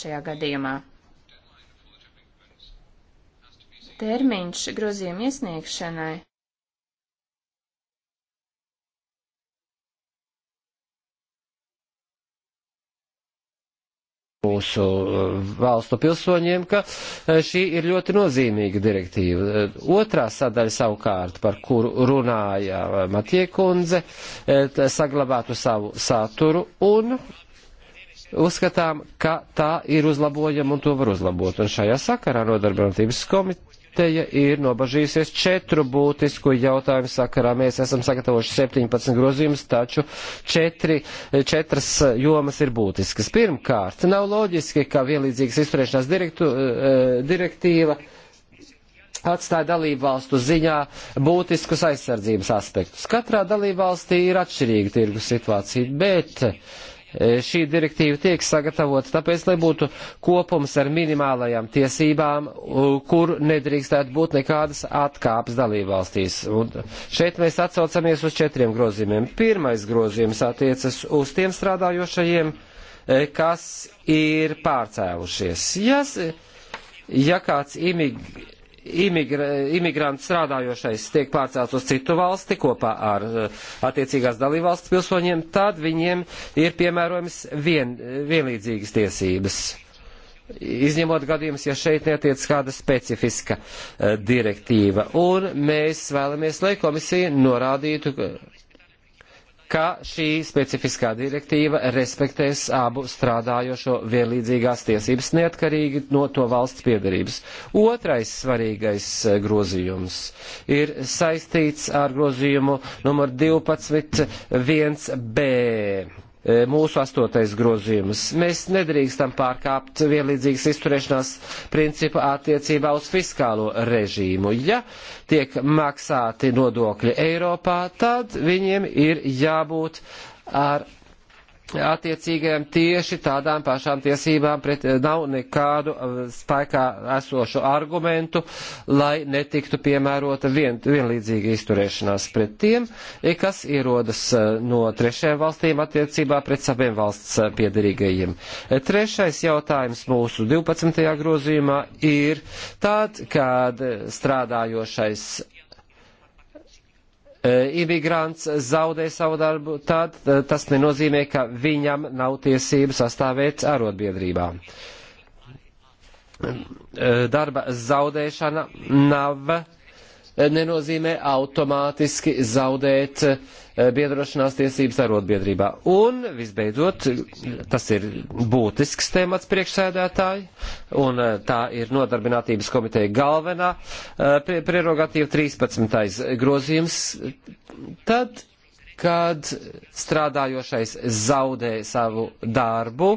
šajā gadījumā. Termiņš grozījuma iesniegšanai mūsu uh, valstu pilsoņiem, ka uh, šī ir ļoti nozīmīga direktīva. Uh, otrā sadaļa savukārt, par kuru runāja Matiekundze, saglabātu savu saturu un uzskatām, ka tā ir uzlabojama un to var uzlabot. Un šajā sakarā nodarbinātības komiteja ir nobažījusies četru būtisku jautājumu sakarā. Mēs esam sagatavojuši 17 grozījumus, taču četri, četras jomas ir būtiskas. Pirmkārt, nav loģiski, ka vienlīdzīgas izturēšanās direktu, eh, direktīva atstāja dalībvalstu ziņā būtiskus aizsardzības aspektus. Katrā dalībvalstī ir atšķirīga tirgus situācija, bet E, šī direktīva tiek sagatavota tāpēc, lai būtu kopums ar minimālajām tiesībām, kur nedrīkstētu būt nekādas atkāpes dalībvalstīs. Un šeit mēs atsaucamies uz četriem grozījumiem. Pirmais grozījums attiecas uz tiem strādājošajiem, e, kas ir pārcēlušies. Ja, ja kāds imigrants imigra, imigrants strādājošais tiek pārcēlts uz citu valsti kopā ar eh, attiecīgās dalībvalsts pilsoņiem, tad viņiem ir piemērojams vien, vienlīdzīgas tiesības. Izņemot gadījumus, ja šeit netiec kāda specifiska uh, direktīva. Un mēs vēlamies, lai komisija norādītu, ka šī specifiskā direktīva respektēs abu strādājošo vienlīdzīgās tiesības neatkarīgi no to valsts piedarības. Otrais svarīgais eh, grozījums ir saistīts ar grozījumu numur 12.1b E, mūsu astotais grozījums. Mēs nedrīkstam pārkāpt vienlīdzīgas izturēšanās principu attiecībā uz fiskālo režīmu. Ja tiek maksāti nodokļi Eiropā, tad viņiem ir jābūt ar attiecīgajiem tieši tādām pašām tiesībām, pret, eh, nav nekādu eh, spēkā esošu argumentu, lai netiktu piemērota vien, vienlīdzīga izturēšanās pret tiem, eh, kas ierodas no trešajām valstīm attiecībā pret saviem valsts piedarīgajiem. Trešais jautājums mūsu 12. grozījumā ir tād, kad strādājošais Eh, imigrants zaudē savu darbu, tad eh, tas nenozīmē, ka viņam nav tiesības sastāvēt arotbiedrībā. Eh, darba zaudēšana nav Eh, nenozīmē automātiski zaudēt eh, biedrošanās tiesības arotbiedrībā. Un, visbeidzot, tas ir būtisks temats priekšsēdētāji, un eh, tā ir nodarbinātības komiteja galvenā prerogatīva 13. grozījums. Tad kad strādājošais zaudē savu darbu,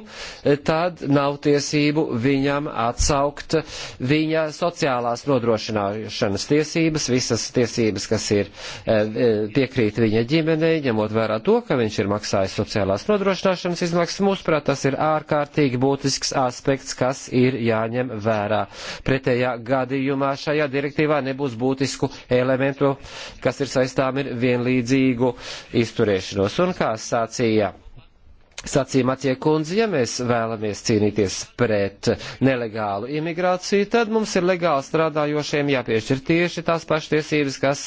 tad nav tiesību viņam atsaukt viņa sociālās nodrošināšanas tiesības, visas tiesības, kas ir e, e, piekrīt viņa ģimenei, ņemot vērā to, ka viņš ir maksājis sociālās nodrošināšanas izmaksas. Mūsuprāt, tas ir ārkārtīgi būtisks aspekts, kas ir jāņem vērā. Pretējā gadījumā šajā direktīvā nebūs būtisku elementu, kas ir saistām ar vienlīdzīgu uh, izturēšanos. Un kā sācīja Sacīja Matie kundze, ja mēs vēlamies cīnīties pret nelegālu imigrāciju, tad mums ir legāli strādājošiem jāpiešķir tieši tās paštiesības, kas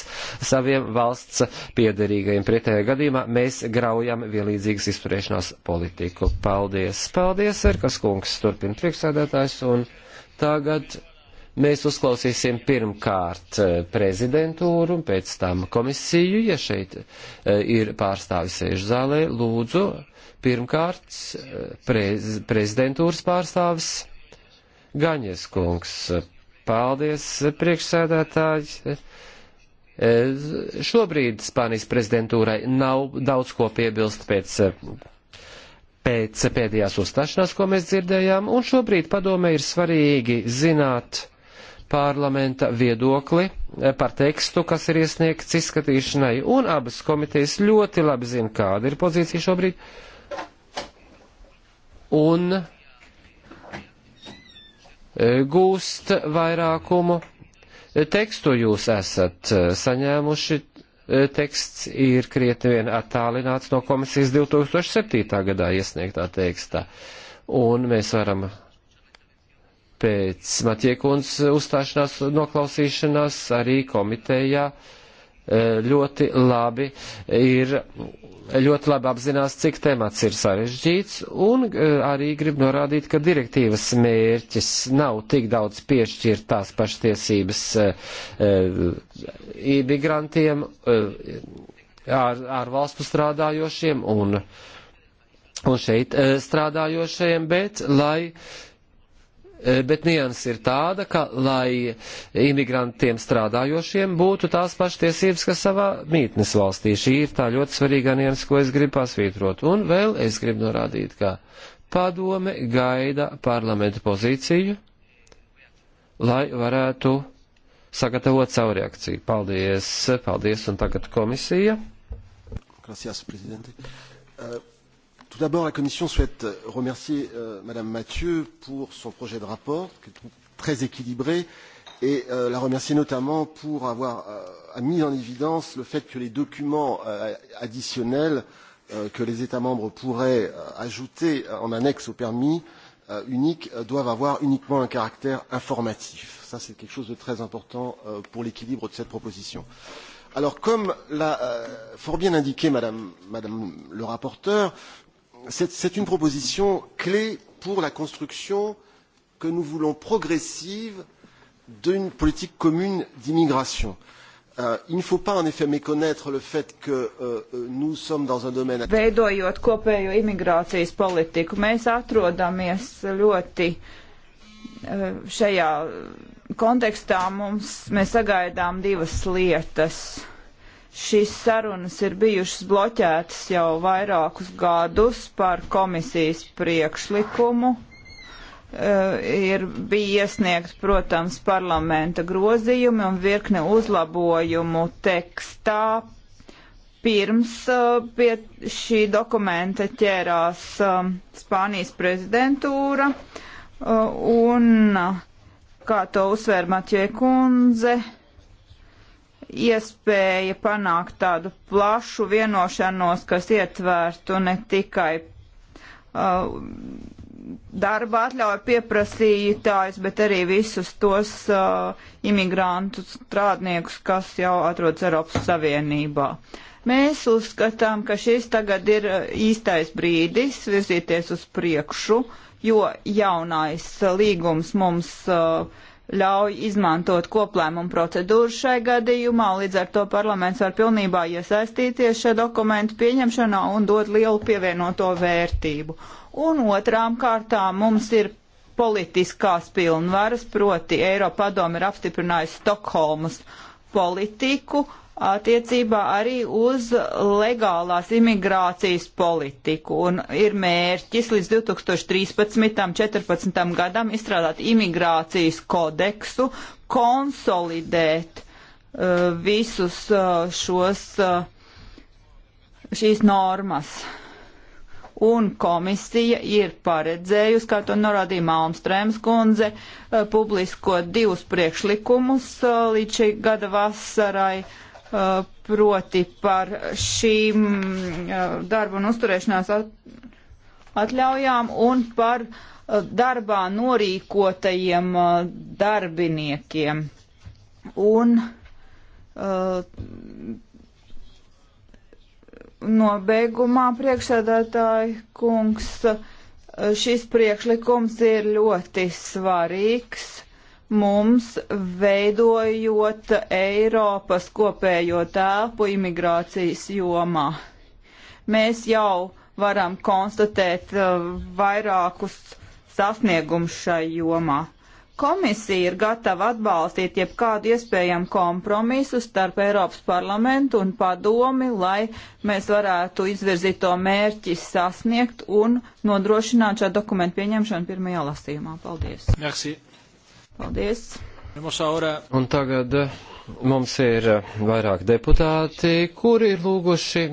saviem valsts piederīgajiem. Pretējā gadījumā mēs graujam vienlīdzīgas izturēšanās politiku. Paldies! Paldies, Erkas kungs, turpina priekšsēdētājs, un tagad Mēs uzklausīsim pirmkārt eh, prezidentūru un pēc tam komisiju, ja šeit eh, ir pārstāvis sēžu zālē. Lūdzu, pirmkārt eh, prez, prezidentūras pārstāvis Gaņies kungs. Paldies, priekšsēdētāji. Šobrīd Spānijas prezidentūrai nav daudz ko piebilst pēc pēc pēdējās uzstāšanās, ko mēs dzirdējām, un šobrīd padomē ir svarīgi zināt, parlamenta viedokli eh, par tekstu, kas ir iesniegts izskatīšanai, un abas komitejas ļoti labi zina, kāda ir pozīcija šobrīd. Un eh, gūst vairākumu eh, tekstu jūs esat saņēmuši. Teksts ir krietni vien attālināts no komisijas 2007. gadā iesniegtā tekstā. Un mēs varam pēc Matiekons uzstāšanās noklausīšanās arī komitejā eh, ļoti labi ir, ļoti labi apzinās, cik temats ir sarežģīts, un eh, arī grib norādīt, ka direktīvas mērķis nav tik daudz piešķirt tās paštiesības eh, imigrantiem, ar, ar valstu strādājošiem un, un šeit strādājošajiem, bet lai uh, Eh, bet nianses ir tāda, ka, lai imigrantiem strādājošiem būtu tās pašas tiesības, kas savā mītnes valstī. Šī ir tā ļoti svarīga nianses, ko es gribu pasvītrot. Un vēl es gribu norādīt, ka padome gaida parlamenta pozīciju, lai varētu sagatavot savu reakciju. Paldies, paldies, un tagad komisija. Gracias, prezidenti. Uh... Eh, Tout d'abord, la Commission souhaite remercier euh, Madame Mathieu pour son projet de rapport, que trouve très équilibré, et euh, la remercier notamment pour avoir euh, mis en évidence le fait que les documents euh, additionnels euh, que les États membres pourraient euh, ajouter en annexe au permis euh, unique euh, doivent avoir uniquement un caractère informatif. Ça, c'est quelque chose de très important euh, pour l'équilibre de cette proposition. Alors, comme l'a euh, fort bien indiqué Madame, Madame le rapporteur, c'est une proposition clé pour la construction que nous voulons progressive d'une politique commune d'immigration. Uh, il ne faut pas en effet méconnaître le fait que uh, nous sommes dans un domaine. Veidojot kopējo imigrācijas politiku, mēs atrodamies ļoti uh, šajā kontekstā. Mums, mēs sagaidām divas lietas. Šīs sarunas ir bijušas bloķētas jau vairākus gadus par komisijas priekšlikumu. Eh, ir bija iesniegt, protams, parlamenta grozījumi un virkne uzlabojumu tekstā pirms eh, pie šī dokumenta ķērās eh, Spānijas prezidentūra un, kā to uzsvēra Matjē Kunze, iespēja panākt tādu plašu vienošanos, kas ietvērtu ne tikai uh, darba atļauju pieprasītājus, bet arī visus tos uh, imigrantus, strādniekus, kas jau atrodas Eiropas Savienībā. Mēs uzskatām, ka šis tagad ir uh, īstais brīdis virzīties uz priekšu, jo jaunais uh, līgums mums uh, ļauj izmantot koplēmumu procedūru šai gadījumā, līdz ar to parlaments var pilnībā iesaistīties šajā dokumentu pieņemšanā un dot lielu pievienoto vērtību. Un otrām kārtām mums ir politiskās pilnvaras, proti Eiropa padomu ir apstiprinājusi Stokholmas politiku, uh, attiecībā arī uz legālās imigrācijas politiku un ir mērķis līdz 2013.14. gadam izstrādāt imigrācijas kodeksu, konsolidēt uh, visus uh, šos, uh, šīs normas. Un komisija ir paredzējusi, kā to norādīja Malmstrēms kundze, uh, publiskot divus priekšlikumus uh, līdz šī gada vasarai. Uh, Uh, proti par šīm uh, darba un uzturēšanās atļaujām un par uh, darbā norīkotajiem darbiniekiem. Un nobeigumā priekšsēdētāji kungs, šis priekšlikums ir ļoti svarīgs mums veidojot Eiropas kopējo telpu imigrācijas jomā. Mēs jau varam konstatēt uh, vairākus sasniegumus šai jomā. Komisija ir gatava atbalstīt jebkādu iespējamu kompromisu starp Eiropas parlamentu un padomi, lai mēs varētu izvirzīt to mērķi sasniegt un nodrošināt šā dokumentu pieņemšanu pirmajā lasījumā. Paldies! Merci. Paldies! Un tagad eh, mums ir eh, vairāk deputāti, kuri ir lūguši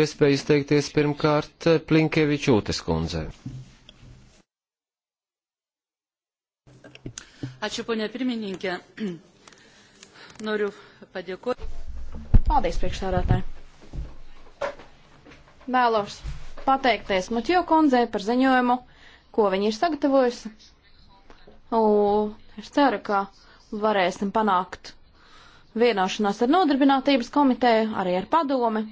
iespēju izteikties pirmkārt eh, Plinkevičūtes kundzē. Ačiū, ponia pirmininkė. Noriu padėkoti. Paldies, priekšstādātāji. Vēlos pateikties Matjo kundzei par ziņojumu, ko viņa ir sagatavojusi. Un es ceru, ka varēsim panākt vienošanos ar nodarbinātības komiteju, arī ar padomi.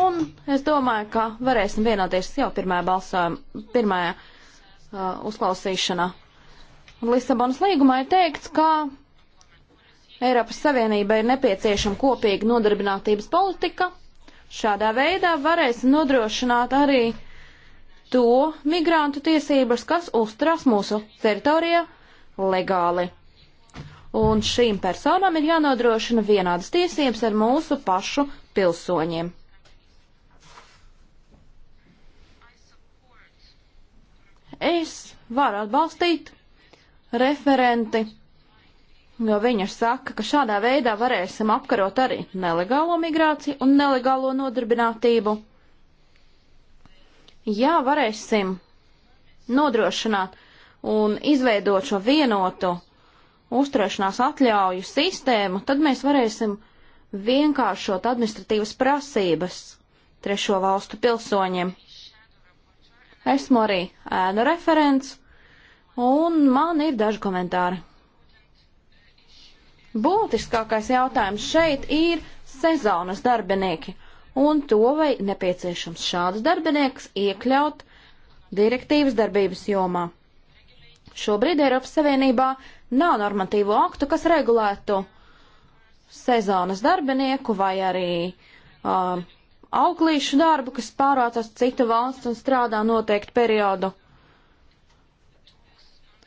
Un es domāju, ka varēsim vienoties jau pirmajā balsojumā, pirmajā uh, uzklausīšanā. Lisabonas līgumā ir teikts, ka Eiropas Savienībai ir nepieciešama kopīga nodarbinātības politika. Šādā veidā varēsim nodrošināt arī uh, to migrantu tiesības, kas uzturās mūsu teritorijā legāli. Un šīm personām ir jānodrošina vienādas tiesības ar mūsu pašu pilsoņiem. Es varu atbalstīt referenti, jo viņa saka, ka šādā veidā varēsim apkarot arī nelegālo migrāciju un nelegālo nodarbinātību ja varēsim nodrošināt un izveidot šo vienotu uzturēšanās atļauju sistēmu, tad mēs varēsim vienkāršot administratīvas prasības trešo valstu pilsoņiem. Esmu arī ēnu referents, un man ir daži komentāri. Būtiskākais jautājums šeit ir sezonas darbinieki un to, vai nepieciešams šāds darbinieks iekļaut direktīvas darbības jomā. Šobrīd Eiropas Savienībā nav normatīvu aktu, kas regulētu sezonas darbinieku vai arī uh, auklīšu darbu, kas pārvācās citu valstu un strādā noteiktu periodu.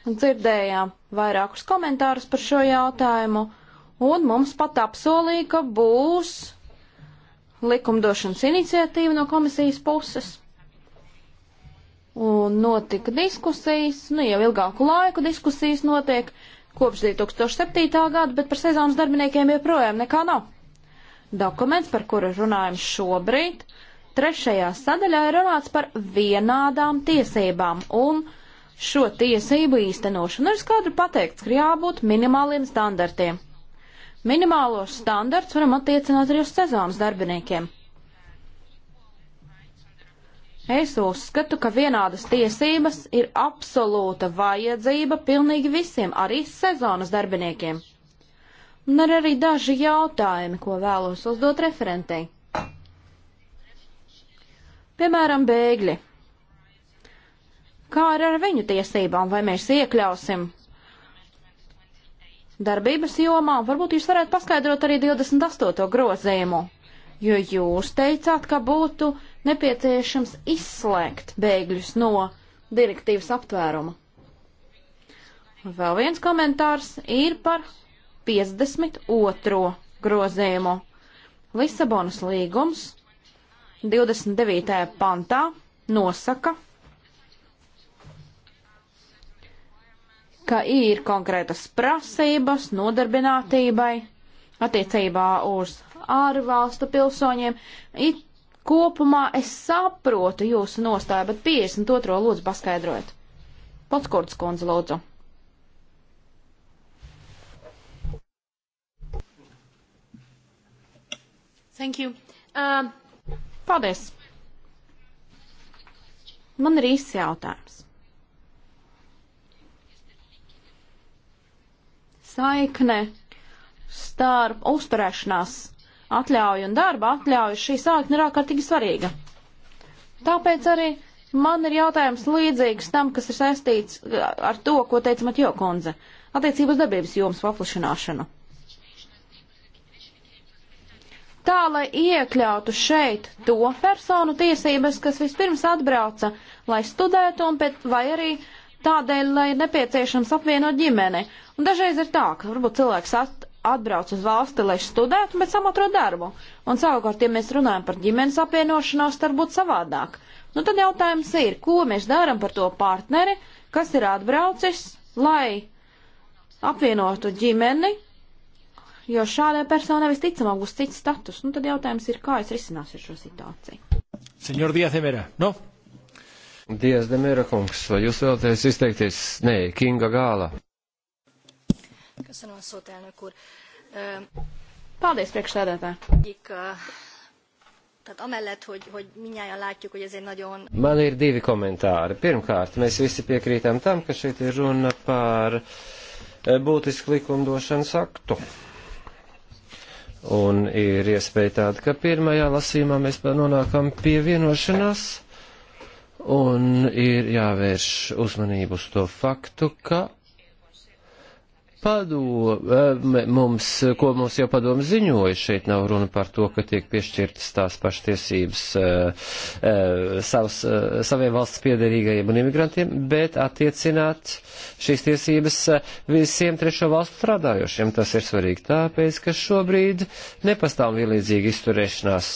Dzirdējām vairākus komentārus par šo jautājumu, un mums pat apsolīja, ka būs likumdošanas iniciatīva no komisijas puses. Un notika diskusijas, nu jau ilgāku laiku diskusijas notiek kopš 2007. gada, bet par sezonas darbiniekiem joprojām nekā nav. Dokuments, par kuru runājam šobrīd, trešajā sadaļā ir runāts par vienādām tiesībām un šo tiesību īstenošanu. Nu, ir skaidri pateikts, ka jābūt minimāliem standartiem. Minimālos standarts varam attiecināt arī uz sezonas darbiniekiem. Es uzskatu, ka vienādas tiesības ir absolūta vajadzība pilnīgi visiem, arī sezonas darbiniekiem. Un ir arī daži jautājumi, ko vēlos uzdot referentei. Piemēram, bēgļi. Kā ir ar viņu tiesībām, vai mēs iekļausim darbības jomā. Varbūt jūs varētu paskaidrot arī 28. grozījumu, jo jūs teicāt, ka būtu nepieciešams izslēgt bēgļus no direktīvas aptvēruma. Vēl viens komentārs ir par 52. grozījumu. Lisabonas līgums 29. pantā nosaka, ka ir konkrētas prasības nodarbinātībai attiecībā uz ārvalstu pilsoņiem. It kopumā es saprotu jūsu nostāju, bet 52. lūdzu paskaidrojiet. Potskurts kundze lūdzu. Thank you. Um... Paldies. Man ir īsts jautājums. saikne starp uzturēšanās atļauju un darba atļauju, šī saikne ir ārkārtīgi svarīga. Tāpēc arī man ir jautājums līdzīgs tam, kas ir saistīts uh, ar to, ko teica Matjo kundze, attiecības darbības jomas paplašināšanu. Tā, lai iekļautu šeit to personu tiesības, kas vispirms atbrauca, lai studētu un pēc, vai arī uh, tādēļ, lai ir nepieciešams apvienot ģimeni. Un dažreiz ir tā, ka varbūt cilvēks at, atbrauc uz valsti, lai studētu, bet sam atrod darbu. Un savukārt, ja mēs runājam par ģimenes apvienošanos, tad būtu savādāk. Nu tad jautājums ir, ko mēs darām par to partneri, kas ir atbraucis, lai apvienotu ģimeni, jo šādai personai visticamāk būs cits status. Nu tad jautājums ir, kā es risināšu šo situāciju. Senjor Diaz de Vera, no? Dievs, Demēra kungs, vai jūs vēlaties izteikties? Nē, Kinga Gāla. Kas ir nosūtē, no kur? Paldies, priekšsēdētāji. Tehát amellett, hogy, hogy minnyáján látjuk, hogy ez egy nagyon... Man ir divi komentāri. Pirmkārt, mēs visi piekrītam tam, ka šeit ir runa par e, būtisku likumdošanas aktu. Un ir iespēja tāda, ka pirmajā lasīmā mēs nonākam pie vienošanās Un ir jāvērš uzmanību uz to faktu, ka padome eh, mums, ko mums jau padome ziņoja, šeit nav runa par to, ka tiek piešķirtas tās paštiesības eh, eh, savs, saviem valsts piederīgajiem un imigrantiem, bet attiecināt šīs tiesības visiem trešo valstu strādājošiem. Tas ir svarīgi tāpēc, ka šobrīd nepastāv vienlīdzīga izturēšanās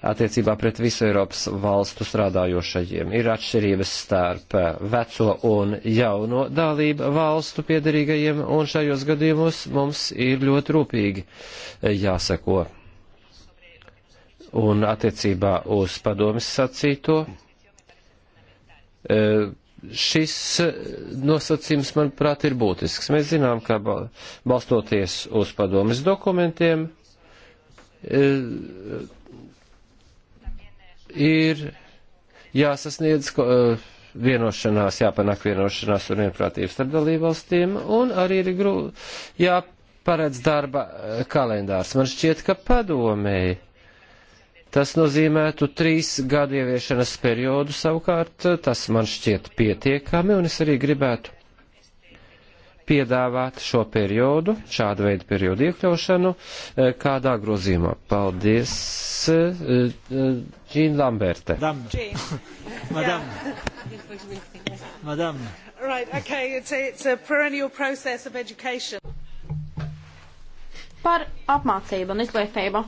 attiecībā pret visu Eiropas valstu strādājošajiem. Ir atšķirības starp veco un jauno dalību valstu piedarīgajiem, un šajos gadījumos mums ir ļoti rūpīgi jāseko. Un attiecībā uz padomis sacīto, šis nosacījums, manuprāt, ir būtisks. Mēs zinām, ka balstoties uz padomis dokumentiem, ir jāsasniedz eh, vienošanās, jāpanāk vienošanās un vienprātības starp dalībvalstīm, un arī ir grū, jāparedz darba eh, kalendārs. Man šķiet, ka padomēji. Tas nozīmētu trīs gadu ieviešanas periodu savukārt, eh, tas man šķiet pietiekami, un es arī gribētu piedāvāt šo periodu, šādu veidu periodu iekļaušanu, kādā grozījumā. Paldies! Jean Lamberte. Madame. Jean. Madame. Yeah. Madame. Right, okay, it's a, it's a perennial process of education. Par apmācību un izglītību.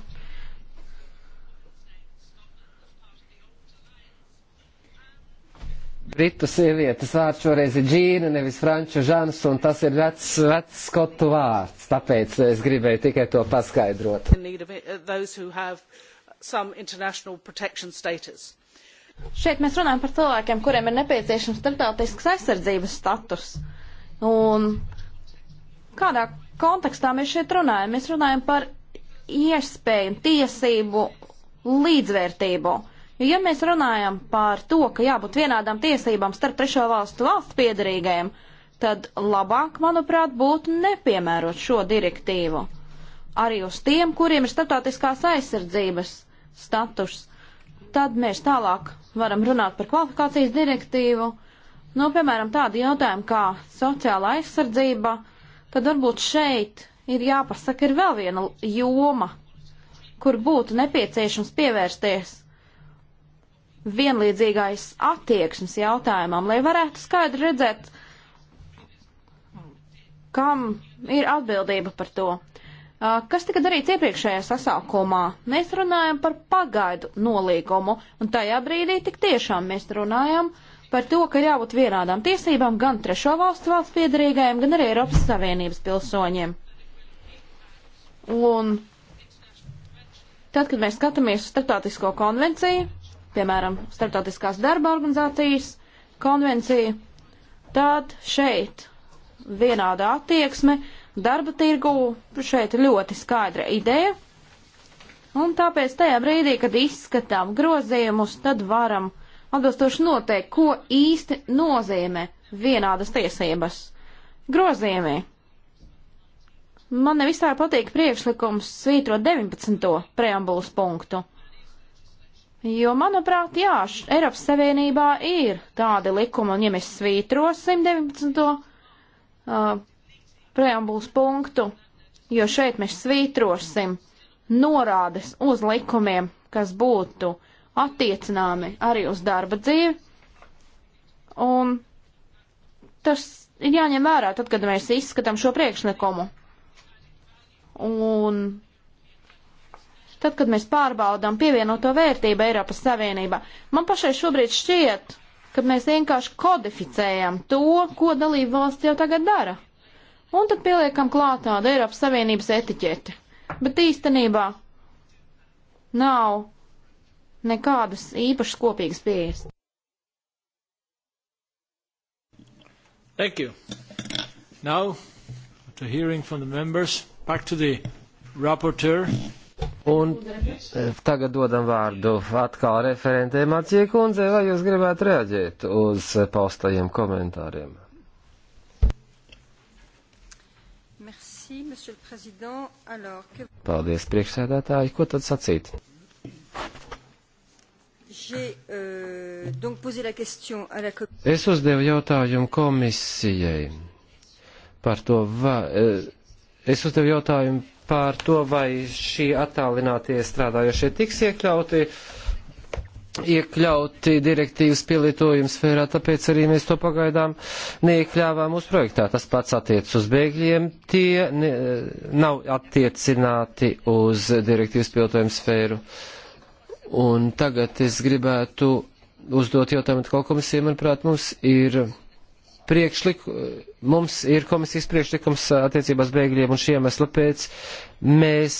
Britu sievietes vārds šoreiz ir Džīna, nevis Franču Žans, un tas ir vecs, vecs skotu vārds, tāpēc es gribēju tikai to paskaidrot some international protection status. Šeit mēs runājam par cilvēkiem, kuriem ir nepieciešams starptautisks aizsardzības status. Un kādā kontekstā mēs šeit runājam? Mēs runājam par iespēju, tiesību līdzvērtību. Jo, ja mēs runājam par to, ka jābūt vienādām tiesībām starp trešo valstu valstu piedarīgajiem, tad labāk, manuprāt, būtu nepiemērot šo direktīvu arī uz tiem, kuriem ir starptautiskās aizsardzības status. Tad mēs tālāk varam runāt par kvalifikācijas direktīvu. Nu, piemēram, tādi jautājumi kā sociāla aizsardzība, tad varbūt šeit ir jāpasaka ir vēl viena joma, kur būtu nepieciešams pievērsties vienlīdzīgais attieksmes jautājumam, lai varētu skaidri redzēt, kam ir atbildība par to. Kas tika darīts iepriekšējā sasaukumā? Mēs runājam par pagaidu nolīgumu, un tajā brīdī tik tiešām mēs runājam par to, ka jābūt vienādām tiesībām gan trešo valstu valsts piedarīgajiem, gan arī Eiropas Savienības pilsoņiem. Un tad, kad mēs skatāmies uz starptautisko konvenciju, piemēram, starptautiskās darba organizācijas konvenciju, tad šeit vienāda attieksme darba tirgu. Šeit ļoti skaidra ideja. Un tāpēc tajā brīdī, kad izskatām grozījumus, tad varam atbilstoši noteikt, ko īsti nozīmē vienādas tiesības. Grozījumi. Man nevisai patīk priekšlikums svītrot 19. preambulas punktu. Jo, manuprāt, jā, Eiropas Savienībā ir tādi likumi, un ja mēs svītrosim 19. Uh, preambulas punktu, jo šeit mēs svītrosim norādes uz likumiem, kas būtu attiecināmi arī uz darba dzīvi. Un tas ir jāņem vērā tad, kad mēs izskatām šo priekšnekumu. Un tad, kad mēs pārbaudām pievienoto vērtību Eiropas Savienībā, man pašai šobrīd šķiet, ka mēs vienkārši kodificējam to, ko dalība valsts jau tagad dara. Un tad pieliekam klāt tādu Eiropas Savienības etiķeti. Bet īstenībā nav nekādas īpašas kopīgas pieejas. Thank you. Now, after hearing from the members, back to the rapporteur. Un eh, tagad dodam vārdu atkal referentē Mācija kundze, vai jūs gribētu reaģēt uz eh, paustajiem komentāriem? Paldies, priekšsēdētāji. Ko tad sacīt? Euh, es uzdevu jautājumu komisijai par to, vai, eh, es uzdevu jautājumu par to, vai šī attālinātie strādājošie tiks iekļauti uh, iekļauti direktīvas pielietojums sfērā, tāpēc arī mēs to pagaidām neiekļāvām mūsu projektā. Tas pats attiec uz bēgļiem, tie ne, nav attiecināti uz direktīvas pielietojumu sfēru. Un tagad es gribētu uzdot jautājumu atkal komisijai, manuprāt, mums ir priekšlik, mums ir komisijas priekšlikums attiecībās bēgļiem un šiem esla pēc mēs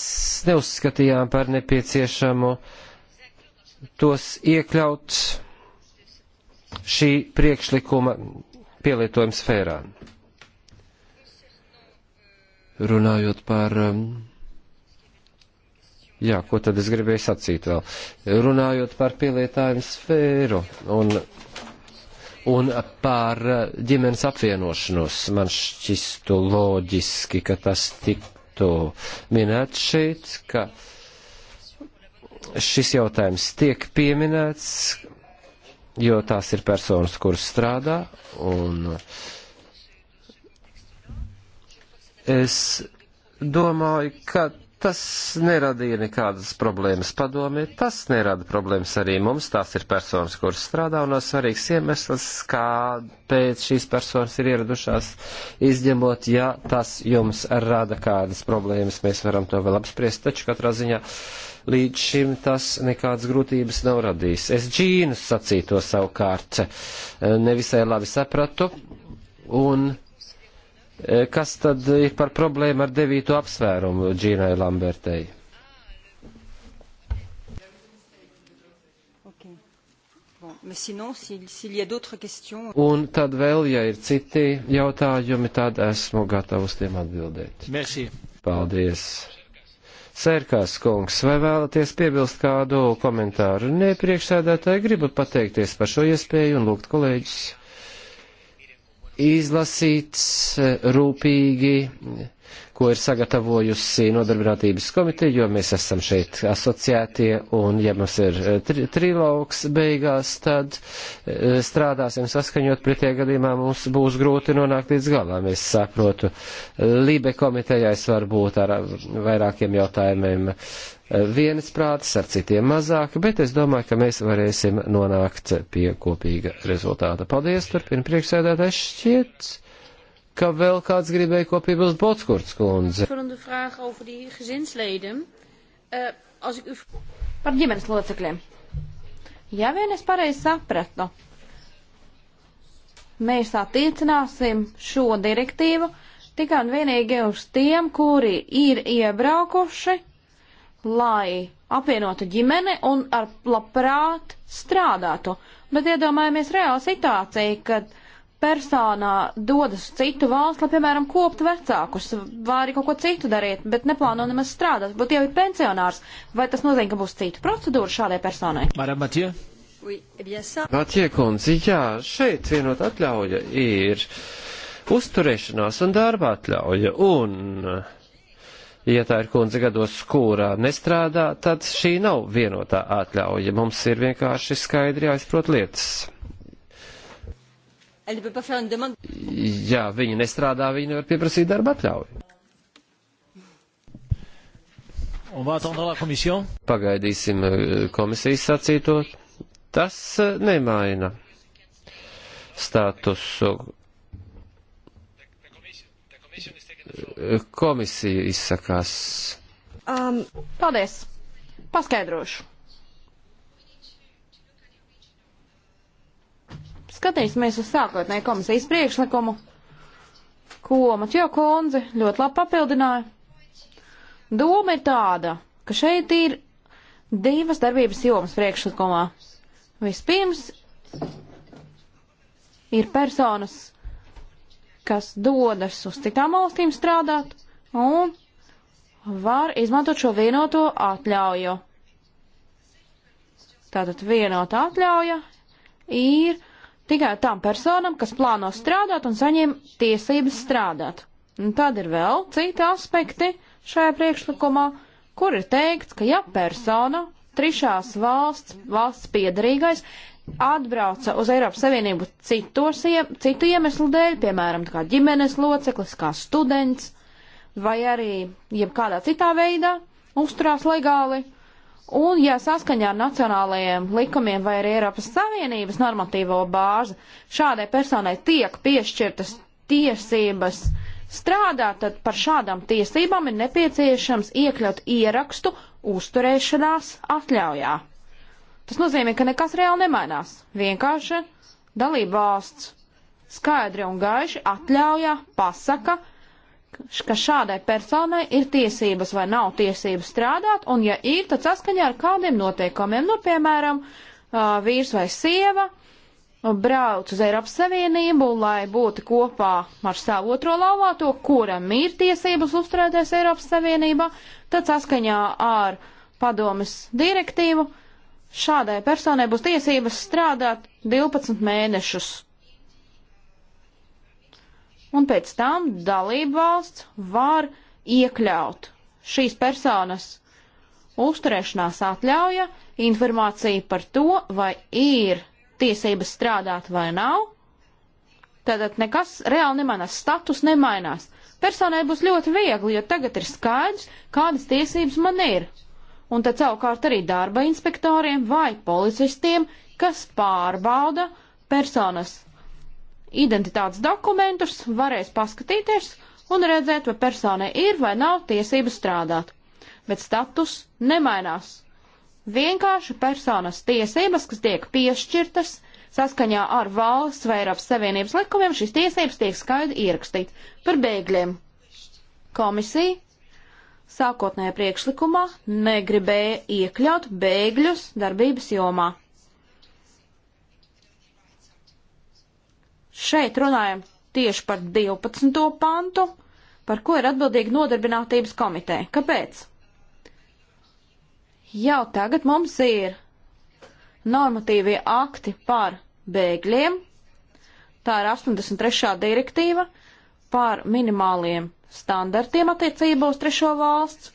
neuzskatījām par nepieciešamu uh, tos iekļaut šī priekšlikuma pielietojuma sfērā. Runājot par. Um, jā, ko tad es gribēju sacīt vēl? Runājot par pielietojumu sfēru un, un par ģimenes apvienošanos, man šķistu loģiski, ka tas tiktu minēts šeit, ka. Uh, šis jautājums tiek pieminēts, jo tās ir personas, kuras strādā, un es domāju, ka Tas neradīja nekādas problēmas padomē, tas nerada problēmas arī mums, tās ir personas, kuras strādā un no svarīgs iemesls, kāpēc šīs personas ir ieradušās izņemot, ja tas jums rada kādas problēmas, mēs varam to vēl apspriest, taču katrā ziņā līdz šim tas nekādas grūtības nav radījis. Es džīnus sacīto savukārt nevisai labi sapratu, un Eh, kas tad ir par problēmu ar devīto apsvērumu Džīnai Lambertei? Un tad vēl, ja ir citi jautājumi, tad esmu gatava uz tiem atbildēt. Merci. Paldies. Sērkās kungs, vai vēlaties piebilst kādu komentāru? Nē, priekšsēdētāji, gribu pateikties par šo iespēju un lūgt kolēģis izlasīts eh, rūpīgi ko ir sagatavojusi Nodarbinātības komiteja, jo mēs esam šeit asociētie, un ja mums ir eh, tri trilogs beigās, tad eh, strādāsim saskaņot, pretie gadījumā mums būs grūti nonākt līdz galām. Es saprotu, eh, Lībe komitejā es varu būt ar vairākiem jautājumiem vienas prātas, ar citiem mazāk, bet es domāju, ka mēs varēsim nonākt pie kopīga rezultāta. Paldies, turpina priekšsēdētājs šķiet ka vēl kāds gribēja ko piebilst Botskurts kundze. Eh, Par ģimenes locekļiem. Ja vien es pareizi sapratu, mēs attiecināsim šo direktīvu tikai un vienīgi uz tiem, kuri ir iebraukuši, lai apvienotu ģimeni un ar labprāt strādātu. Bet iedomājamies reālu situāciju, kad personā dodas uz citu valstu, lai, piemēram, koptu vecākus vai arī kaut ko citu darīt, bet neplāno nemaz strādāt, bet jau ir pensionārs, vai tas nozīmē, ka būs cita procedūra šādai personai? Matie eh kundze, jā, šeit vienot atļauja ir uzturēšanās un darba atļauja, un, ja tā ir kundze gados, kurā nestrādā, tad šī nav vienotā atļauja. Mums ir vienkārši skaidri jāizprot lietas. Ja viņi nestrādā, viņi nevar pieprasīt darba atļauju. Pagaidīsim eh, komisijas sacīto. Tas eh, nemaina statusu. Eh, komisija izsakās. Um, paldies. Paskaidrošu. skatīsimies uz sākotnēju komisijas priekšlikumu, ko Matjo Konze ļoti labi papildināja. Doma ir tāda, ka šeit ir divas darbības jomas priekšlikumā. Vispirms ir personas, kas dodas uz citām valstīm strādāt un var izmantot šo vienoto atļauju. Tātad vienota atļauja ir tikai tām personām, kas plāno strādāt un saņem tiesības strādāt. Un tad ir vēl citi aspekti šajā priekšlikumā, kur ir teikts, ka ja persona, trešās valsts, valsts piedarīgais, atbrauca uz Eiropas Savienību citos, citu iemeslu dēļ, piemēram, kā ģimenes loceklis, kā students, vai arī jebkādā citā veidā uzturās legāli, Un, ja saskaņā ar nacionālajiem likumiem vai arī Eiropas Savienības normatīvo bāzi šādai personai tiek piešķirtas tiesības strādāt, tad par šādām tiesībām ir nepieciešams iekļaut ierakstu uzturēšanās atļaujā. Tas nozīmē, ka nekas reāli nemainās. Vienkārši dalībvalsts skaidri un gaiši atļaujā pasaka, ka šādai personai ir tiesības vai nav tiesības strādāt, un ja ir, tad saskaņā ar kādiem noteikumiem, nu, piemēram, vīrs vai sieva brauc uz Eiropas Savienību, lai būtu kopā ar savu otro laulāto, kuram ir tiesības uzturēties Eiropas Savienībā, tad saskaņā ar padomis direktīvu šādai personai būs tiesības strādāt 12 mēnešus un pēc tam dalība valsts var iekļaut šīs personas uzturēšanās atļauja, informācija par to, vai ir tiesības strādāt vai nav. Tātad nekas reāli nemainās, status nemainās. Personai būs ļoti viegli, jo tagad ir skaidrs, kādas tiesības man ir. Un tad savukārt arī darba inspektoriem vai policistiem, kas pārbauda personas identitātes dokumentus, varēs paskatīties un redzēt, vai personai ir vai nav tiesības strādāt. Bet status nemainās. Vienkārši personas tiesības, kas tiek piešķirtas saskaņā ar valsts vai Eiropas Savienības likumiem, šīs tiesības tiek skaidri ierakstīt par bēgļiem. Komisija sākotnējā priekšlikumā negribēja iekļaut bēgļus darbības jomā. Šeit runājam tieši par 12. pantu, par ko ir atbildīga nodarbinātības komiteja. Kāpēc? Jau tagad mums ir normatīvie akti par bēgļiem, tā ir 83. direktīva par minimāliem standartiem attiecībā uz trešo valsts,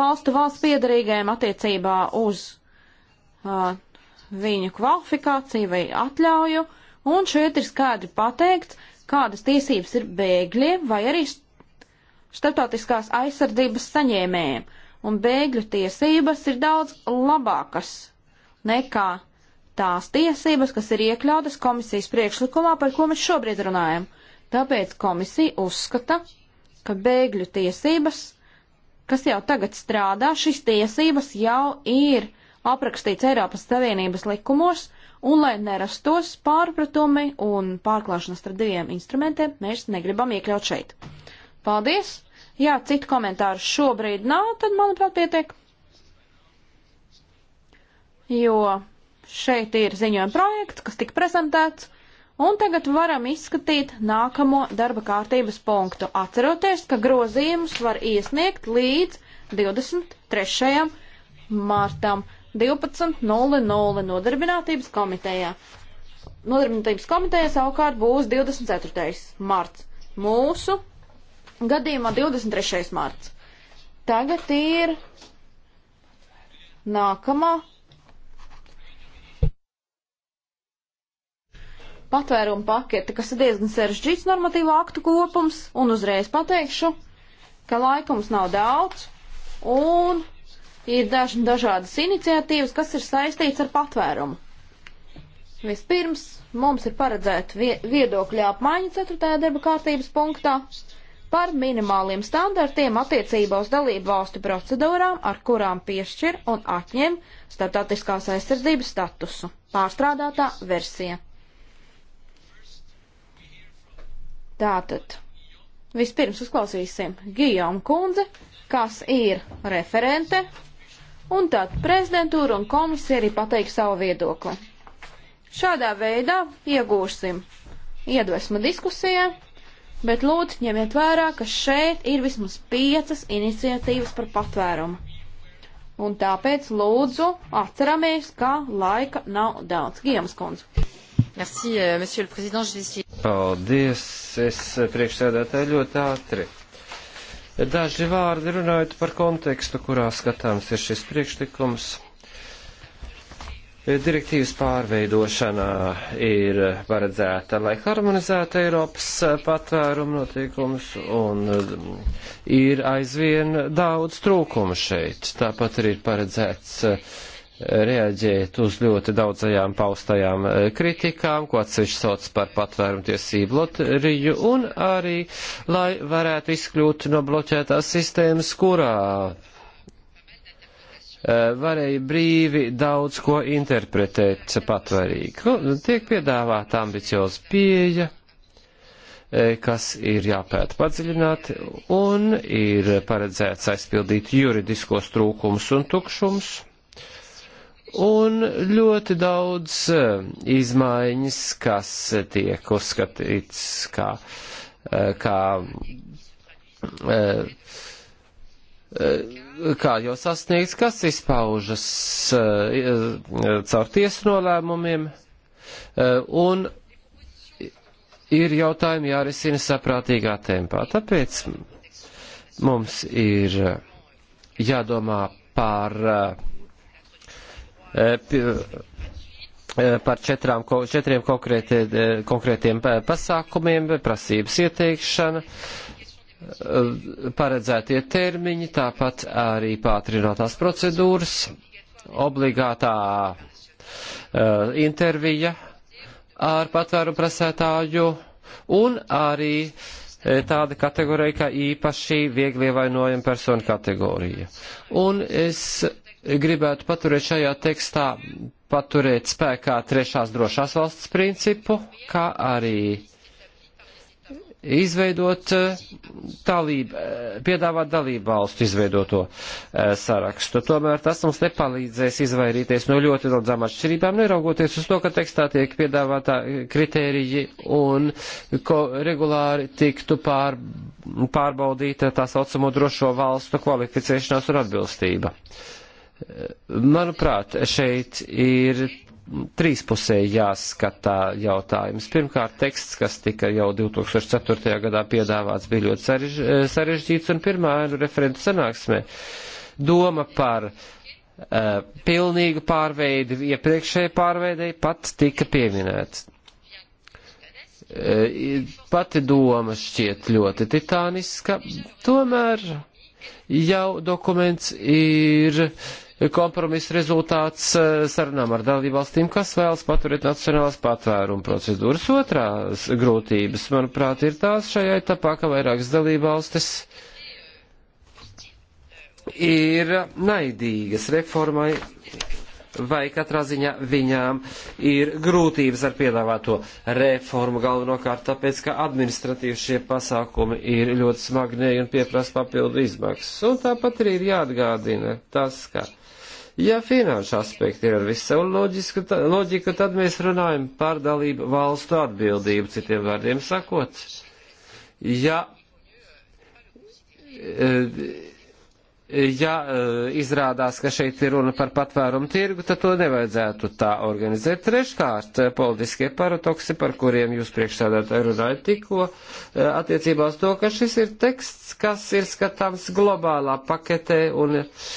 valstu valsts piedarīgajiem attiecībā uz uh, viņu kvalifikāciju vai atļauju. Uh, Un šeit ir skaidri pateikts, kādas tiesības ir bēgļiem vai arī starptautiskās aizsardzības saņēmējiem. Un bēgļu tiesības ir daudz labākas nekā tās tiesības, kas ir iekļautas komisijas priekšlikumā, par ko mēs šobrīd runājam. Tāpēc komisija uzskata, ka bēgļu tiesības, kas jau tagad strādā, šīs tiesības jau ir aprakstīts Eiropas Savienības likumos, Un, lai nerastos pārpratumi un pārklāšanas ar diviem instrumentiem, mēs negribam iekļaut šeit. Paldies! Jā, citu komentāru šobrīd nav, tad, manuprāt, pietiek. Jo šeit ir ziņojuma projekts, kas tika prezentēts, un tagad varam izskatīt nākamo darba kārtības punktu, atceroties, ka grozījumus var iesniegt līdz 23. martam. 12.00 nodarbinātības komitejā. Nodarbinātības komiteja savukārt būs 24. marts. Mūsu gadījumā 23. marts. Tagad ir nākamā patvērumu pakete, kas ir diezgan sarežģīts normatīvu aktu kopums, un uzreiz pateikšu, ka laikums nav daudz, un ir daž, dažādas iniciatīvas, kas ir saistīts ar patvērumu. Vispirms mums ir paredzēta vie, viedokļa apmaiņa 4. darba kārtības punktā par minimāliem standartiem attiecībā uz dalību valstu procedūrām, ar kurām piešķir un atņem starptautiskās aizsardzības statusu. Pārstrādātā versija. Tātad, vispirms uzklausīsim Gijomu kundzi, kas ir referente un tad prezidentūra un komisija arī pateiks savu viedokli. Šādā veidā iegūsim iedvesmu diskusijā, bet lūdzu ņemiet vērā, ka šeit ir vismaz piecas iniciatīvas par patvērumu. Un tāpēc lūdzu atceramies, ka laika nav daudz. Giemas kundze. Merci, euh, monsieur le président. Paldies, es priekšsēdētāju ļoti ātri Daži vārdi runājot par kontekstu, kurā skatāms ir šis priekšlikums. Direktīvas pārveidošanā ir paredzēta, lai harmonizētu Eiropas patvērumu notiekumus, un mm, ir aizvien daudz trūkumu šeit. Tāpat arī ir paredzēts reaģēt uz ļoti daudzajām paustajām eh, kritikām, ko atsevišķi sauc par patvērumtiesību loteriju, un arī, lai varētu izkļūt no bloķētās sistēmas, kurā eh, varēja brīvi daudz ko interpretēt patvērīgi. Nu, tiek piedāvāta ambicioza pieeja eh, kas ir jāpēta padziļināti un ir paredzēts aizpildīt juridiskos trūkumus un tukšumus un ļoti daudz eh, izmaiņas, kas tiek uzskatīts kā, eh, kā, eh, kā jau sasniegts, kas izpaužas caur tiesu nolēmumiem, un ir jautājumi jārisina saprātīgā tempā. Tāpēc mums ir jādomā par uh, Eh, eh, par četrām, četriem konkrētie, eh, konkrētiem pasākumiem, prasības ieteikšana, paredzētie termiņi, tāpat arī pātrinātās procedūras, obligātā intervija ar patvēru prasētāju un arī tāda kategorija kā īpaši viegli ievainojama persona kategorija. Un es gribētu paturēt šajā tekstā, paturēt spēkā trešās drošās valsts principu, kā arī izveidot eh, dalību, eh, piedāvāt dalību valstu izveidoto eh, sarakstu. Tomēr tas mums nepalīdzēs izvairīties no ļoti daudzām atšķirībām, neraugoties uz to, ka tekstā tiek piedāvātā kritēriji un ko regulāri tiktu pār, pārbaudīta tā saucamo drošo valstu kvalificēšanās un atbilstība. Uh, Manuprāt, šeit ir trīspusēji jāskatā jautājums. Pirmkārt, teksts, kas tika jau 2004. gadā piedāvāts, bija ļoti sarež, sarežģīts, un pirmā ēnu referentu sanāksmē doma par uh, pilnīgu pārveidi iepriekšēji pārveidei pat tika pieminēts. Uh, pati doma šķiet ļoti titāniska, tomēr jau dokuments ir uh, kompromisa rezultāts eh, sarunām ar dalībvalstīm, kas vēlas paturēt nacionālās patvērumu procedūras. Otrās grūtības, manuprāt, ir tās šajā etapā, ka vairākas dalībvalstis ir naidīgas reformai vai katrā ziņā viņām ir grūtības ar piedāvāto reformu galvenokārt tāpēc, ka administratīvi šie pasākumi ir ļoti smagnēji un pieprasa papildu izmaksas. Un tāpat arī ir jāatgādina tas, ka ja finanšu aspekti ir ar visu savu loģisku, tā, loģiku, tad mēs runājam par dalību valstu atbildību, citiem vārdiem sakot. Ja, e, ja eh, izrādās, ka šeit ir runa par patvērumu tirgu, tad to nevajadzētu tā organizēt. Treškārt, eh, politiskie paradoksi, par kuriem jūs priekšsēdētāji runājat tikko, eh, attiecībā uz to, ka šis ir teksts, kas ir skatāms globālā paketē un uh,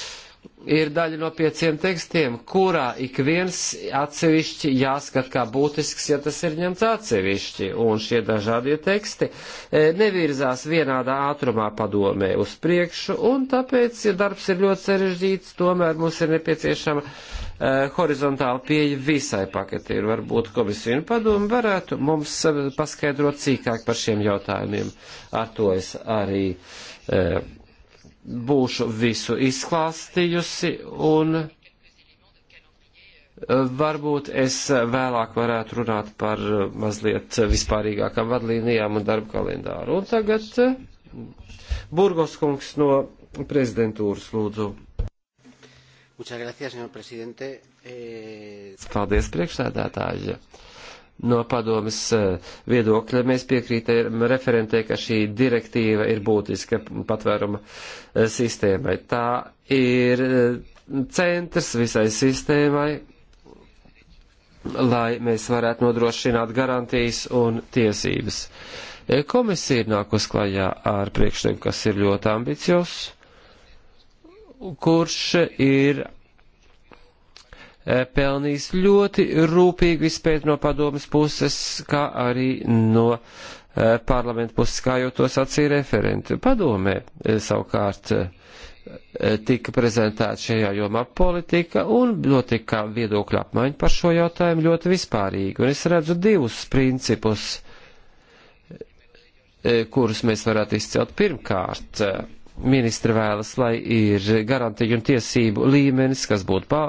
ir daļa no pieciem tekstiem, kurā ik viens atsevišķi jāskat kā būtisks, ja tas ir ņemts atsevišķi. Un šie dažādie teksti e, nevirzās vienādā ātrumā padomē uz priekšu, un tāpēc, ja darbs ir ļoti sarežģīts, tomēr mums ir nepieciešama uh, horizontāla pieeja visai paketī. Un varbūt komisija un padomu varētu mums e, paskaidrot cīkāk par šiem jautājumiem. Ar to es arī. Uh, būšu visu izklāstījusi un e, varbūt es vēlāk varētu runāt par e, mazliet vispārīgākām vadlīnijām un darba kalendāru. Un tagad e, Burgos kungs no prezidentūras lūdzu. Eh, Paldies, priekšsēdētāji no padomas eh, viedokļa. Mēs piekrītam referentē, ka šī direktīva ir būtiska patvēruma eh, sistēmai. Tā ir eh, centrs visai sistēmai, lai mēs varētu nodrošināt garantijas un tiesības. Komisija ir nākus klajā ar priekšlikumu, kas ir ļoti ambiciozs, kurš ir Eh, pelnījis ļoti rūpīgu izpēt no padomas puses, kā arī no eh, parlamentu puses, kā jau to sacīja referenti. Padomē eh, savukārt tika prezentēta šajā jomā politika un notika viedokļa apmaiņa par šo jautājumu ļoti vispārīgi. Un es redzu divus principus, kurus mēs varētu izcelt. Pirmkārt, ministri vēlas, lai ir garantiju un tiesību līmenis, kas būtu pa,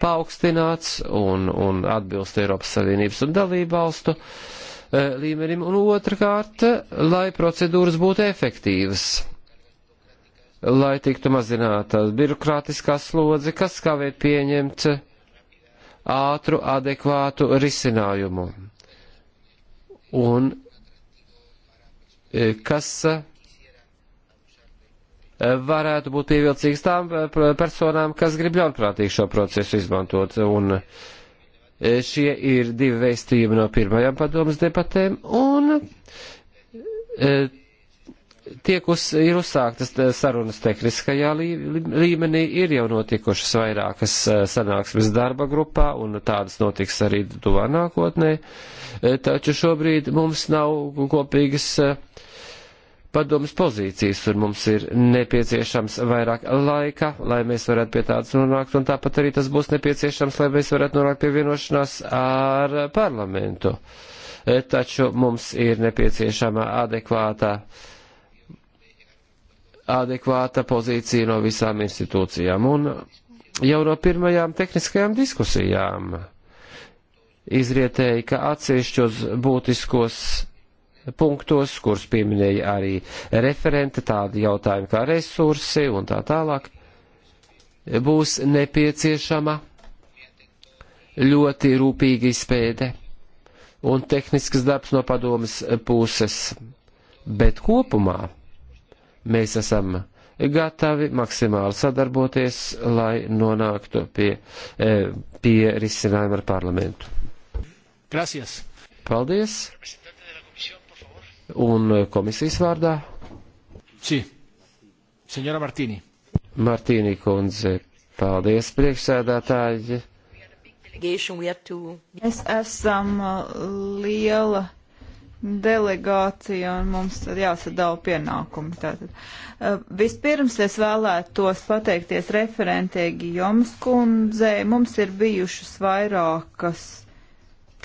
paaugstināts un, un atbilst Eiropas Savienības un dalību valstu eh, līmenim, un otrkārt, lai procedūras būtu efektīvas, lai tiktu mazināta birokrātiskā slodze, kas kavē pieņemt ātru, adekvātu risinājumu. Un eh, kas varētu būt pievilcīgs tām eh, personām, kas grib ļaunprātīgi šo procesu izmantot. Un eh, šie ir divi vēstījumi no pirmajām padomas debatēm, un eh, tiek uz, ir uzsāktas sarunas tehniskajā līmenī, ir jau notikušas vairākas sanāksmes darba grupā, un tādas notiks arī tuvā nākotnē, taču šobrīd mums nav kopīgas padomas pozīcijas, un mums ir nepieciešams vairāk laika, lai mēs varētu pie tādas nonākt, un tāpat arī tas būs nepieciešams, lai mēs varētu nonākt pie vienošanās ar parlamentu. E, taču mums ir nepieciešama adekvātā, adekvāta pozīcija no visām institūcijām, un jau no pirmajām tehniskajām diskusijām izrietēja, ka atsevišķos būtiskos punktos, kurus pieminēja arī referente, tādi jautājumi kā resursi un tā tālāk, būs nepieciešama ļoti rūpīga izpēde un tehnisks darbs no padomas puses, bet kopumā mēs esam gatavi maksimāli sadarboties, lai nonāktu pie, e, pie risinājuma ar parlamentu. Gracias. Paldies! Un komisijas vārdā? Sī. Senjora Martīni. Martīni kundze, paldies priekšsēdētāji. Mēs esam uh, liela delegācija un mums tad jāsadala pienākumi. Tātad. Uh, vispirms es vēlētos pateikties referentē Gijomas kundzei. Mums ir bijušas vairākas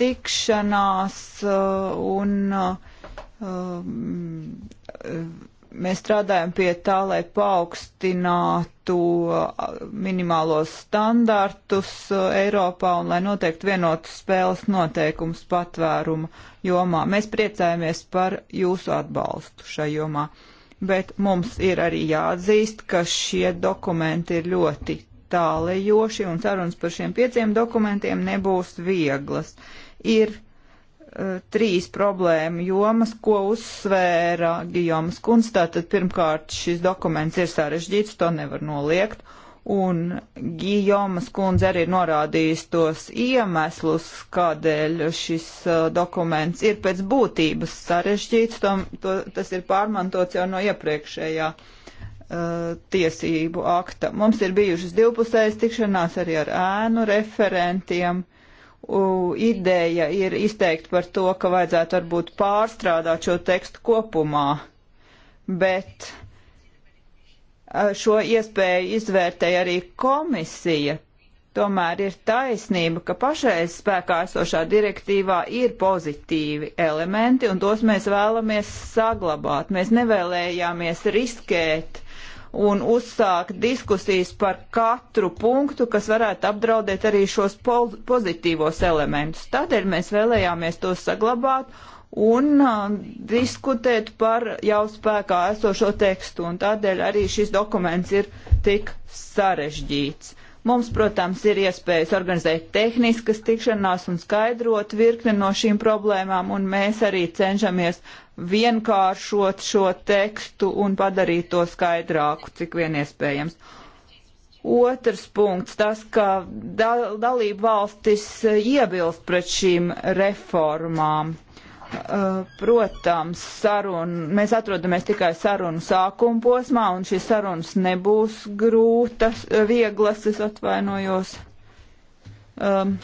tikšanās uh, un uh, Um, mēs strādājam pie tā, lai paaugstinātu uh, minimālos standartus uh, Eiropā un lai noteikti vienotu spēles noteikumus patvēruma jomā. Mēs priecājamies par jūsu atbalstu šai jomā, bet mums ir arī jāatzīst, ka šie dokumenti ir ļoti tālējoši un sarunas par šiem pieciem dokumentiem nebūs vieglas. Ir trīs problēmu jomas, ko uzsvēra Gijomas kundze. Tātad pirmkārt šis dokuments ir sarežģīts, to nevar noliegt. Un Gijomas kundze arī ir norādījis tos iemeslus, kādēļ šis uh, dokuments ir pēc būtības sarežģīts. Tom, to, tas ir pārmantots jau no iepriekšējā uh, tiesību akta. Mums ir bijušas divpusējas tikšanās arī ar ēnu referentiem. Uh, ideja ir izteikt par to, ka vajadzētu varbūt pārstrādāt šo tekstu kopumā, bet šo iespēju izvērtēja arī komisija. Tomēr ir taisnība, ka pašreiz spēkā esošā direktīvā ir pozitīvi elementi, un tos mēs vēlamies saglabāt. Mēs nevēlējāmies riskēt un uzsākt diskusijas par katru punktu, kas varētu apdraudēt arī šos pozitīvos elementus. Tādēļ mēs vēlējāmies tos saglabāt un uh, diskutēt par jau spēkā esošo tekstu, un tādēļ arī šis dokuments ir tik sarežģīts. Mums, protams, ir iespējas organizēt tehniskas tikšanās un skaidrot virkni no šīm problēmām, un mēs arī cenšamies vienkāršot šo tekstu un padarīt to skaidrāku, cik vien iespējams. Otrs punkts - tas, ka da dalību valstis iebilst pret šīm reformām. Uh, protams, saruna, mēs atrodamies tikai sarunu sākuma posmā, un šīs sarunas nebūs grūtas, vieglas, es atvainojos. Um,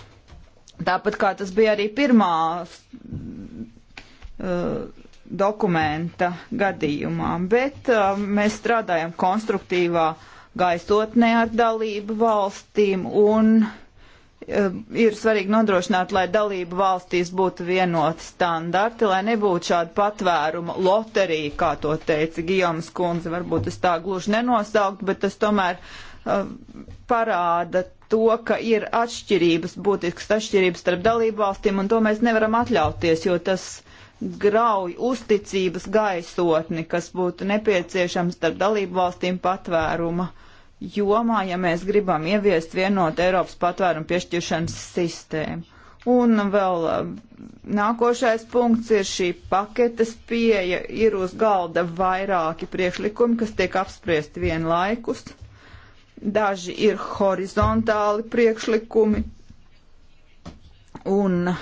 tāpat kā tas bija arī pirmā uh, dokumenta gadījumā, bet uh, mēs strādājam konstruktīvā gaisotnē ar dalību valstīm un uh, ir svarīgi nodrošināt, lai dalību valstīs būtu vienoti standarti, lai nebūtu šāda patvēruma loterija, kā to teica Gijomas kundze, varbūt es tā gluži nenosaukt, bet tas tomēr uh, parāda to, ka ir atšķirības, būtiskas atšķirības starp dalību valstīm, un to mēs nevaram atļauties, jo tas uh, grauj uzticības gaisotni, kas būtu nepieciešams starp dalību valstīm patvēruma jomā, ja mēs gribam ieviest vienotu Eiropas patvērumu piešķiršanas sistēmu. Un vēl eh, nākošais punkts ir šī paketes pieeja, ir uz galda vairāki priekšlikumi, kas tiek apspriesti vienlaikus. Daži ir horizontāli priekšlikumi, un uh,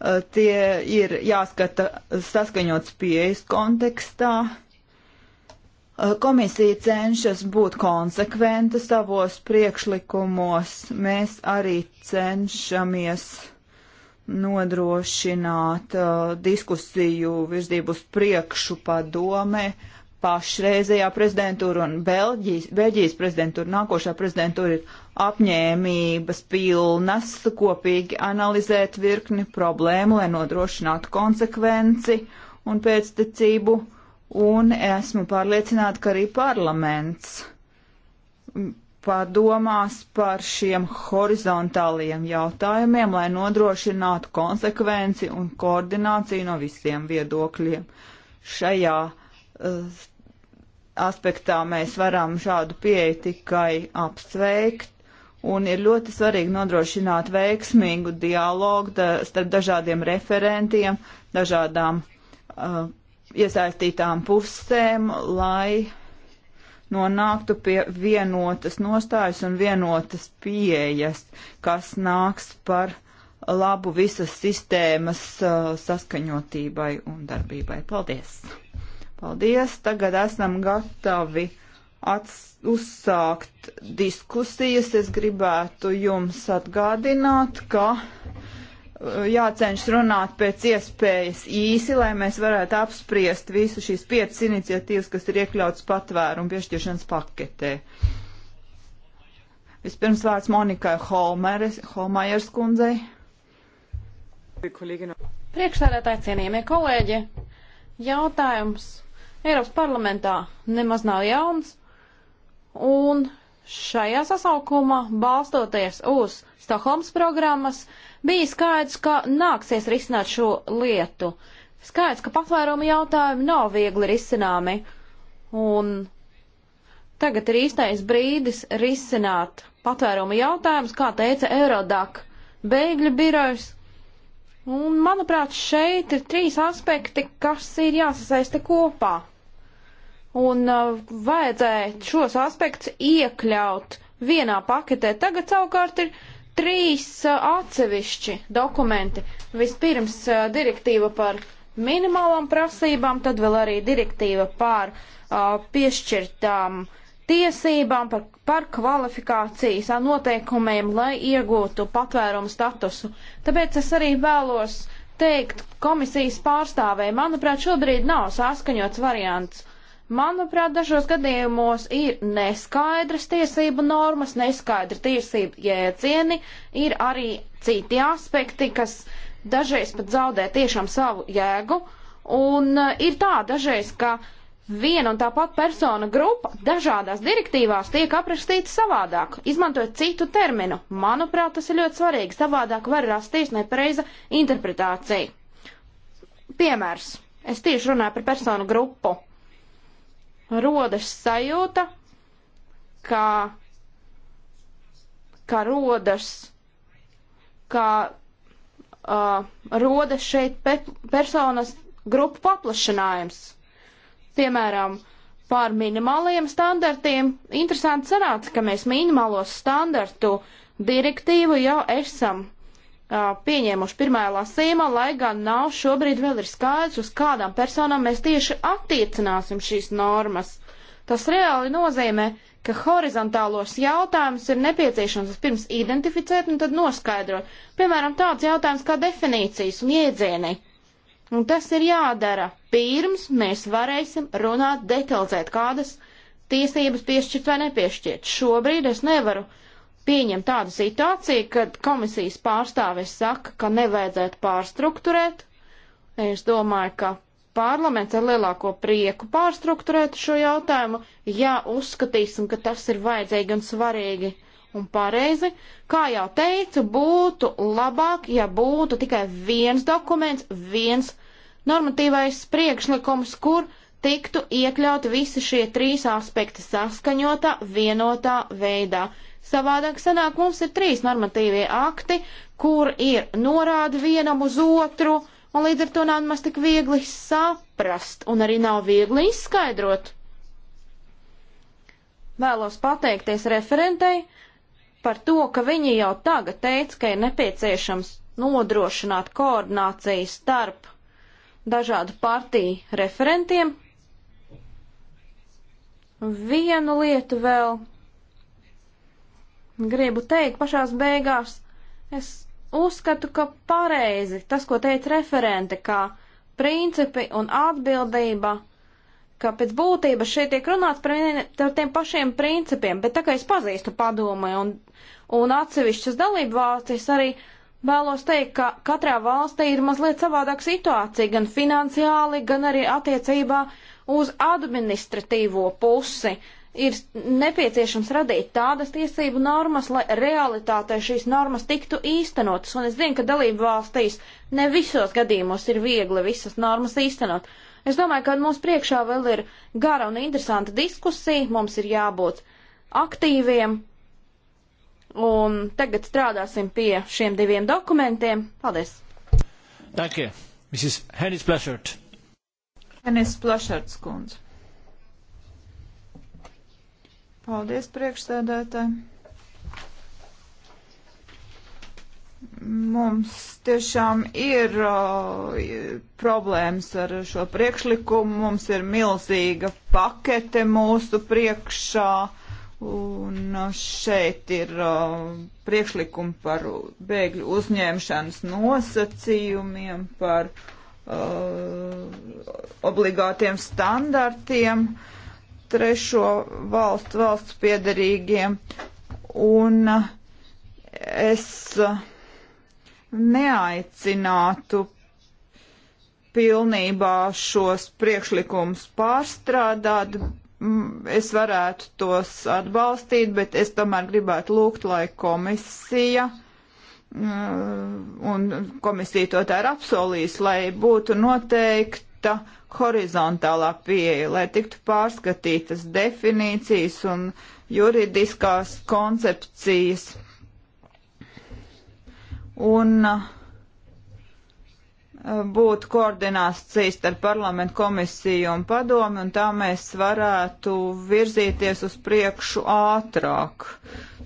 Uh, tie ir jāskata saskaņots pieejas kontekstā. Uh, komisija cenšas būt konsekventa savos priekšlikumos. Mēs arī cenšamies nodrošināt uh, diskusiju virzību uz priekšu padomē pašreizējā prezidentūra un Belģijas, Belģijas prezidentūra, nākošā prezidentūra ir apņēmības pilnas kopīgi analizēt virkni problēmu, lai nodrošinātu konsekvenci un pēctecību, un esmu pārliecināta, ka arī parlaments padomās par šiem horizontāliem jautājumiem, lai nodrošinātu konsekvenci un koordināciju no visiem viedokļiem šajā Eh, aspektā mēs varam šādu pieeju tikai apsveikt, un ir ļoti svarīgi nodrošināt veiksmīgu dialogu da, starp dažādiem referentiem, dažādām uh, iesaistītām pusēm, lai nonāktu pie vienotas nostājas un vienotas pieejas, kas nāks par labu visas sistēmas uh, saskaņotībai un darbībai. Paldies! Paldies, tagad esam gatavi uzsākt diskusijas. Es gribētu jums atgādināt, ka uh, jācenšas runāt pēc iespējas īsi, lai mēs varētu apspriest visu šīs piecas iniciatīvas, kas ir iekļautas patvērumu piešķiršanas paketē. Vispirms vārds Monikai Holmajers kundzei. Priekšsēdētāji, cienījamie kolēģi, jautājums Eiropas parlamentā nemaz nav jauns, un šajā sasaukumā, balstoties uz Stokholmas programmas, bija skaidrs, ka nāksies risināt šo lietu. Skaidrs, ka patvērumu jautājumi nav viegli risināmi, un tagad ir īstais brīdis risināt patvērumu jautājumus, kā teica Eurodak bēgļu birojs. Un, manuprāt, šeit ir trīs aspekti, kas ir jāsasaista kopā un uh, vajadzēja šos aspektus iekļaut vienā paketē. Tagad savukārt ir trīs uh, atsevišķi dokumenti. Vispirms uh, direktīva par minimālām prasībām, tad vēl arī direktīva par uh, piešķirtām tiesībām, par, par kvalifikācijas noteikumiem, lai iegūtu patvērumu statusu. Tāpēc es arī vēlos teikt komisijas pārstāvēji, manuprāt, šobrīd nav saskaņots variants Manuprāt, dažos gadījumos ir neskaidras tiesību normas, neskaidri tiesību jēdzieni, ir arī citi aspekti, kas dažreiz pat zaudē tiešām savu jēgu, un eh, ir tā dažreiz, ka viena un tā pat persona grupa dažādās direktīvās tiek aprakstīta savādāk, izmantojot citu terminu. Manuprāt, tas ir ļoti svarīgi, savādāk var rasties nepareiza interpretācija. Piemērs. Es tieši runāju par personu grupu rodas sajūta, ka, ka rodas, ka uh, rodas šeit pe personas grupu paplašinājums. Piemēram, pār minimālajiem standartiem. Interesanti sanāca, ka mēs minimālo standartu direktīvu jau esam pieņēmuši pirmajā lasījumā, lai gan nav šobrīd vēl ir skaidrs, uz kādām personām mēs tieši attiecināsim šīs normas. Tas reāli nozīmē, ka horizontālos jautājumus ir nepieciešams vispirms identificēt un tad noskaidrot. Piemēram, tāds jautājums kā definīcijas un iedzieni. Un tas ir jādara pirms mēs varēsim runāt detalizēt, kādas tiesības piešķirt vai nepiešķirt. Šobrīd es nevaru uh, pieņem tādu situāciju, kad komisijas pārstāvis saka, ka nevajadzētu pārstruktūrēt. Es domāju, ka parlaments ar lielāko prieku pārstruktūrētu šo jautājumu, ja uzskatīsim, ka tas ir vajadzīgi un svarīgi un pareizi. Kā jau teicu, būtu labāk, ja būtu tikai viens dokuments, viens normatīvais priekšlikums, kur tiktu iekļauti visi šie trīs aspekti saskaņotā, vienotā veidā. Savādāk sanāk, mums ir trīs normatīvie akti, kur ir norāda vienam uz otru, un līdz ar to nav maz tik viegli saprast, un arī nav viegli izskaidrot. Vēlos pateikties referentei par to, ka viņi jau tagad teica, ka ir nepieciešams nodrošināt koordināciju starp dažādu partiju referentiem. Vienu lietu vēl gribu teikt pašās beigās, es uzskatu, ka pareizi tas, ko teica referente, kā principi un atbildība, ka pēc būtības šeit tiek runāts par, vien, par tiem pašiem principiem, bet tā kā es pazīstu padomu un, un atsevišķas dalību valstis arī vēlos teikt, ka katrā valstī ir mazliet savādāka situācija gan finansiāli, gan arī attiecībā uz administratīvo pusi. Uh, ir nepieciešams radīt tādas tiesību normas, lai realitātē šīs normas tiktu īstenotas. Un es zinu, ka dalību valstīs ne visos gadījumos ir viegli visas normas īstenot. Es domāju, ka mums priekšā vēl ir gara un interesanta diskusija, mums ir jābūt aktīviem. Un tagad strādāsim pie šiem diviem dokumentiem. Paldies! Thank you. Mrs. Hennis Plešert. Hennis Plešert, skundze. Paldies, priekšsēdētāji. Mums tiešām ir uh, problēmas ar šo priekšlikumu. Mums ir milzīga pakete mūsu priekšā. Un uh, šeit ir uh, priekšlikumi par bēgļu uzņemšanas nosacījumiem, par uh, obligātiem standartiem. Uh, trešo valstu valsts piedarīgiem, un uh, es uh, neaicinātu pilnībā šos priekšlikumus pārstrādāt. Es varētu tos atbalstīt, bet es tomēr gribētu lūgt, lai komisija, un komisija to tā ir apsolījusi, lai būtu noteikti veikta horizontālā pieeja, lai tiktu pārskatītas definīcijas un juridiskās koncepcijas. Un uh, būtu koordinācijas ar parlamentu komisiju un padomi, un tā mēs varētu virzīties uz priekšu ātrāk.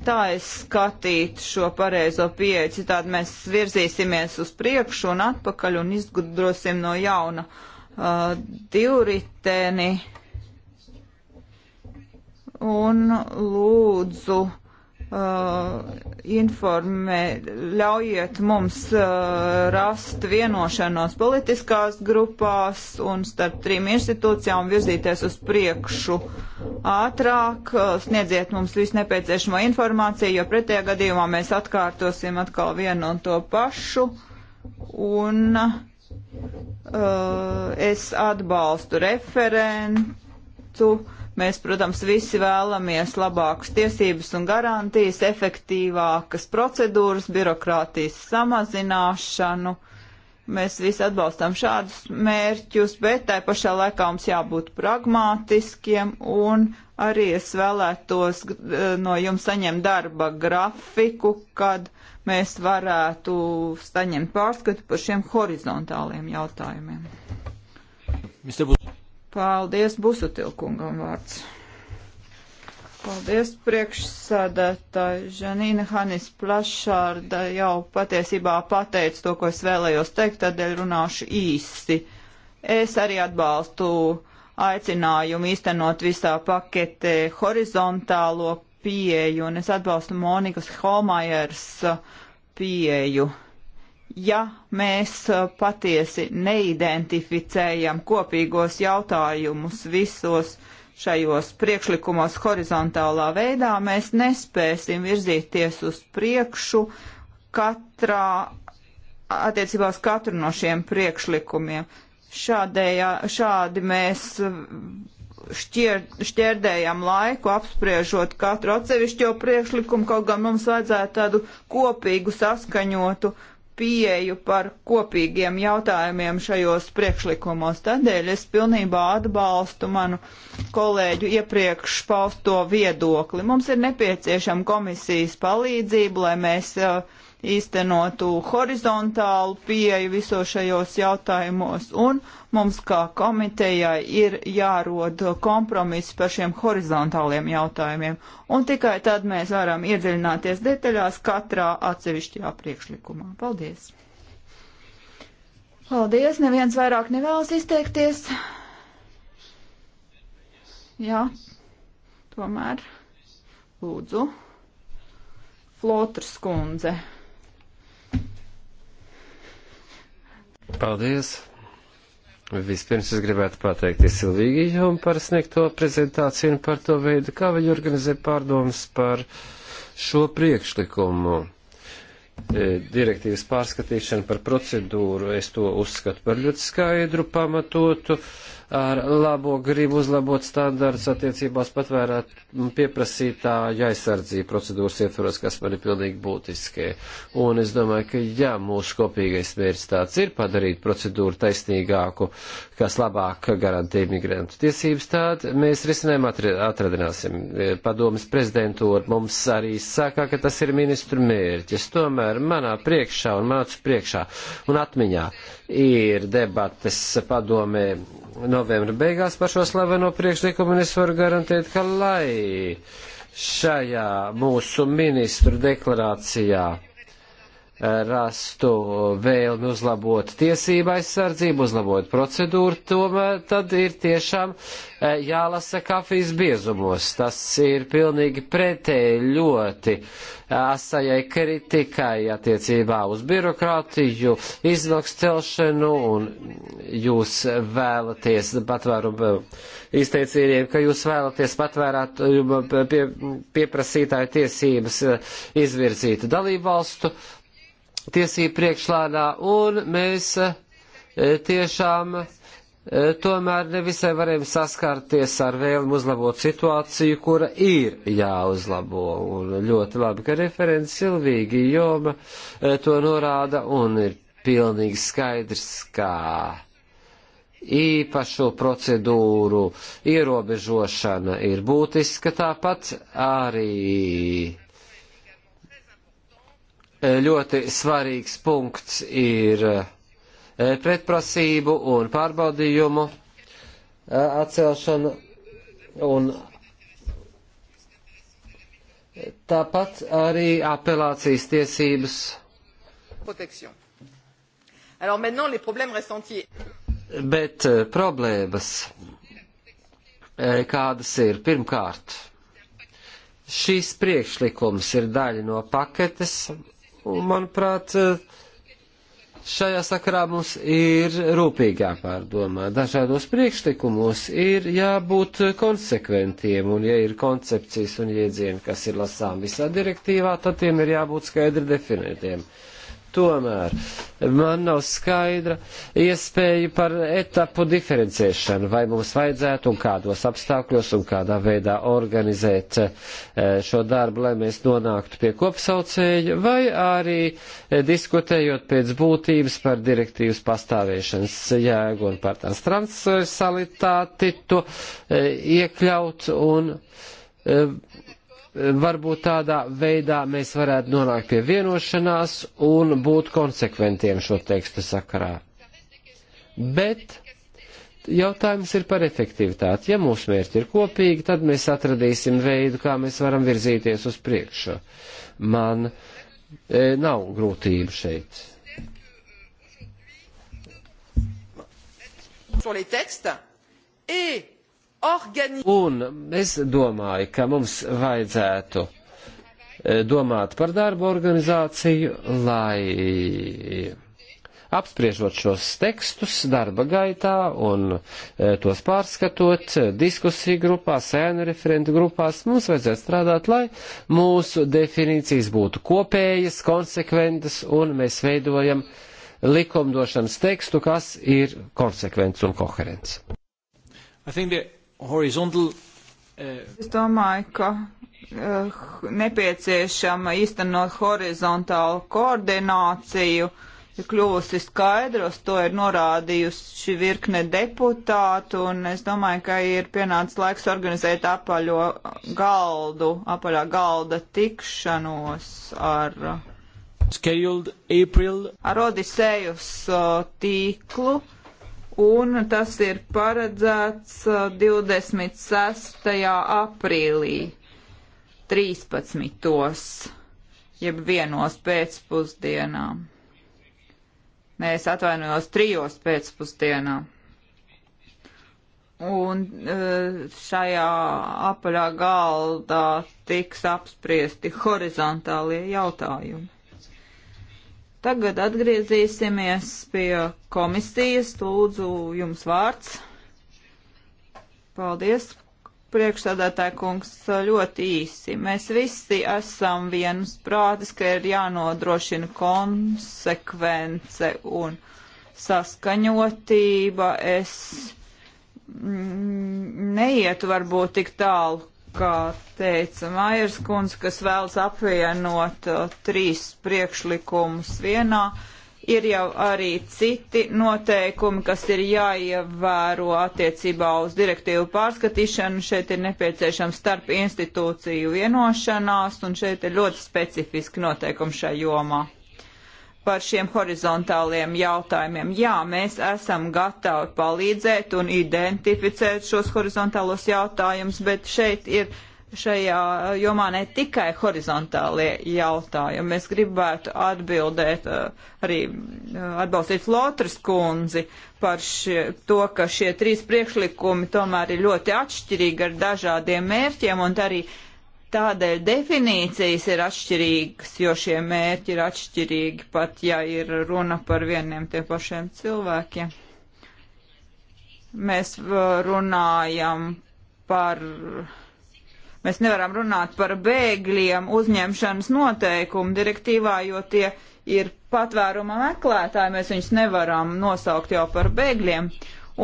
Tā es skatītu šo pareizo pieeju, citādi mēs virzīsimies uz priekšu un atpakaļ un izgudrosim no jauna uh, uh, divriteni un lūdzu uh, informē, ļaujiet mums uh, rast vienošanos politiskās grupās un starp trim institūcijām virzīties uz priekšu ātrāk, uh, sniedziet mums visu nepieciešamo informāciju, jo pretējā gadījumā mēs atkārtosim atkal vienu un to pašu. Un, uh, Eh, es atbalstu referentu. Mēs, protams, visi vēlamies labākus tiesības un garantijas, efektīvākas procedūras, birokrātijas samazināšanu. Mēs visi atbalstam šādus mērķus, bet tai pašā laikā mums jābūt pragmātiskiem un arī es vēlētos eh, no jums saņemt darba grafiku, kad uh, mēs varētu saņemt pārskatu par šiem horizontāliem jautājumiem. Paldies, Busutilkungam vārds. Paldies, priekšsādātāji. Žanīna Hanis Plašārda jau patiesībā pateica to, ko es vēlējos teikt, tādēļ runāšu īsi. Es arī atbalstu aicinājumu īstenot visā paketē horizontālo pieeju, un es atbalstu Monikas Holmajers uh, pieeju. Ja mēs uh, patiesi neidentificējam kopīgos jautājumus visos šajos priekšlikumos horizontālā veidā, mēs nespēsim virzīties uz priekšu katrā, attiecībā uz katru no šiem priekšlikumiem. Šādējā, šādi mēs šķier, šķērdējam laiku apspriežot katru atsevišķo priekšlikumu, kaut gan mums vajadzētu tādu kopīgu saskaņotu pieeju par kopīgiem jautājumiem šajos priekšlikumos. Tādēļ es pilnībā atbalstu manu kolēģu iepriekš pausto viedokli. Mums ir nepieciešama komisijas palīdzība, lai mēs uh, īstenotu horizontālu pieeju visos šajos jautājumos, un mums kā komitejai ir jārod kompromiss par šiem horizontāliem jautājumiem, un tikai tad mēs varam iedziļināties detaļās katrā atsevišķajā priekšlikumā. Paldies! Paldies, neviens vairāk nevēlas izteikties. Jā, tomēr lūdzu. Flotras kundze. Paldies! Vispirms es gribētu pateikties Silvīgijam par sniegto prezentāciju un par to veidu, kā viņi organizē pārdomas par šo priekšlikumu. E, direktīvas pārskatīšana par procedūru, es to uzskatu par ļoti skaidru, pamatotu ar labo gribu uzlabot standarts attiecībās patvērāt pieprasītāju aizsardzību procedūras ietvaros, kas man ir pilnīgi būtiskie. Un es domāju, ka jā, mūsu kopīgais mērķis tāds ir padarīt procedūru taisnīgāku, kas labāk garantē imigrantu tiesības, tad mēs risinājumu atradināsim. Padomas prezidentūra mums arī saka, ka tas ir ministru mērķis. Tomēr manā priekšā un mācu priekšā un atmiņā ir debates padomē novembra beigās par šo slaveno priekšlikumu, un es varu garantēt, ka lai šajā mūsu ministru deklarācijā rastu vēlmi uzlabot tiesību aizsardzību, uzlabot procedūru, tomēr tad ir tiešām e, jālasa kafijas biezumos. Tas ir pilnīgi pretēji ļoti asajai kritikai attiecībā uz birokrātiju, izmaksu celšanu un jūs vēlaties patvērumu e, izteicījiem, ka jūs vēlaties patvērāt pie, pieprasītāju tiesības e, izvirzīt dalībvalstu tiesību priekšlādā, un mēs e, tiešām e, tomēr nevisai varējām saskarties ar vēlmu uzlabot situāciju, kura ir jāuzlabo. Un ļoti labi, ka referents Silvīgi Joma e, to norāda, un ir pilnīgi skaidrs, kā īpašu procedūru ierobežošana ir būtiska, tāpat arī ļoti svarīgs punkts ir e, pretprasību un pārbaudījumu e, atcelšana un Tāpat arī apelācijas tiesības. Bet e, problēmas, kādas ir, pirmkārt, šīs priekšlikums ir daļa no paketes, Un, manuprāt, šajā sakarā mums ir rūpīgāk pārdomā. Dažādos priekšlikumos ir jābūt konsekventiem, un ja ir koncepcijas un iedzieni, kas ir lasām visā direktīvā, tad tiem ir jābūt skaidri definētiem. Tomēr man nav skaidra iespēja par etapu diferencēšanu, vai mums vajadzētu un kādos apstākļos un kādā veidā organizēt eh, šo darbu, lai mēs nonāktu pie kopsaucēja, vai arī eh, diskutējot pēc būtības par direktīvas pastāvēšanas jēgu un par tās transversalitāti to eh, iekļaut un varbūt tādā veidā mēs varētu nonākt pie vienošanās un būt konsekventiem šo tekstu sakarā. Bet jautājums ir par efektivitāti. Ja mūsu mērķi ir kopīgi, tad mēs atradīsim veidu, kā mēs varam virzīties uz priekšu. Man e, nav grūtību šeit. Sur les textes et Un es domāju, ka mums vajadzētu e, domāt par darbu organizāciju, lai apspriežot šos tekstus darba gaitā un e, tos pārskatot e, diskusiju grupās, sēnu referentu grupās, mums vajadzētu strādāt, lai mūsu definīcijas būtu kopējas, konsekventas un mēs veidojam likumdošanas tekstu, kas ir konsekvents un koherents. I think that horizontal. Uh... Es domāju, ka uh, nepieciešama īstenot horizontālu koordināciju ir kļuvusi skaidrs, to ir norādījusi virkne deputātu, un es domāju, ka ir pienācis laiks organizēt apaļo galdu, apaļā galda tikšanos ar. Uh, scheduled April. Ar Odisejus uh, tīklu un tas ir paredzēts 26. Uh, aprīlī 13. jeb vienos pēcpusdienām. Nē, es atvainojos trijos pēcpusdienā. Un uh, šajā apaļā galdā tiks apspriesti horizontālie jautājumi. Tagad atgriezīsimies pie komisijas. Lūdzu, jums vārds. Paldies, priekšsādātāja kungs, ļoti īsi. Mēs visi esam vienus prātis, ka ir jānodrošina konsekvence un saskaņotība. Es mm, neietu varbūt tik tālu, kā teica Maiers kundze, kas vēlas apvienot uh, trīs priekšlikumus vienā, ir jau arī citi noteikumi, kas ir jāievēro attiecībā uz direktīvu pārskatīšanu. Šeit ir nepieciešams starp institūciju vienošanās, un šeit ir ļoti specifiski noteikumi šajā jomā par šiem horizontāliem jautājumiem. Jā, mēs esam gatavi palīdzēt un identificēt šos horizontālos jautājumus, bet šeit ir šajā jomā ne tikai horizontālie jautājumi. Mēs gribētu atbildēt eh, arī eh, atbalstīt Flotras kundzi par šie, to, ka šie trīs priekšlikumi tomēr ir ļoti atšķirīgi ar dažādiem mērķiem un arī uh, Tādēļ definīcijas ir atšķirīgas, jo šie mērķi ir atšķirīgi, pat ja ir runa par vieniem tie pašiem cilvēkiem. Mēs uh, runājam par. Mēs nevaram runāt par bēgļiem uzņemšanas noteikumu direktīvā, jo tie ir patvēruma meklētāji. Mēs viņus nevaram nosaukt jau par bēgļiem.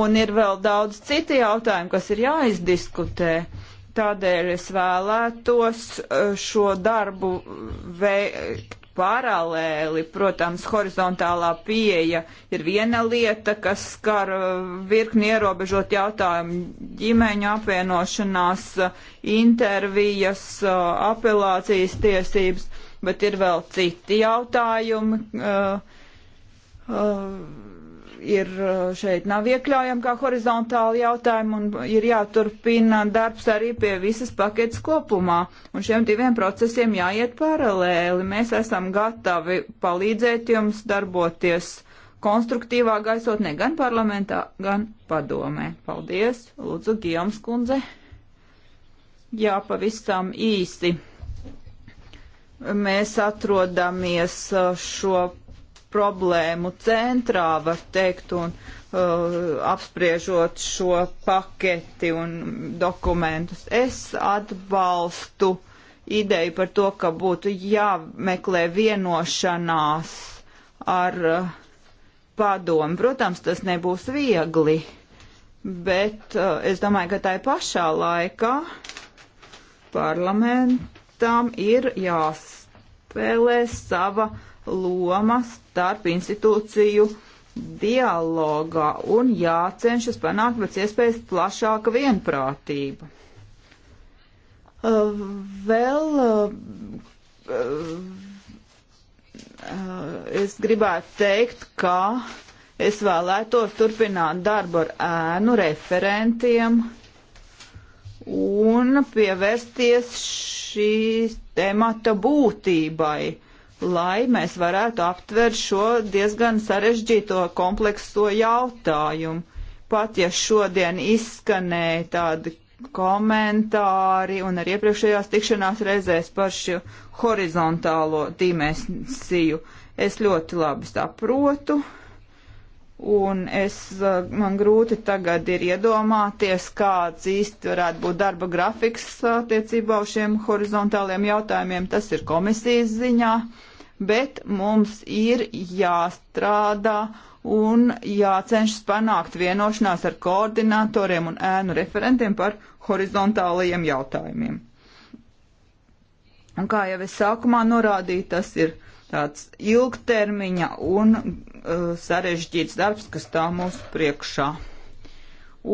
Un ir vēl daudz citi jautājumi, kas ir jāizdiskutē. Uh, Tādēļ es vēlētos eh, šo darbu veikt paralēli. Protams, horizontālā pieeja ir viena lieta, kas skar eh, virkni ierobežot jautājumu ģimeņu apvienošanās, eh, intervijas, apelācijas tiesības, bet ir vēl citi jautājumi. Uh, uh, ir eh, šeit nav iekļaujama kā horizontāli jautājumi un ir jāturpina darbs arī pie visas paketes kopumā. Un šiem diviem procesiem jāiet paralēli. Mēs esam gatavi palīdzēt jums darboties konstruktīvā gaisotnē gan parlamentā, gan padomē. Paldies, Lūdzu, Gijoms kundze. Jā, pavisam īsi. Mēs atrodamies eh, šo problēmu centrā, var teikt, un uh, apspriežot šo paketi un dokumentus. Es atbalstu ideju par to, ka būtu jāmeklē vienošanās ar uh, padomu. Protams, tas nebūs viegli, bet uh, es domāju, ka tai pašā laikā parlamentam ir jāspēlē sava loma loma starp institūciju dialogā un jācenšas panākt pēc iespējas plašāka vienprātība. Uh, vēl uh, uh, es gribētu teikt, ka es vēlētos turpināt darbu ar ēnu referentiem un pievērsties šī temata būtībai lai mēs varētu aptvert šo diezgan sarežģīto komplekso jautājumu. Pat ja šodien izskanēja tādi komentāri un ar iepriekšējās tikšanās reizēs par šo horizontālo dimensiju, es ļoti labi saprotu. Un es, eh, man grūti tagad ir iedomāties, kāds īsti varētu būt darba grafiks attiecībā uz šiem horizontāliem jautājumiem. Tas ir komisijas ziņā. Uh, bet mums ir jāstrādā un jācenšas panākt vienošanās ar koordinatoriem un ēnu referentiem par horizontālajiem jautājumiem. Un kā jau es sākumā norādīju, tas ir tāds ilgtermiņa un uh, sarežģīts darbs, kas tā mūsu priekšā.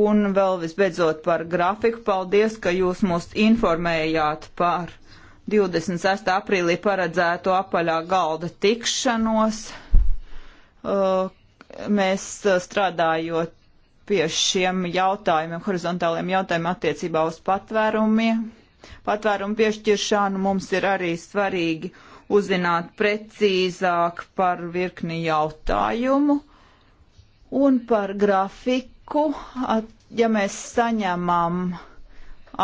Un vēl visbeidzot par grafiku, paldies, ka jūs mūs informējāt par uh, 26. aprīlī paredzēto apaļā galda tikšanos. Uh, mēs uh, strādājot pie šiem jautājumiem, horizontāliem jautājumiem attiecībā uz patvērumiem, patvērumu piešķiršanu, mums ir arī svarīgi uzzināt precīzāk par virkni jautājumu un par grafiku. At, ja mēs saņemam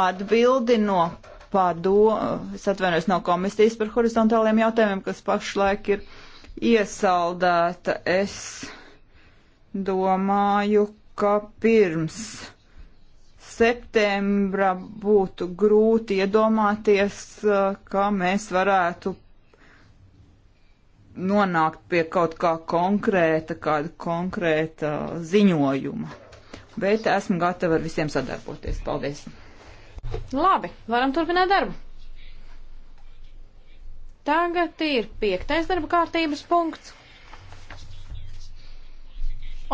atbildi no padu, es atvainojos no komisijas par horizontāliem jautājumiem, kas pašlaik ir iesaldēta. Es domāju, ka pirms septembra būtu grūti iedomāties, ka mēs varētu nonākt pie kaut kā konkrēta, kāda konkrēta ziņojuma. Bet esmu gatava ar visiem sadarboties. Paldies! Labi, varam turpināt darbu. Tagad ir piektais darba kārtības punkts.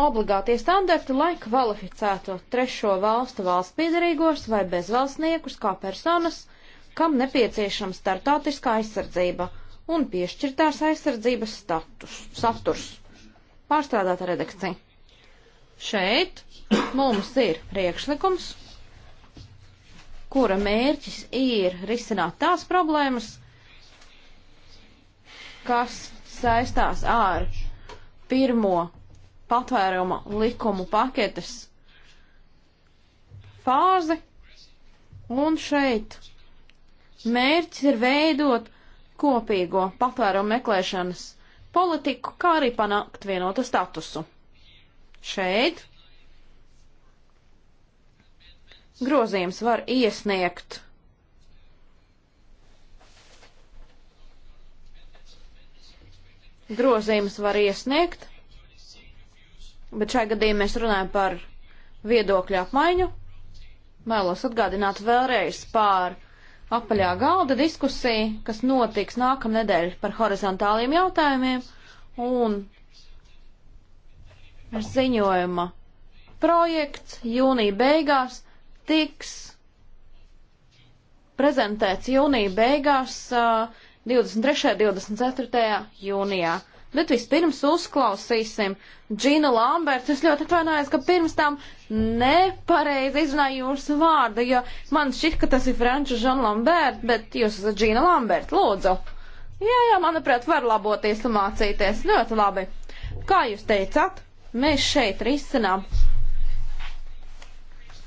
Obligātie standarti, lai kvalificētu trešo valstu valsts piedarīgos vai bezvalstniekus kā personas, kam nepieciešama startautiskā aizsardzība un piešķirtās aizsardzības status, saturs. Pārstrādāta redakcija. Šeit mums ir priekšlikums kura mērķis ir risināt tās problēmas, kas saistās ar pirmo patvēruma likumu paketes fāzi, un šeit mērķis ir veidot kopīgo patvērumu meklēšanas politiku, kā arī panākt vienotu statusu. Šeit grozījums var iesniegt. Grozījums var iesniegt, bet šajā gadījumā mēs runājam par viedokļu apmaiņu. Mēlos atgādināt vēlreiz pār apaļā galda diskusiju, kas notiks nākamnedēļ par horizontāliem jautājumiem un ziņojuma projekts jūnija beigās tiks prezentēts jūnija beigās, 23. un 24. jūnijā. Bet vispirms uzklausīsim Džina Lamberts. Es ļoti atvainojos, ka pirms tam nepareizi izrunāju jūsu vārdu, jo man šķiet, ka tas ir franču Žan Lambert, bet jūs esat Džina Lambert, lūdzu. Jā, jā, manuprāt, var laboties un mācīties. Ļoti labi. Kā jūs teicāt, mēs šeit risinām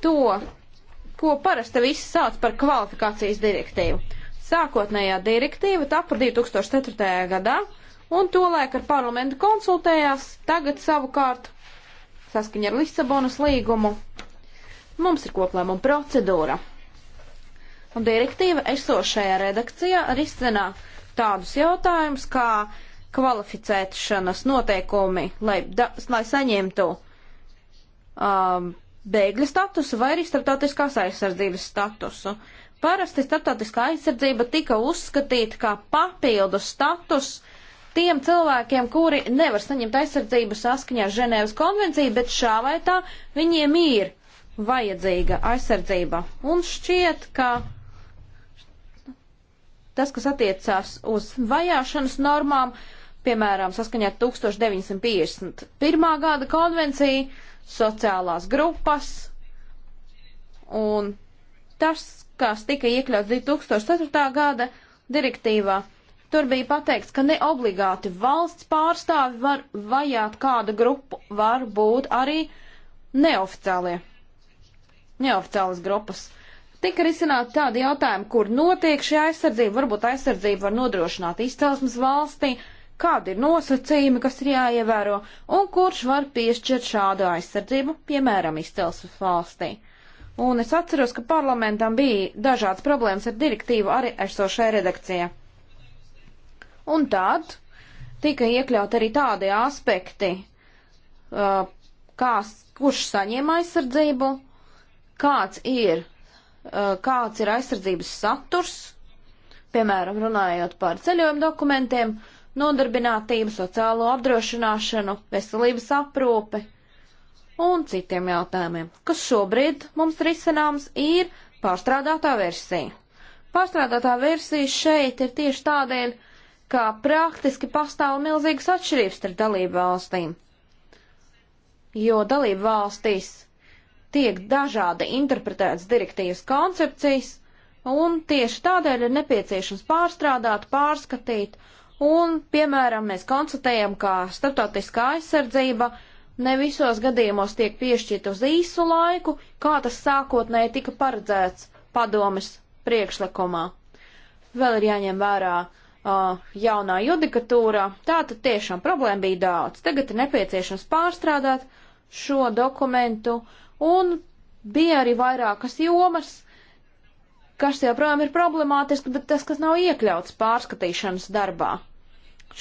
to, ko parasti visi sauc par kvalifikācijas direktīvu. Sākotnējā direktīva tapa 2004. gadā, un tolaik ar parlamentu konsultējās, tagad savukārt saskaņa ar Lisabonas līgumu. Mums ir koplēmuma procedūra. Un direktīva esošajā redakcijā risina tādus jautājumus, kā kvalificēšanas noteikumi, lai, da, lai saņemtu um, bēgļa statusu vai arī starptautiskās aizsardzības statusu. Parasti starptautiskā aizsardzība tika uzskatīta kā papildu status tiem cilvēkiem, kuri nevar saņemt aizsardzību saskaņā ar Ženēvas konvenciju, bet šā vai tā viņiem ir vajadzīga aizsardzība. Un šķiet, ka tas, kas attiecās uz vajāšanas normām, piemēram, saskaņā ar 1951. gada konvenciju, sociālās grupas. Un tas, kas tika iekļauts 2004. gada direktīvā, tur bija pateikts, ka ne obligāti valsts pārstāvi var vajāt kādu grupu, var būt arī neoficiālie, neoficiālas grupas. Tika risināti tādi jautājumi, kur notiek šī aizsardzība, varbūt aizsardzību var nodrošināt izcelsmes valstī, uh, kādi ir nosacījumi, kas ir jāievēro, un kurš var piešķirt šādu aizsardzību, piemēram, izcelsmes valstī. Un es atceros, ka parlamentam bija dažādas problēmas ar direktīvu arī esošai redakcijai. Un tad tika iekļaut arī tādi aspekti, uh, kā, kurš saņem aizsardzību, kāds ir, uh, kāds ir aizsardzības saturs, piemēram, runājot par ceļojuma dokumentiem, nodarbinātību, sociālo apdrošināšanu, veselības aprūpi un citiem jautājumiem, kas šobrīd mums risināms ir pārstrādātā versija. Pārstrādātā versija šeit ir tieši tādēļ, ka praktiski pastāv milzīgas atšķirības starp dalību valstīm, jo dalību valstīs tiek dažādi interpretētas direktīvas koncepcijas, un tieši tādēļ ir nepieciešams pārstrādāt, pārskatīt Un, piemēram, mēs konstatējam, ka starptautiskā aizsardzība ne visos gadījumos tiek piešķirta uz īsu laiku, kā tas sākotnēji tika paredzēts padomes priekšlikumā. Vēl ir jāņem vērā uh, jaunā judikatūra, tā tad tiešām problēma bija daudz. Tagad ir nepieciešams pārstrādāt šo dokumentu, un bija arī vairākas jomas, kas joprojām ir problemātiski, bet tas, kas nav iekļauts pārskatīšanas darbā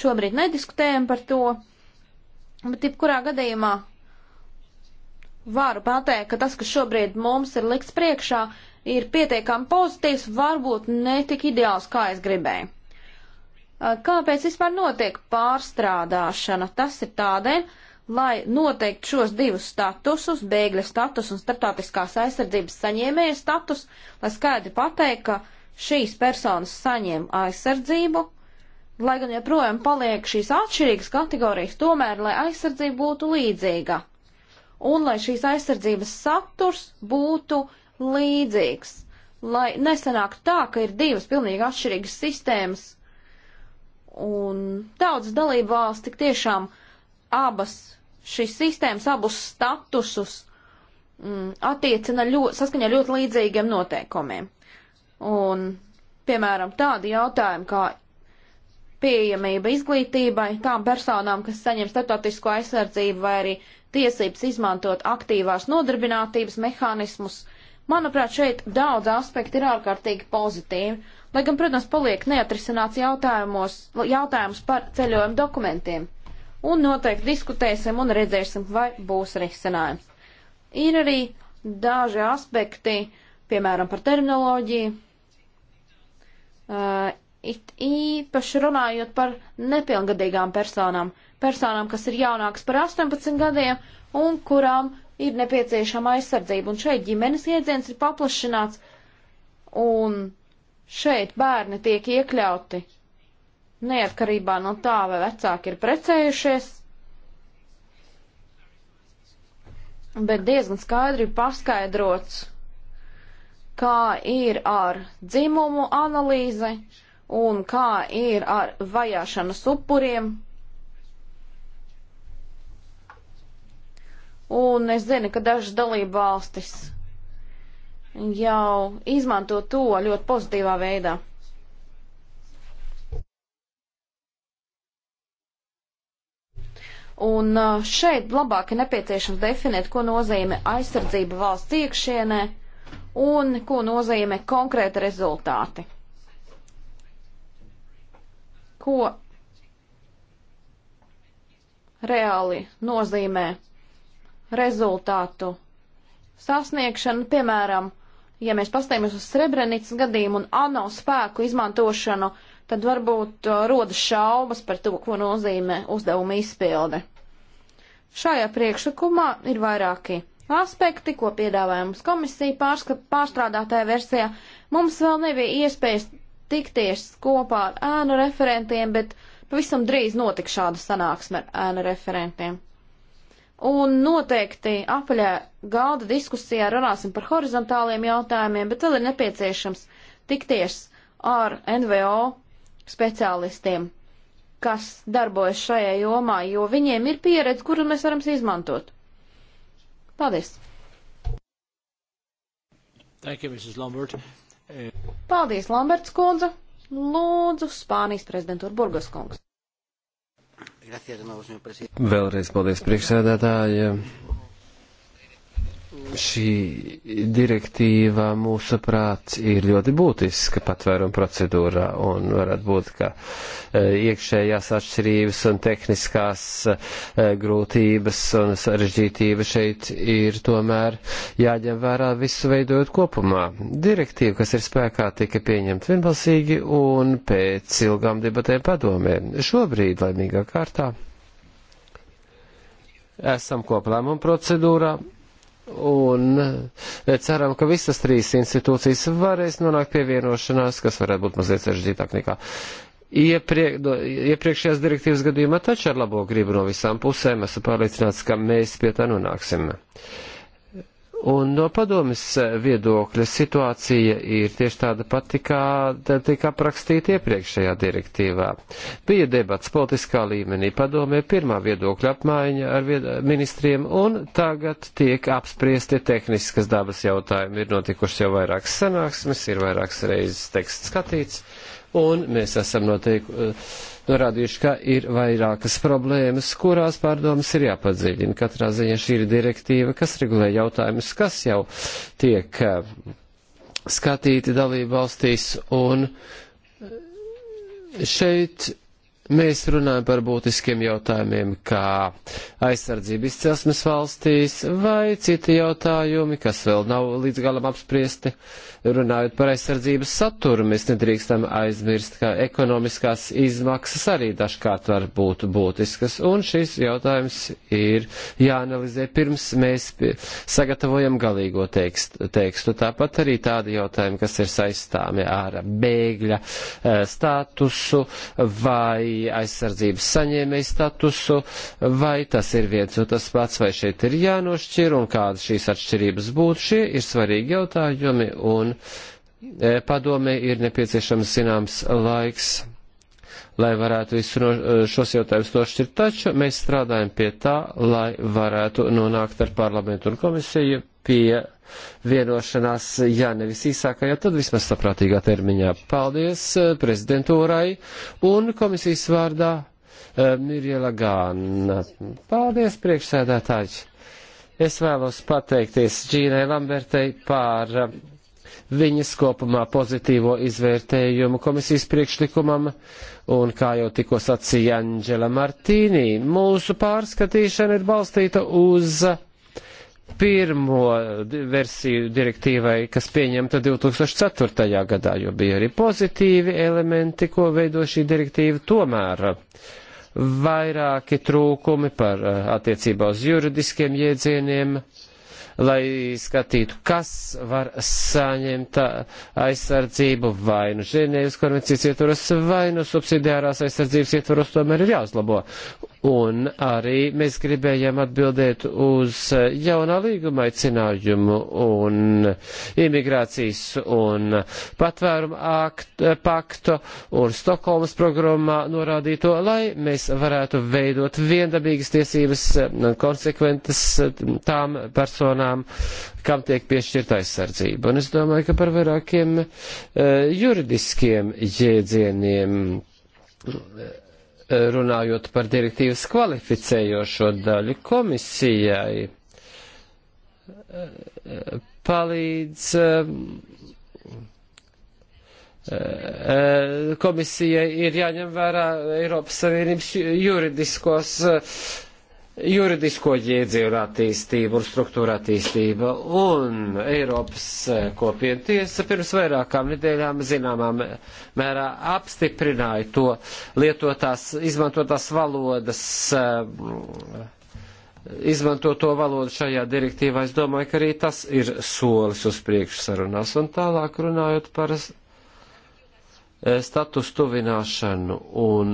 šobrīd nediskutējam par to, bet jebkurā gadījumā varu pateikt, ka tas, kas šobrīd mums ir likts priekšā, ir pietiekami pozitīvs, varbūt ne tik ideāls, kā es gribēju. Kāpēc vispār notiek pārstrādāšana? Tas ir tādēļ, lai noteikti šos divus statusus, bēgļa status un starptautiskās aizsardzības saņēmēja status, lai skaidri pateikt, ka šīs personas saņem aizsardzību, uh, lai gan joprojām paliek šīs atšķirīgas kategorijas, tomēr, lai aizsardzība būtu līdzīga un lai šīs aizsardzības saturs būtu līdzīgs, lai nesanāktu tā, ka ir divas pilnīgi atšķirīgas sistēmas. Un daudz dalību valsts tik tiešām abas šīs sistēmas, abus statusus mm, attiecina ļoti, saskaņā ļoti līdzīgiem noteikumiem. Un, piemēram, tādi jautājumi kā pieejamība izglītībai tām personām, kas saņem starptautisko aizsardzību vai arī tiesības izmantot aktīvās nodarbinātības mehānismus. Manuprāt, šeit daudz aspekti ir ārkārtīgi pozitīvi, lai gan, protams, paliek neatrisināts jautājums par ceļojumu dokumentiem. Un noteikti diskutēsim un redzēsim, vai būs risinājums. Ir arī daži aspekti, piemēram, par terminoloģiju, Uh, it īpaši runājot par nepilngadīgām personām, personām, kas ir jaunākas par 18 gadiem un kurām ir nepieciešama aizsardzība. Un šeit ģimenes iedziens ir paplašināts, un šeit bērni tiek iekļauti neatkarībā no tā, vai vecāki ir precējušies. Bet diezgan skaidri paskaidrots, kā ir ar dzimumu analīzi, un kā ir ar vajāšanas upuriem. Un es zinu, ka dažas dalība valstis jau izmanto to ļoti pozitīvā veidā. Un uh, šeit labāk ir nepieciešams definēt, ko nozīmē aizsardzība valsts iekšienē un ko nozīmē konkrēti rezultāti ko reāli nozīmē rezultātu sasniegšanu, piemēram, ja mēs paskatāmies uz Srebrenicas gadījumu un ANO spēku izmantošanu, tad varbūt uh, rodas šaubas par to, ko nozīmē uzdevuma izpilde. Šajā priekšlikumā ir vairāki aspekti, ko piedāvāja mums komisija pārstrādātāja versijā. Mums vēl nebija iespējas tikties kopā ar ēnu referentiem, bet pavisam drīz notiks šāda sanāksme ar ēnu referentiem. Un noteikti apaļā galda diskusijā runāsim par horizontāliem jautājumiem, bet vēl ir nepieciešams tikties ar NVO speciālistiem, kas darbojas šajā jomā, jo viņiem ir pieredze, kuru mēs varam izmantot. Paldies! Thank you, Mrs. Lombard. Paldies, Lamberts kundze. Lūdzu, Spānijas prezidentūra Burgas kungs. Vēlreiz paldies priekšsēdētāji šī direktīva mūsu prāts ir ļoti būtiska patvēruma procedūrā un varētu būt, ka e, iekšējās atšķirības un tehniskās e, grūtības un sarežģītība šeit ir tomēr jāņem vērā visu veidojot kopumā. Direktīva, kas ir spēkā, tika pieņemta vienbalsīgi un pēc ilgām debatēm padomē. Šobrīd, laimīgā kārtā, esam koplēmuma procedūrā un eh, ceram, ka visas trīs institūcijas varēs nonākt pie vienošanās, kas varētu būt mazliet sarežģītāk nekā Iepriek, no, iepriekšējās direktīvas gadījumā taču ar labo gribu no visām pusēm esmu pārliecināts, ka mēs pie tā nonāksim. Uh, Un no padomis viedokļa situācija ir tieši tāda pati, kā tika aprakstīta iepriekšējā direktīvā. Bija debats politiskā līmenī padomē, pirmā viedokļa apmaiņa ar vied ministriem, un tagad tiek apspriesti tehniskas dabas jautājumi. Ir notikušas jau vairākas sanāksmes, ir vairākas reizes teksts skatīts, un mēs esam noteikuši norādījuši, ka ir vairākas problēmas, kurās pārdomas ir jāpadziļina. Katrā ziņā šī ir direktīva, kas regulē jautājumus, kas jau tiek eh, skatīti dalību valstīs, un eh, šeit mēs runājam par būtiskiem jautājumiem, kā aizsardzība izcelsmes valstīs vai citi jautājumi, kas vēl nav līdz galam apspriesti. Runājot par aizsardzības saturu, mēs nedrīkstam aizmirst, ka ekonomiskās izmaksas arī dažkārt var būt būtiskas, un šis jautājums ir jāanalizē pirms mēs sagatavojam galīgo tekstu. tekstu. Tāpat arī tādi jautājumi, kas ir saistāmi ar bēgļa eh, statusu vai aizsardzības saņēmēja statusu, vai tas ir viens un tas pats, vai šeit ir jānošķir un kādas šīs atšķirības būtu. Šie ir svarīgi jautājumi un e, padomē ir nepieciešams zināms laiks, lai varētu visu no, e, šos jautājumus nošķirt, taču mēs strādājam pie tā, lai varētu nonākt ar parlamentu un komisiju pie vienošanās, ja nevis īsākajā, tad vismaz saprātīgā termiņā. Paldies eh, prezidentūrai un komisijas vārdā eh, Mirjela Gāna. Paldies priekšsēdētāji. Es vēlos pateikties Džīnai Lambertei par eh, viņas kopumā pozitīvo izvērtējumu komisijas priekšlikumam, un kā jau tikko sacīja Anģela Martīnī, mūsu pārskatīšana ir balstīta uz pirmo versiju direktīvai, kas pieņemta 2004. gadā, jo bija arī pozitīvi elementi, ko veido šī direktīva, tomēr vairāki trūkumi par eh, attiecībā uz juridiskiem jēdzieniem, lai skatītu, kas var saņemt eh, aizsardzību vai nu Ženēvas konvencijas ietvaros, vai nu subsidiārās aizsardzības ietvaros, tomēr ir jāuzlabo. Un arī mēs gribējām atbildēt uz jaunā līguma aicinājumu un imigrācijas un patvērumu akt, paktu un Stokholmas programmā norādīto, lai mēs varētu veidot viendabīgas tiesības konsekventas tām personām, kam tiek piešķirta aizsardzība. Un es domāju, ka par vairākiem uh, juridiskiem jēdzieniem. Uh, runājot par direktīvas kvalificējošo daļu komisijai, palīdz eh, eh, komisijai ir jāņem vērā Eiropas Savienības juridiskos uh, juridisko jēdzienu attīstību un struktūra attīstība. Un Eiropas eh, kopienu tiesa pirms vairākām nedēļām zināmā mērā apstiprināja to lietotās, izmantotās valodas, eh, izmantoto valodu šajā direktīvā. Es domāju, ka arī tas ir solis uz priekšu sarunās. Un tālāk runājot par eh, statusu tuvināšanu un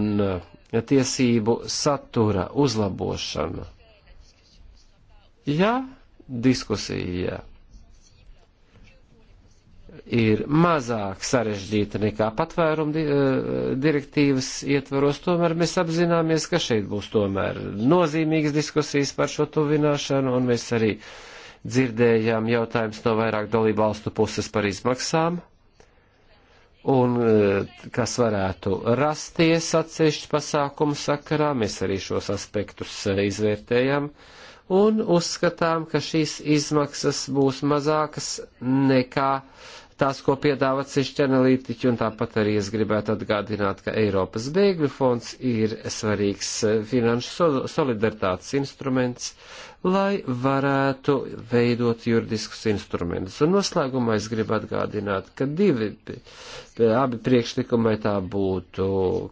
tiesību satura uzlabošana. Ja diskusija ir mazāk sarežģīta nekā patvērumu di eh, direktīvas ietvaros, tomēr mēs apzināmies, ka šeit būs tomēr nozīmīgas diskusijas par šo tuvināšanu, un mēs arī dzirdējām jautājums no vairāk dalību valstu puses par izmaksām. Uh, un eh, kas varētu rasties atsevišķu pasākumu sakarā, mēs arī šos aspektus eh, izvērtējam un uzskatām, ka šīs izmaksas būs mazākas nekā uh, tās, ko piedāvā ceļšķi analītiķi, un tāpat arī es gribētu atgādināt, ka Eiropas bēgļu fonds ir svarīgs eh, finanšu solidaritātes instruments, lai varētu veidot juridiskus instrumentus. Un noslēgumā es gribu atgādināt, ka divi, abi priekšlikumai tā būtu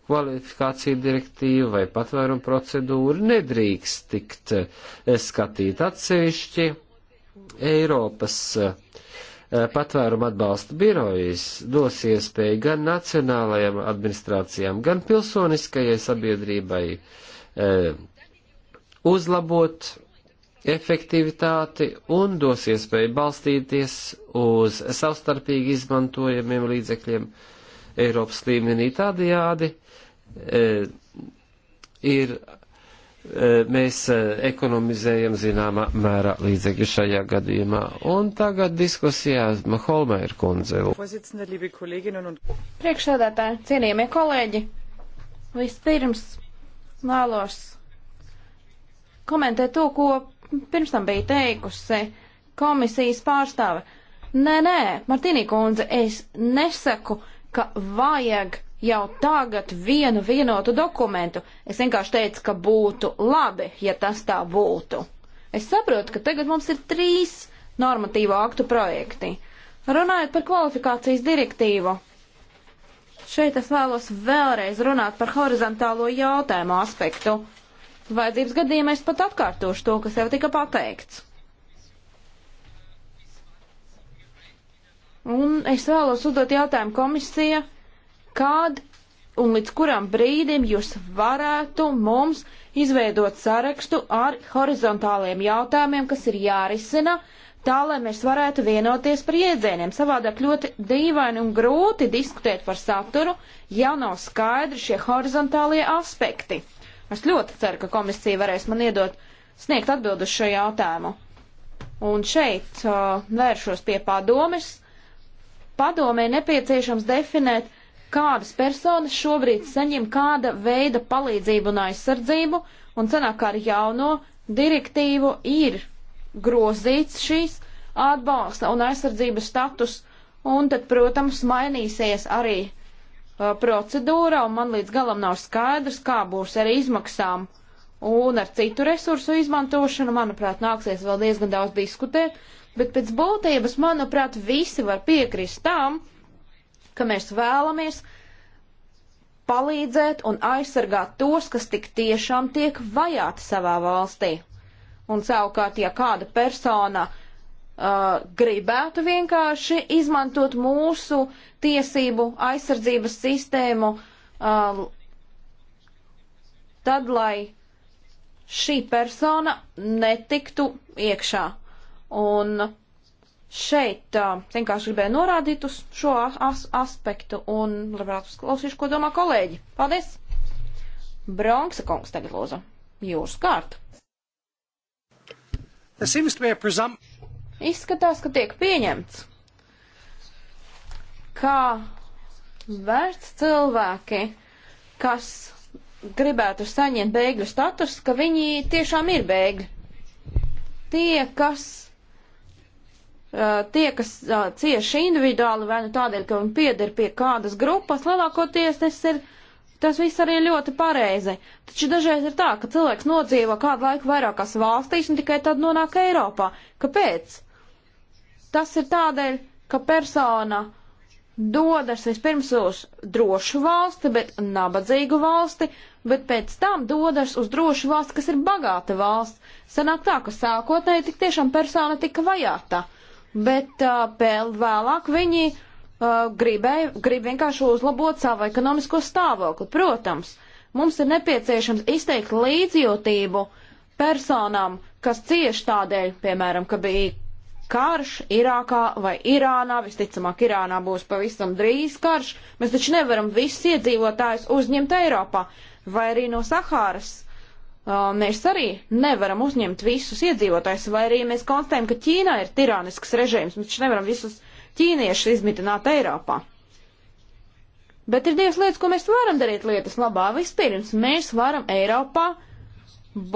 kvalifikācija direktīva vai patvērum procedūra, nedrīkst tikt eh, skatīt atsevišķi Eiropas eh, Eh, patvērumu atbalsta birojas dos iespēju gan nacionālajām administrācijām, gan pilsoniskajai sabiedrībai eh, uzlabot efektivitāti un dos iespēju balstīties uz savstarpīgi izmantojamiem līdzekļiem Eiropas līmenī tādajādi e, eh, ir Eh, mēs eh, ekonomizējam zināmā mērā līdzekļu šajā gadījumā. Un tagad diskusijā Holmēra kundze. Priekšsēdētāji, cienījamie kolēģi, vispirms vēlos komentēt to, ko pirms tam bija teikusi komisijas pārstāve. Nē, nē, Martīnī kundze, es nesaku, ka vajag jau tagad vienu vienotu dokumentu. Es vienkārši teicu, ka būtu labi, ja tas tā būtu. Es saprotu, ka tagad mums ir trīs normatīvo aktu projekti. Runājot par kvalifikācijas direktīvu, šeit es vēlos vēlreiz runāt par horizontālo jautājumu aspektu. Vajadzības gadījumā es pat atkārtošu to, kas jau tika pateikts. Un es vēlos uzdot jautājumu komisija, Kād un līdz kuram brīdim jūs varētu mums izveidot sarakstu ar horizontāliem jautājumiem, kas ir jārisina, tā lai mēs varētu vienoties par iedzieniem. Savādāk ļoti dīvaini un grūti diskutēt par saturu, ja nav skaidri šie horizontālie aspekti. Es ļoti ceru, ka komisija varēs man iedot sniegt atbildu uz šo jautājumu. Un šeit uh, vēršos pie padomes. Padomē nepieciešams definēt uh, kādas personas šobrīd saņem kāda veida palīdzību un aizsardzību, un sanāk ar jauno direktīvu ir grozīts šīs atbalsta un aizsardzības status, un tad, protams, mainīsies arī uh, procedūra, un man līdz galam nav skaidrs, kā būs ar izmaksām un ar citu resursu izmantošanu. Manuprāt, nāksies vēl diezgan daudz diskutēt, bet pēc būtības, manuprāt, visi var piekrist tam, uh, ka mēs vēlamies palīdzēt un aizsargāt tos, kas tik tiešām tiek vajāti savā valstī. Un savukārt, ja kāda persona uh, gribētu vienkārši izmantot mūsu tiesību aizsardzības sistēmu, uh, tad lai šī persona netiktu iekšā. Un šeit uh, vienkārši gribēju norādīt uz šo as aspektu un labprāt uzklausīšu, ko domā kolēģi. Paldies! Bronksa kungs tagad lūdzu. Jūras kārt. Izskatās, ka tiek pieņemts, ka vērts cilvēki, kas gribētu saņemt bēgļu status, ka viņi tiešām ir bēgļi. Tie, kas Uh, tie, kas uh, cieši individuāli, vai nu tādēļ, ka viņi pieder pie kādas grupas, lielākoties tas ir, tas viss arī ļoti pareizi. Taču dažreiz ir tā, ka cilvēks nodzīvo kādu laiku vairākās valstīs un tikai tad nonāk Eiropā. Kāpēc? Tas ir tādēļ, ka persona dodas vispirms uz drošu valsti, bet nabadzīgu valsti, bet pēc tam dodas uz drošu valsti, kas ir bagāta valsts. Sanāk tā, ka sākotnēji tik tiešām persona tika vajāta bet uh, vēlāk viņi uh, gribēja, grib vienkārši uzlabot savu ekonomisko stāvokli. Protams, mums ir nepieciešams izteikt līdzjūtību personām, kas cieši tādēļ, piemēram, ka bija karš Irākā vai Irānā, visticamāk Irānā būs pavisam drīz karš, mēs taču nevaram visus iedzīvotājus uzņemt Eiropā vai arī no Sahāras Uh, mēs arī nevaram uzņemt visus iedzīvotājus, vai arī mēs konstatējam, ka Ķīnā ir tirānisks režīms, mēs taču nevaram visus ķīniešus izmitināt Eiropā. Bet ir divas lietas, ko mēs varam darīt lietas labā. Vispirms, mēs varam Eiropā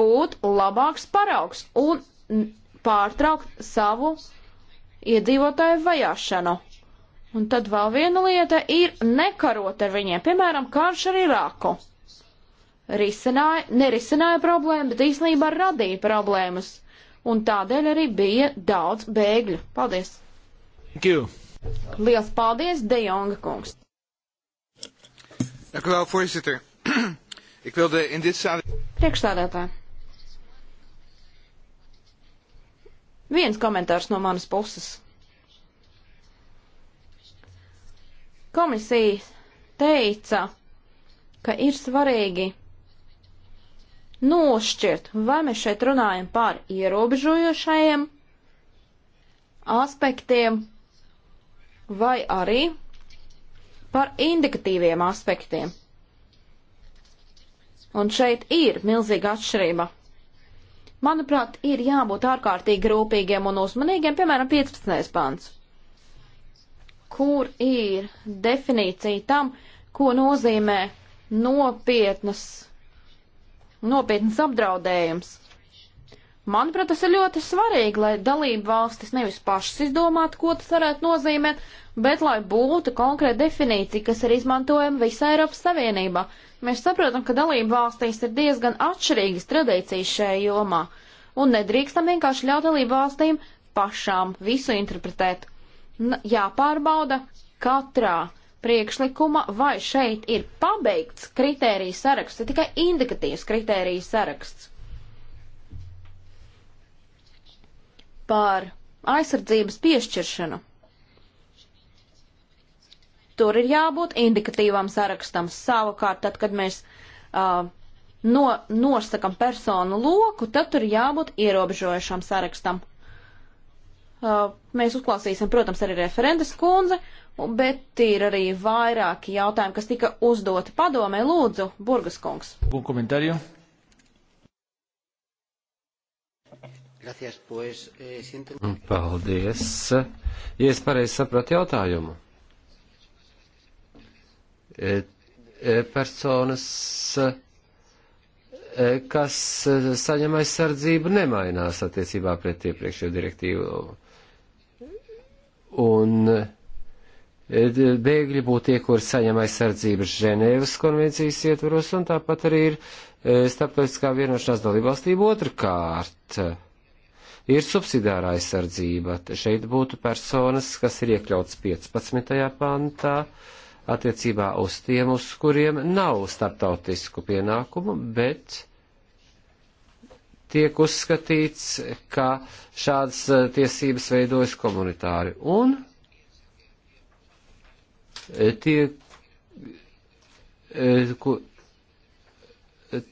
būt labāks paraugs un pārtraukt savu iedzīvotāju vajāšanu. Un tad vēl viena lieta ir nekarot ar viņiem, piemēram, karš ar Irāku risināja, nerisināja problēmu, bet īstenībā radīja problēmas. Un tādēļ arī bija daudz bēgļu. Paldies! Thank you! Liels paldies, Dejonga kungs! Dank u wel, voorzitter. Ik wilde in dit stadium. Priekšstādātāji. Viens komentārs no manas puses. Komisija teica, ka ir svarīgi nošķirt, vai mēs šeit runājam par ierobežojošajiem aspektiem vai arī par indikatīviem aspektiem. Un šeit ir milzīga atšķirība. Manuprāt, ir jābūt ārkārtīgi rūpīgiem un uzmanīgiem, piemēram, 15. pants, kur ir definīcija tam, ko nozīmē nopietnas nopietns apdraudējums. Manuprāt, tas ir ļoti svarīgi, lai dalība valstis nevis pašas izdomātu, ko tas varētu nozīmēt, bet lai būtu konkrēta definīcija, kas ir izmantojama visā Eiropas Savienībā. Mēs saprotam, ka dalība valstīs ir diezgan atšķirīgas tradīcijas šajā jomā, un nedrīkstam vienkārši ļaut dalību valstīm pašām visu interpretēt. N jāpārbauda katrā priekšlikuma, vai šeit ir pabeigts kritērijas saraksts, ir tikai indikatīvs kritērijas saraksts par aizsardzības piešķiršanu. Tur ir jābūt indikatīvam sarakstam. Savukārt, tad, kad mēs uh, no, nosakam personu loku, tad tur jābūt ierobežojušam sarakstam. Uh, mēs uzklausīsim, protams, arī referentes kundze, bet ir arī vairāki jautājumi, kas tika uzdoti padomē. Lūdzu, Burgas kungs. Un komentāru. Eh, mm, paldies. Ja es pareizi sapratu jautājumu. E, e, personas, e, kas saņem aizsardzību, nemainās attiecībā pret iepriekšējo direktīvu. Un bēgļi būtu tie, kur saņem aizsardzības Ženēvas konvencijas ietvaros, un tāpat arī ir e, starptautiskā vienošanās dalībvalstība otrkārt ir subsidiāra aizsardzība. Šeit būtu personas, kas ir iekļauts 15. pantā attiecībā uz tiem, uz kuriem nav starptautisku pienākumu, bet tiek uzskatīts, ka šādas e, tiesības veidojas komunitāri. Un Tie, e, ku,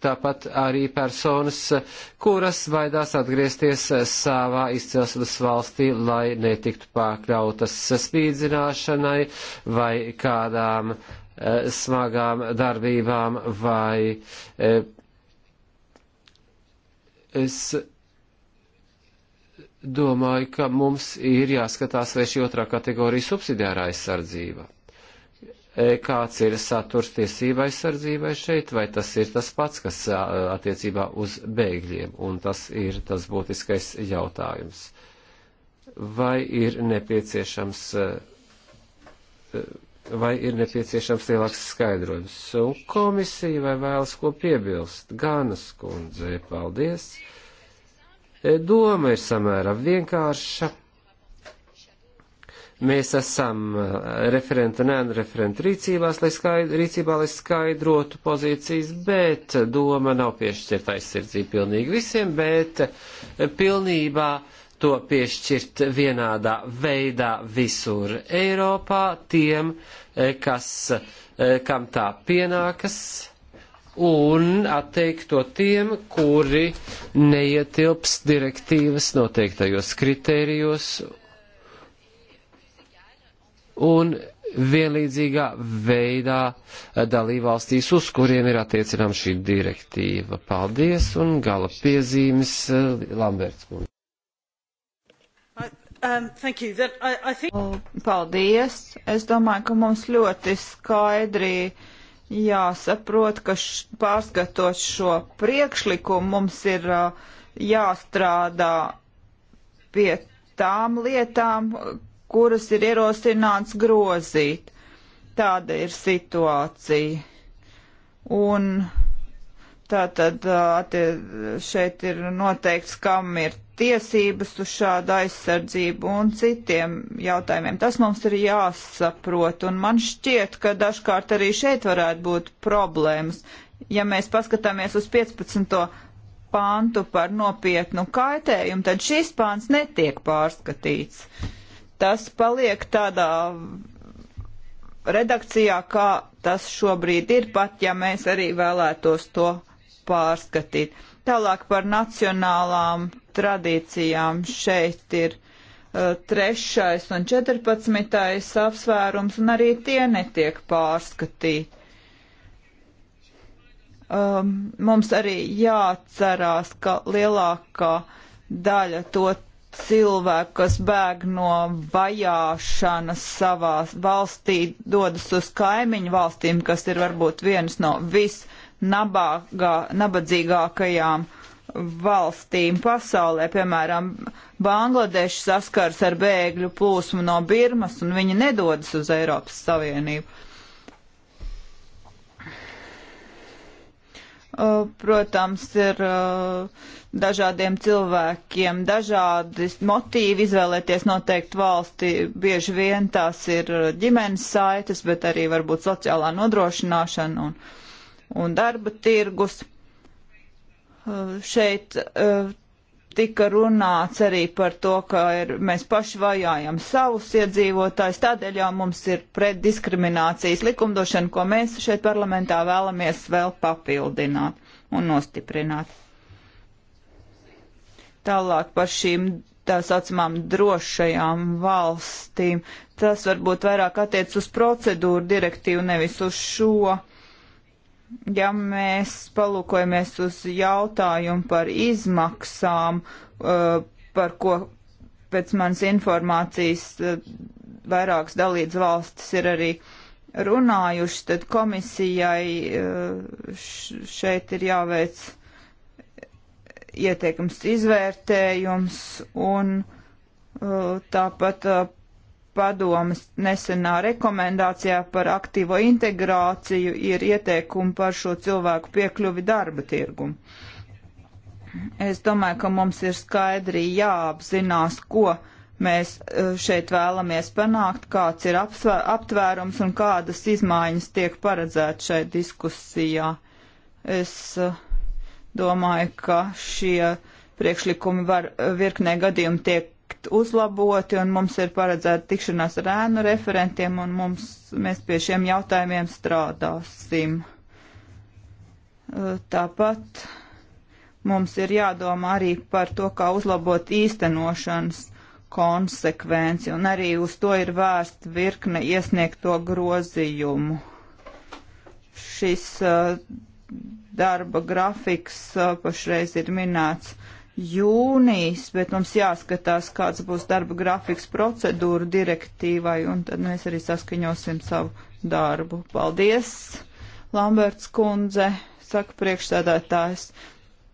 tāpat arī personas, kuras baidās atgriezties savā izcelsmes valstī, lai netiktu pakļautas spīdzināšanai vai kādām e, smagām darbībām vai e, es domāju, ka mums ir jāskatās, vai šī otrā kategorija subsidiārā aizsardzība. E, kāds ir saturs tiesībai sardzībai šeit, vai tas ir tas pats, kas attiecībā uz bēgļiem, un tas ir tas būtiskais jautājums. Vai ir nepieciešams, vai ir nepieciešams lielāks skaidrojums? Un komisija vai vēlas ko piebilst? Ganas kundze, paldies! E, doma ir samērā vienkārša Mēs esam uh, referenta un nereferenta rīcībās, lai skaidr, rīcībā, lai skaidrotu pozīcijas, bet doma nav piešķirt aizsardzību pilnīgi visiem, bet uh, pilnībā to piešķirt vienādā veidā visur Eiropā tiem, uh, kas, kam tā pienākas, un atteikt to tiem, kuri neietilps direktīvas noteiktajos kritērijos un vienlīdzīgā veidā dalībvalstīs, uz kuriem ir attiecinām šī direktīva. Paldies un gala piezīmes eh, Lamberts. Um, That, I, I think... Oh, paldies. Es domāju, ka mums ļoti skaidri jāsaprot, ka š, pārskatot šo priekšlikumu mums ir uh, jāstrādā pie tām lietām, kuras ir ierosināts grozīt. Tāda ir situācija. Un tātad šeit ir noteikts, kam ir tiesības uz šādu aizsardzību un citiem jautājumiem. Tas mums ir jāsaprot, un man šķiet, ka dažkārt arī šeit varētu būt problēmas. Ja mēs paskatāmies uz 15. pāntu par nopietnu kaitējumu, tad šis pāns netiek pārskatīts tas paliek tādā redakcijā, kā tas šobrīd ir, pat ja mēs arī vēlētos to pārskatīt. Tālāk par nacionālām tradīcijām šeit ir uh, trešais un četrpadsmitais apsvērums, un arī tie netiek pārskatīti. Um, mums arī jāatcerās, ka lielākā daļa to cilvēku, kas bēg no vajāšanas savā valstī, dodas uz kaimiņu valstīm, kas ir varbūt vienas no visnabadzīgākajām valstīm pasaulē. Piemēram, Bangladeša saskars ar bēgļu plūsmu no Birmas un viņi nedodas uz Eiropas Savienību. Uh, protams, ir uh, dažādiem cilvēkiem dažādi motīvi izvēlēties noteikti valsti. Bieži vien tās ir ģimenes saites, bet arī varbūt sociālā nodrošināšana un, un darba tirgus. Uh, šeit uh, tika runāts arī par to, ka ir, mēs paši vajājam savus iedzīvotājus, tādēļ jau mums ir preddiskriminācijas likumdošana, ko mēs šeit parlamentā vēlamies vēl papildināt un nostiprināt. Tālāk par šīm tā saucamām drošajām valstīm. Tas varbūt vairāk attiec uz procedūru direktīvu, nevis uz šo. Ja mēs palūkojamies uz jautājumu par izmaksām, eh, par ko pēc manas informācijas eh, vairākas dalīdz valstis ir arī runājuši, tad komisijai eh, šeit ir jāveic ieteikums izvērtējums un uh, tāpat uh, padomas nesenā rekomendācijā par aktīvo integrāciju ir ieteikumi par šo cilvēku piekļuvi darba tirgumu. Es domāju, ka mums ir skaidri jāapzinās, ko mēs uh, šeit vēlamies panākt, kāds ir aptvērums un kādas izmaiņas tiek paredzēt šai diskusijā. Es uh, Domāju, ka šie priekšlikumi var virknē gadījumu tiekt uzlaboti, un mums ir paredzēta tikšanās ar ēnu referentiem, un mums, mēs pie šiem jautājumiem strādāsim. Tāpat mums ir jādomā arī par to, kā uzlabot īstenošanas konsekvenci, un arī uz to ir vērsta virkne iesniegto grozījumu. Šis uh, darba grafiks pašreiz ir minēts jūnijas, bet mums jāskatās, kāds būs darba grafiks procedūru direktīvai, un tad mēs arī saskaņosim savu darbu. Paldies, Lamberts kundze, saka priekšsēdētājs.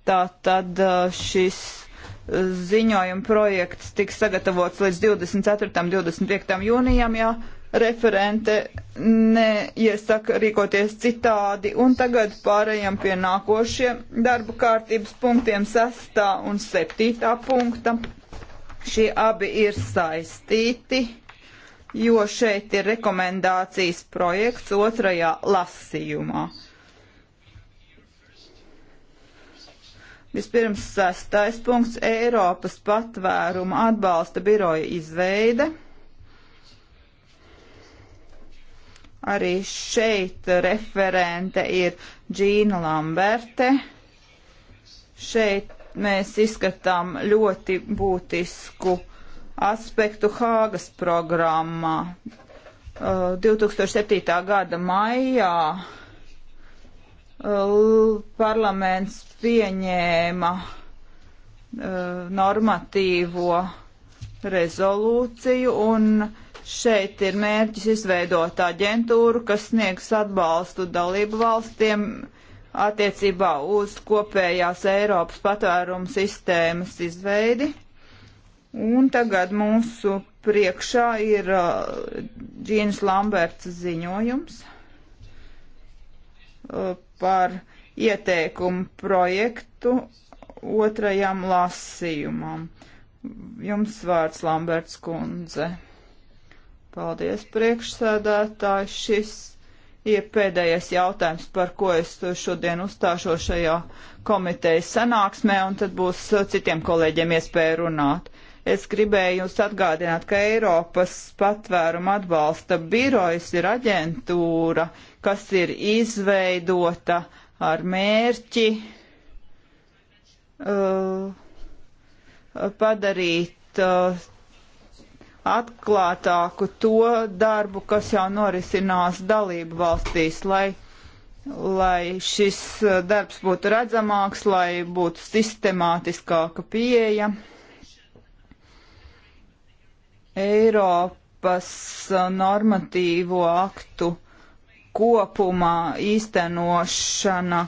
Tā tad šis ziņojuma projekts tiks sagatavots līdz 24. un 25. jūnijam, jā. Ja referente neiesaka rīkoties citādi. Un tagad pārējām pie nākošiem darba kārtības punktiem 6. un 7. punkta. Šie abi ir saistīti, jo šeit ir rekomendācijas projekts otrajā lasījumā. Vispirms sastais punkts - Eiropas patvēruma atbalsta biroja izveide. Arī šeit referente ir Džīna Lamberte. Šeit mēs izskatām ļoti būtisku aspektu Hāgas programmā. 2007. Uh, gada maijā uh, parlaments pieņēma uh, normatīvo rezolūciju un Šeit ir mērķis izveidot aģentūru, kas sniegs atbalstu dalību valstiem attiecībā uz kopējās Eiropas patvērumu sistēmas izveidi. Un tagad mūsu priekšā ir uh, Džīnas uh, Lamberts ziņojums uh, par ieteikumu projektu otrajam lasījumam. Jums vārds Lamberts kundze. Paldies, priekšsēdētāji. Šis ir pēdējais jautājums, par ko es šodien uzstāšos šajā komitejas sanāksmē, un tad būs uh, citiem kolēģiem iespēja runāt. Es gribēju jūs atgādināt, ka Eiropas patvēruma atbalsta birojas ir aģentūra, kas ir izveidota ar mērķi uh, padarīt uh, atklātāku to darbu, kas jau norisinās dalību valstīs, lai, lai šis uh, darbs būtu redzamāks, lai būtu sistemātiskāka pieeja. Eiropas uh, normatīvo aktu kopumā īstenošana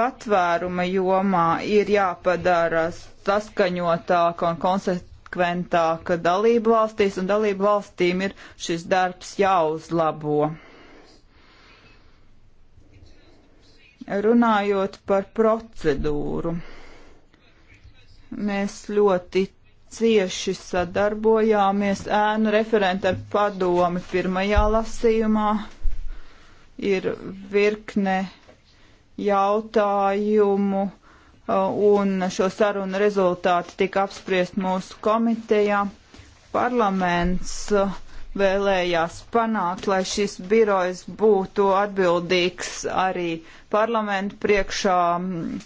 patvēruma jomā ir jāpadara saskaņotāka un konsekventāka konsekventāka dalību valstīs, un dalību valstīm ir šis darbs jāuzlabo. Runājot par procedūru, mēs ļoti cieši sadarbojāmies ēnu referenta ar padomi pirmajā lasījumā. Ir virkne jautājumu, un šo sarunu rezultāti tika apspriest mūsu komitejā. Parlaments uh, vēlējās panākt, lai šis birojs būtu atbildīgs arī parlamentu priekšā mm,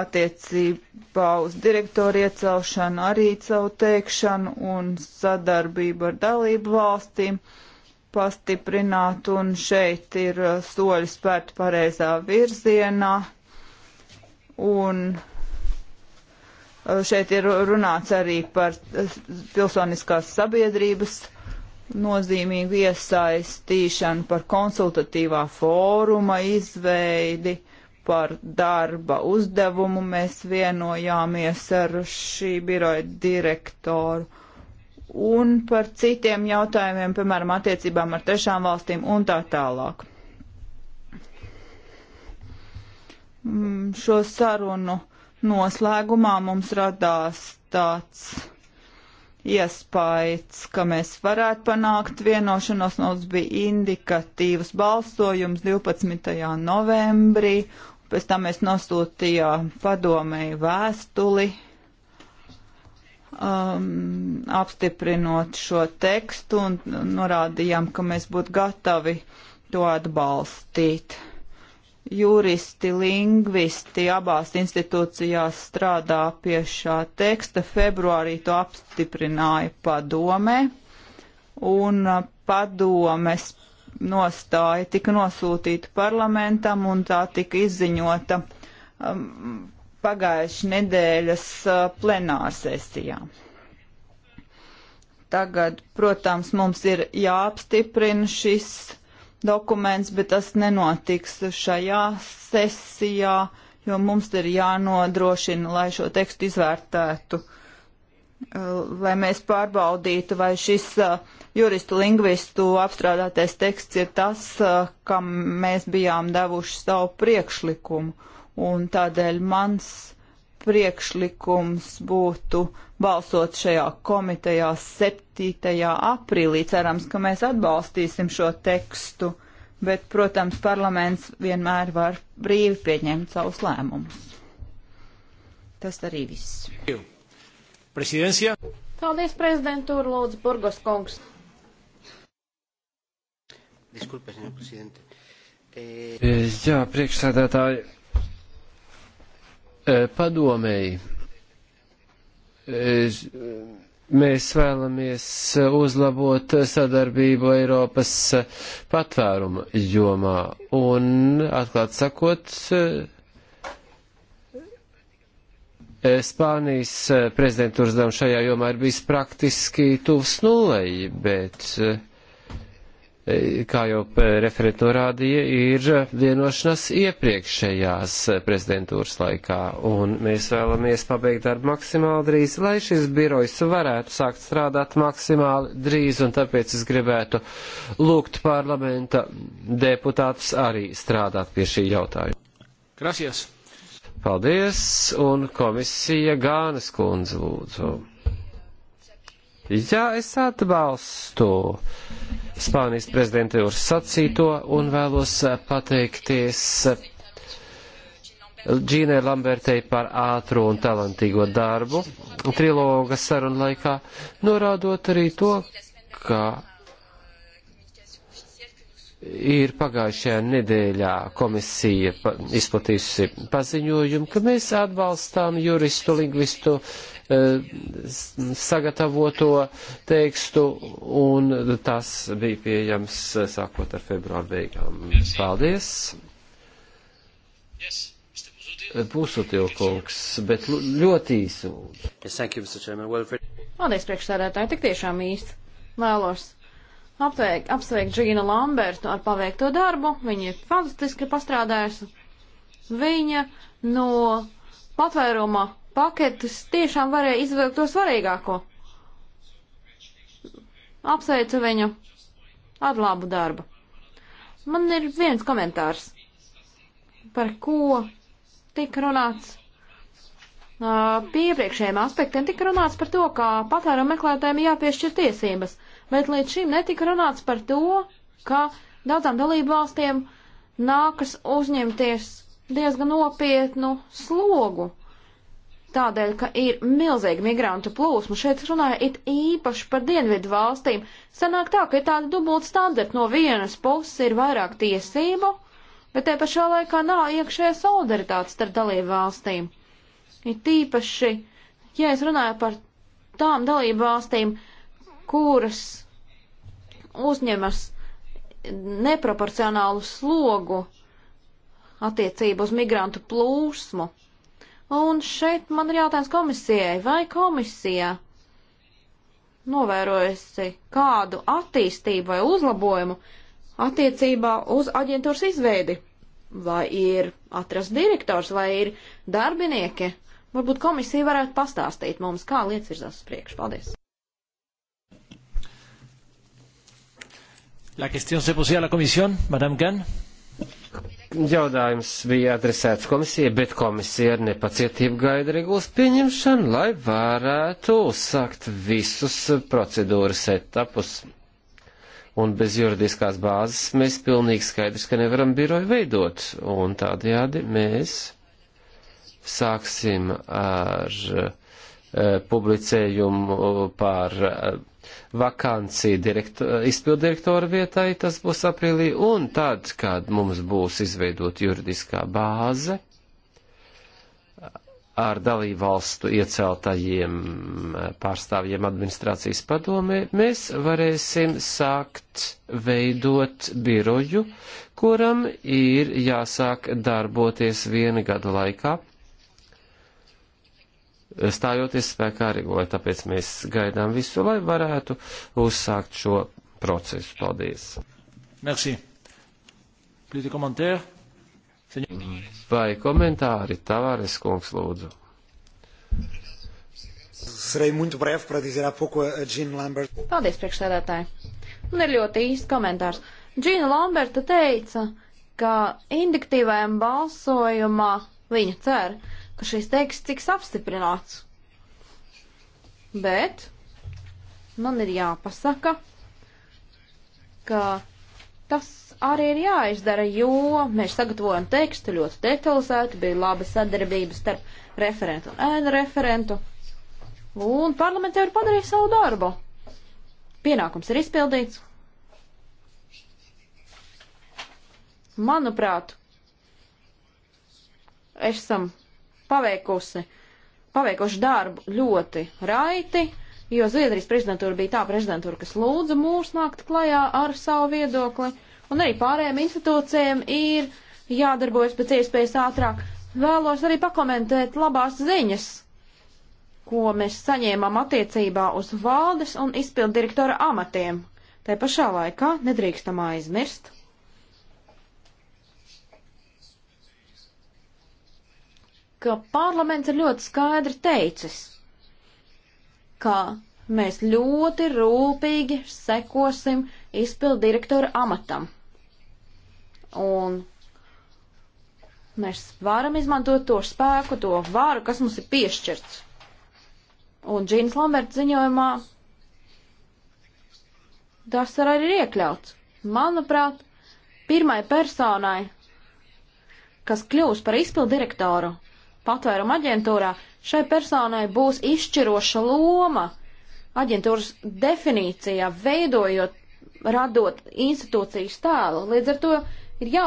attiecībā uz direktoru iecelšanu, arī savu teikšanu un sadarbību ar dalību valstīm pastiprināt, un šeit ir uh, soļi spērti pareizā virzienā Un eh, šeit ir runāts arī par eh, pilsoniskās sabiedrības nozīmīgu iesaistīšanu, par konsultatīvā fóruma izveidi, par darba uzdevumu mēs vienojāmies ar šī biroja direktoru un par citiem jautājumiem, piemēram, attiecībām ar trešām valstīm un tā tālāk. Mm, šo sarunu noslēgumā mums radās tāds iespējas, ka mēs varētu panākt vienošanos. Mums bija indikatīvs balsojums 12. novembrī, pēc tam mēs nosūtījām padomēju vēstuli um, apstiprinot šo tekstu un norādījām, ka mēs būtu gatavi to atbalstīt juristi, lingvisti abās institūcijās strādā pie šā teksta. Februārī to apstiprināja padome, un uh, padomes nostāja tika nosūtīta parlamentam, un tā tika izziņota um, pagājušas nedēļas uh, plenārsesijā. Tagad, protams, mums ir jāapstiprina šis dokuments, bet tas nenotiks šajā sesijā, jo mums ir jānodrošina, lai šo tekstu izvērtētu, eh, lai mēs pārbaudītu, vai šis eh, juristu lingvistu apstrādātais teksts ir tas, eh, kam mēs bijām devuši savu priekšlikumu. Un tādēļ mans priekšlikums būtu balsot šajā komitejā 7. aprīlī. Cerams, ka mēs atbalstīsim šo tekstu, bet, protams, parlaments vienmēr var brīvi pieņemt savus lēmumus. Tas arī viss. Presidencija. Paldies, prezidentūra, lūdzu, Burgos kungs. Disculpe, senor presidente. E... Jā, priekšsēdētāji. Eh, padomēji. Eh, mēs vēlamies uzlabot sadarbību Eiropas patvēruma jomā un, atklāt sakot, eh, Spānijas prezidentūras doma šajā jomā ir bijis praktiski tuvs nulēji, bet uh, Eh, kā jau eh, referent norādīja, ir vienošanās iepriekšējās prezidentūras laikā, un mēs vēlamies pabeigt darbu maksimāli drīz, lai šis birojs varētu sākt strādāt maksimāli drīz, un tāpēc es gribētu lūgt parlamenta deputātus arī strādāt pie šī jautājuma. Gracias! Paldies, un komisija Gānes kundze lūdzu. Jā, es atbalstu Spānijas prezidentūras sacīto un vēlos eh, pateikties eh, Džīnai Lambertei par ātru un talantīgo darbu triloga sarunu laikā, norādot arī to, ka ir pagājušajā nedēļā komisija izplatījusi paziņojumu, ka mēs atbalstām juristu, lingvistu uh, Eh, sagatavoto tekstu, un tas bija pieejams eh, sākot ar februāru beigām. Paldies! Pusutilkungs, eh, bet ļoti īsi. Paldies, priekšsēdētāji, tik tiešām īsti. Vēlos apveik, apsveikt Džīnu Lambertu ar paveikto darbu. Viņa ir fantastiski pastrādājusi. Viņa no patvēruma paketus tiešām varēja izvēlēt to svarīgāko. Apsveicu viņu ar labu darbu. Man ir viens komentārs, par ko tika runāts. Piepriekšējiem aspektiem tika runāts par to, ka patērumu meklētājiem jāpiešķir tiesības, bet līdz šim netika runāts par to, ka daudzām dalību valstīm nākas uzņemties diezgan nopietnu slogu tādēļ, ka ir milzīga migrantu plūsma. Šeit runāja it īpaši par dienvidu valstīm. Sanāk tā, ka ir tāda dubulta standarta. No vienas puses ir vairāk tiesību, bet te pašā laikā nav iekšējā solidaritāte starp dalību valstīm. Ir tīpaši, ja es runāju par tām dalību valstīm, kuras uzņemas neproporcionālu slogu attiecību uz migrantu plūsmu Un šeit man ir jautājums komisijai, vai komisija novērojusi kādu attīstību vai uzlabojumu attiecībā uz aģentūras izveidi? Vai ir atrast direktors, vai ir darbinieki? Varbūt komisija varētu pastāstīt mums, kā lietas virzās uz priekšu. Paldies! La cuestión se posee a la comisión, Madame Gann jautājums bija adresēts komisijai, bet komisija ar nepacietību gaida regulas pieņemšanu, lai varētu uzsākt visus procedūras etapus. Un bez juridiskās bāzes mēs pilnīgi skaidrs, ka nevaram biroju veidot. Un tādējādi mēs sāksim ar eh, publicējumu par eh, vakancija direktor, izpildirektora vietai, tas būs aprīlī, un tad, kad mums būs izveidot juridiskā bāze ar dalību valstu ieceltajiem eh, pārstāvjiem administrācijas padomē, mēs varēsim sākt veidot biroju, kuram ir jāsāk darboties viena gada laikā stājoties spēkā regulē. Tāpēc mēs gaidām visu, lai varētu uzsākt šo procesu. Paldies! Merci. Plus de commentaires? Vai komentāri, Tavares kungs, lūdzu? Serei muito breve para dizer há pouco a Jean Lambert. Paldies, priekšsēdētāji. Man ir ļoti īsts komentārs. Džina Lamberta teica, ka indiktīvajam balsojumā viņa cer, ka šis teksts tiks apstiprināts. Bet man ir jāpasaka, ka tas arī ir jāizdara, jo mēs sagatavojam tekstu ļoti detalizēti, bija laba sadarbība starp referentu un ēnu referentu, un parlaments jau ir padarījis savu darbu. Pienākums ir izpildīts. Manuprāt, esam paveikusi, paveikuši darbu ļoti raiti, jo Zviedrijas prezidentūra bija tā prezidentūra, kas lūdza mūs nākt klajā ar savu viedokli, un arī pārējām institūcijām ir jādarbojas pēc iespējas ātrāk. Vēlos arī pakomentēt labās ziņas, ko mēs saņēmām attiecībā uz valdes un izpildirektora amatiem. Te pašā laikā nedrīkstam aizmirst, ka parlaments ir ļoti skaidri teicis, ka mēs ļoti rūpīgi sekosim izpildu direktora amatam. Un mēs varam izmantot to spēku, to varu, kas mums ir piešķirts. Un Džīnas Lamberta ziņojumā tas arī ir iekļauts. Manuprāt, pirmai personai, kas kļūs par izpildu direktoru, patvērumu aģentūrā, šai personai būs izšķiroša loma aģentūras definīcijā, veidojot, radot institūcijas tēlu. Līdz ar to ir jau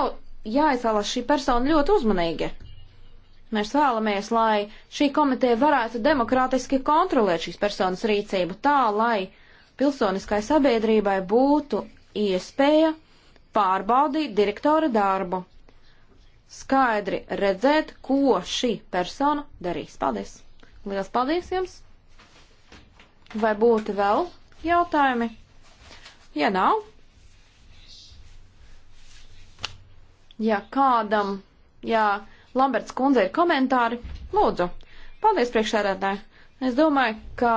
jāizvēlas šī persona ļoti uzmanīgi. Mēs vēlamies, lai šī komiteja varētu demokrātiski kontrolēt šīs personas rīcību tā, lai pilsoniskai sabiedrībai būtu iespēja pārbaudīt direktora darbu skaidri redzēt, ko šī persona darīs. Paldies! Lielas paldies jums! Vai būtu vēl jautājumi? Ja nav, ja kādam, ja Lamberts kundze ir komentāri, lūdzu. Paldies priekšsēdētāji. Es domāju, ka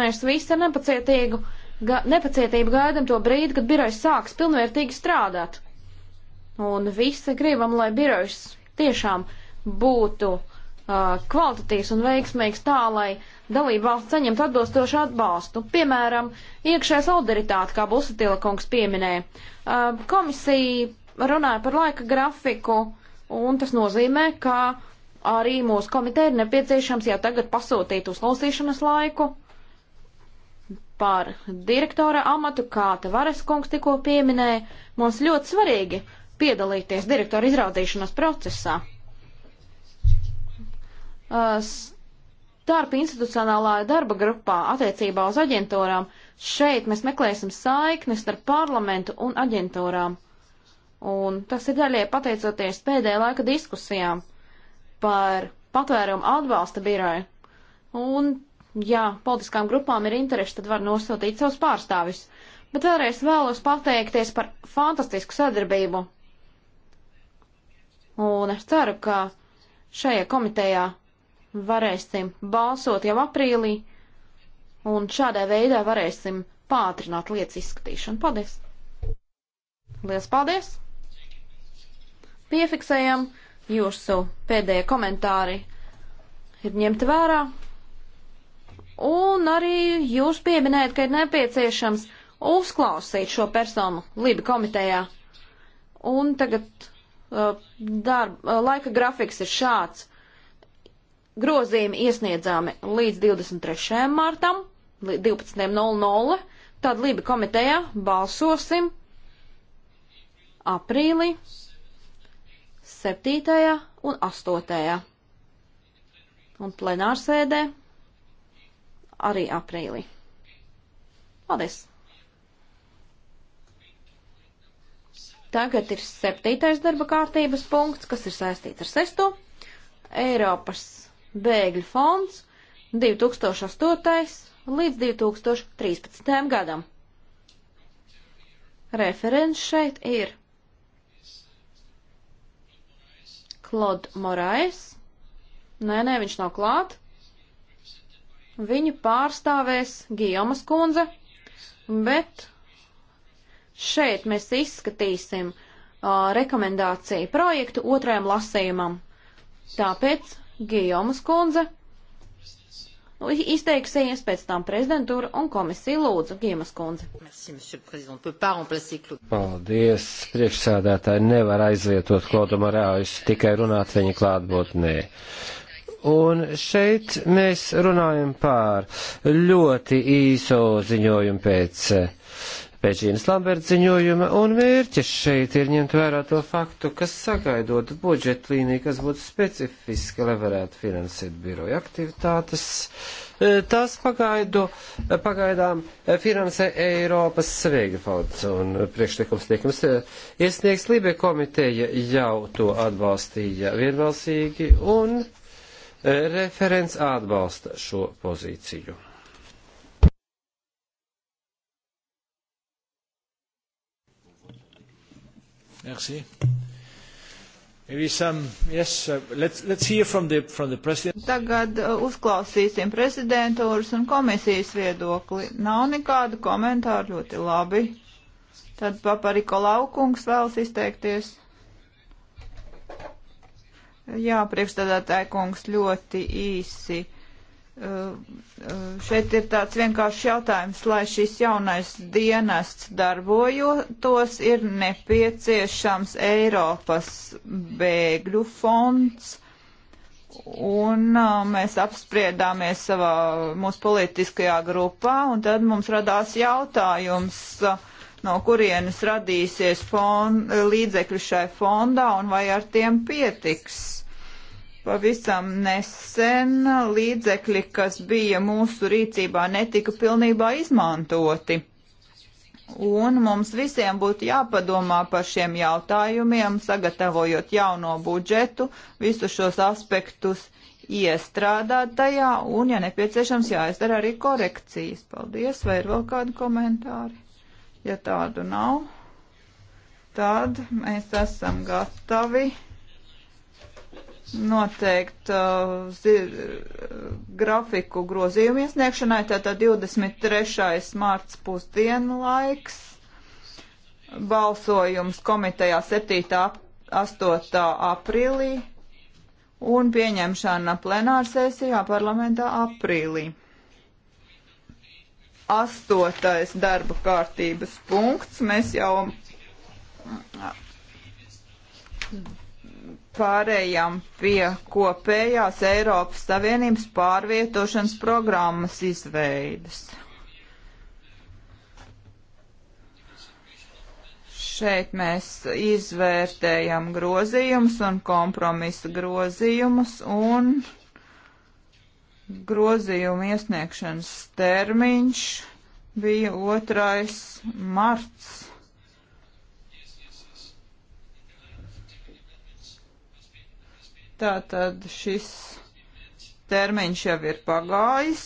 mēs visi ar nepacietīgu, ga, nepacietību gaidam to brīdi, kad birojs sāks pilnvērtīgi strādāt. Un visi gribam, lai birojas tiešām būtu uh, kvalitatīvs un veiksmīgs tā, lai dalība valsts saņemtu atbilstošu atbalstu. Piemēram, iekšējais audiritāte, kā Busatila kungs pieminēja. Uh, komisija runāja par laika grafiku, un tas nozīmē, ka arī mūsu komiteja ir nepieciešams jau tagad pasūtīt uzklausīšanas laiku par direktora amatu, kā Tavares kungs tikko pieminēja, mums ļoti svarīgi, piedalīties direktora izraudzīšanas procesā. Uh, starp institucionālā darba grupā attiecībā uz aģentūrām šeit mēs meklēsim saiknes starp parlamentu un aģentūrām. Un tas ir daļai pateicoties pēdējā laika diskusijām par patvērumu atbalsta biroju. Un, ja politiskām grupām ir interesi, tad var nosūtīt savus pārstāvis. Bet vēlreiz vēlos pateikties par fantastisku sadarbību Un es ceru, ka šajā komitejā varēsim balsot jau aprīlī, un šādā veidā varēsim pātrināt lietas izskatīšanu. Paldies! Lielas paldies! Piefiksējam, jūsu pēdējie komentāri ir ņemti vērā, un arī jūs pieminējat, ka ir nepieciešams uzklausīt šo personu Libi komitejā. Un tagad Uh, darba, uh, laika grafiks ir šāds. Grozījumi iesniedzāmi līdz 23. martam, 12.00, tad Lība komitejā balsosim aprīlī 7. un 8. un plenārsēdē arī aprīlī. Paldies! Tagad ir septītais darba kārtības punkts, kas ir saistīts ar sesto. Eiropas bēgļu fonds 2008. līdz 2013. gadam. Referents šeit ir Klod Morais. Nē, nē, viņš nav klāt. Viņu pārstāvēs Gijomas kundze, bet Šeit mēs izskatīsim uh, rekomendāciju projektu otrajam lasējumam. Tāpēc Gijomas kundze nu, izteiksies pēc tam prezidentūra un komisija lūdzu Gijomas kundze. Paldies, priekšsēdētāji nevar aizvietot Klodu Marājus, tikai runāt viņa klātbūtnē. Un šeit mēs runājam pār ļoti īso ziņojumu pēc pēc Žīnas Lamberts ziņojuma, un mērķis šeit ir ņemt vērā to faktu, kas sagaidot budžeta līniju, kas būtu specifiski, lai varētu finansēt biroja aktivitātes. E, tās pagaidu, pagaidām e, finansē Eiropas Svēga fonds, un priekšlikums tiekums e, iesniegs Libe komiteja jau to atbalstīja vienbalsīgi, un referents atbalsta šo pozīciju. Merci. Uh, Tagad uh, uzklausīsim prezidentūras un komisijas viedokli. Nav nekādu komentāru, ļoti labi. Tad papariko laukungs vēlas izteikties. Jā, priekšstādātāja kungs ļoti īsi. Eh, šeit ir tāds vienkāršs jautājums, lai šis jaunais dienests darbojotos, ir nepieciešams Eiropas bēgļu fonds. Un eh, mēs apspriedāmies savā mūsu politiskajā grupā, un tad mums radās jautājums, eh, no kurienes radīsies fond, līdzekļu šai fondā un vai ar tiem pietiks Pavisam nesen līdzekļi, kas bija mūsu rīcībā, netika pilnībā izmantoti. Un mums visiem būtu jāpadomā par šiem jautājumiem, sagatavojot jauno budžetu, visus šos aspektus iestrādāt tajā un, ja nepieciešams, jāizdara arī korekcijas. Paldies, vai ir vēl kādi komentāri? Ja tādu nav, tad mēs esam gatavi noteikt uh, zir, uh, grafiku grozījumu iesniegšanai, tātad 23. mārts pusdienlaiks, balsojums komitejā 7. 8. aprīlī un pieņemšana plenārsesijā parlamentā aprīlī. Astotais darba kārtības punkts. Mēs jau. Mm pārējām pie kopējās Eiropas Savienības pārvietošanas programmas izveidas. Šeit mēs izvērtējam grozījumus un kompromisa grozījumus un grozījumu iesniegšanas termiņš bija 2. marts Tātad šis termiņš jau ir pagājis,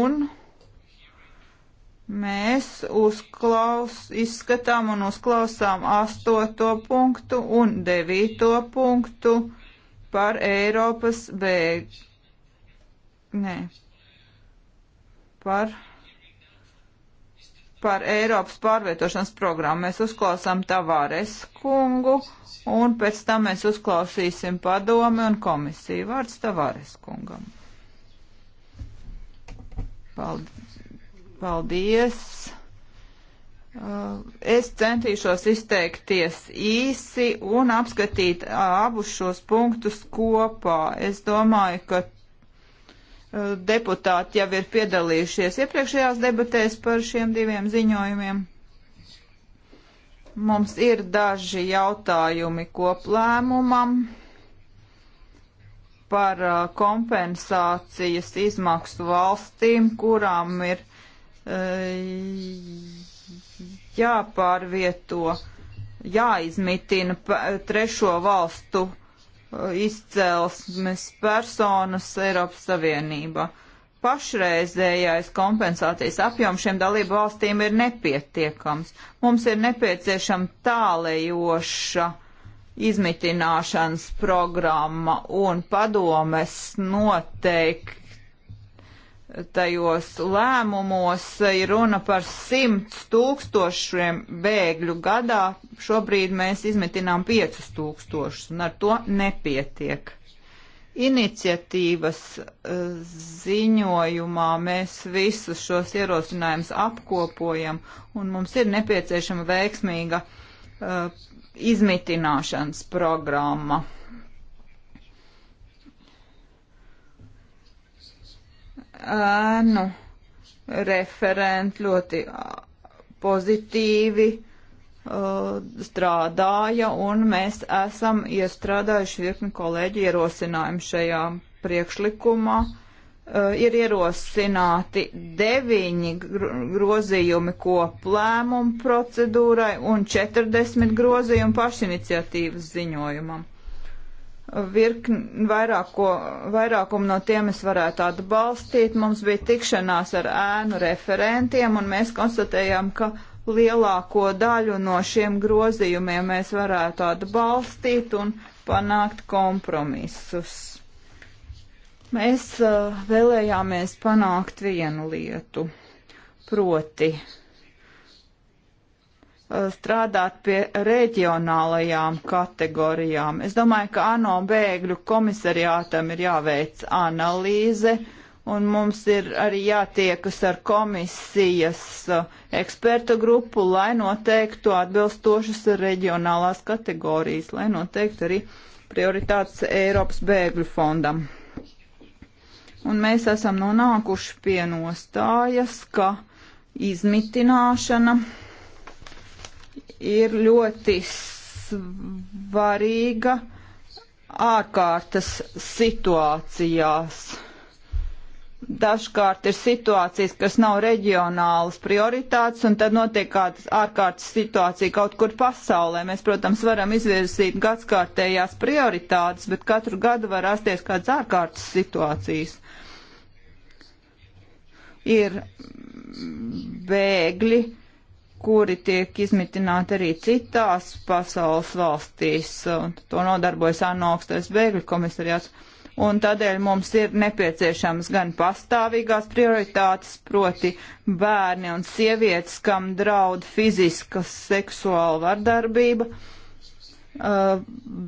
un mēs uzklaus, izskatām un uzklausām astoto punktu un devīto punktu par Eiropas bēg... Nē, par par Eiropas pārvietošanas programmu. Mēs uzklausām Tavāres kungu, un pēc tam mēs uzklausīsim padomi un komisiju. Vārds Tavāres kungam. Paldies. Uh, es centīšos izteikties īsi un apskatīt uh, abus šos punktus kopā. Es domāju, ka deputāti jau ir piedalījušies iepriekšējās debatēs par šiem diviem ziņojumiem. Mums ir daži jautājumi koplēmumam par uh, kompensācijas izmaksu valstīm, kurām ir uh, jāpārvieto, jāizmitina trešo valstu izcelsmes personas Eiropas Savienībā. Pašreizējais kompensācijas apjoms šiem dalību valstīm ir nepietiekams. Mums ir nepieciešama tālējoša izmitināšanas programma un padomes noteikti tajos lēmumos ir runa par simts tūkstošiem bēgļu gadā. Šobrīd mēs izmetinām piecus tūkstošus, un ar to nepietiek. Iniciatīvas eh, ziņojumā mēs visus šos ierosinājumus apkopojam, un mums ir nepieciešama veiksmīga uh, izmitināšanas programma. ēnu referenti ļoti pozitīvi strādāja, un mēs esam iestrādājuši virkni kolēģi ierosinājumu šajā priekšlikumā. Ir ierosināti deviņi grozījumi koplēmumu procedūrai un 40 grozījumi pašiniciatīvas ziņojumam virkni, vairāko, vairākumu no tiem es varētu atbalstīt. Mums bija tikšanās ar ēnu referentiem, un mēs konstatējām, ka lielāko daļu no šiem grozījumiem mēs varētu atbalstīt un panākt kompromisus. Mēs uh, vēlējāmies panākt vienu lietu, proti Uh, strādāt pie reģionālajām kategorijām. Es domāju, ka ANO bēgļu komisariātam ir jāveic analīze, un mums ir arī jātiekas ar komisijas uh, ekspertu grupu, lai noteiktu atbilstošas reģionālās kategorijas, lai noteiktu arī prioritātes Eiropas bēgļu fondam. Un mēs esam nonākuši pie nostājas, ka izmitināšana ir ļoti svarīga ārkārtas situācijās. Dažkārt ir situācijas, kas nav reģionālas prioritātes, un tad notiek kāda ārkārtas situācija kaut kur pasaulē. Mēs, protams, varam izvirzīt gadskārtējās prioritātes, bet katru gadu var rasties kādas ārkārtas situācijas. Ir bēgļi, kuri tiek izmitināti arī citās pasaules valstīs. To nodarbojas ANO augstais bēgļu komisariāts. Un tādēļ mums ir nepieciešams gan pastāvīgās prioritātes, proti bērni un sievietes, kam draud fiziska seksuāla vardarbība,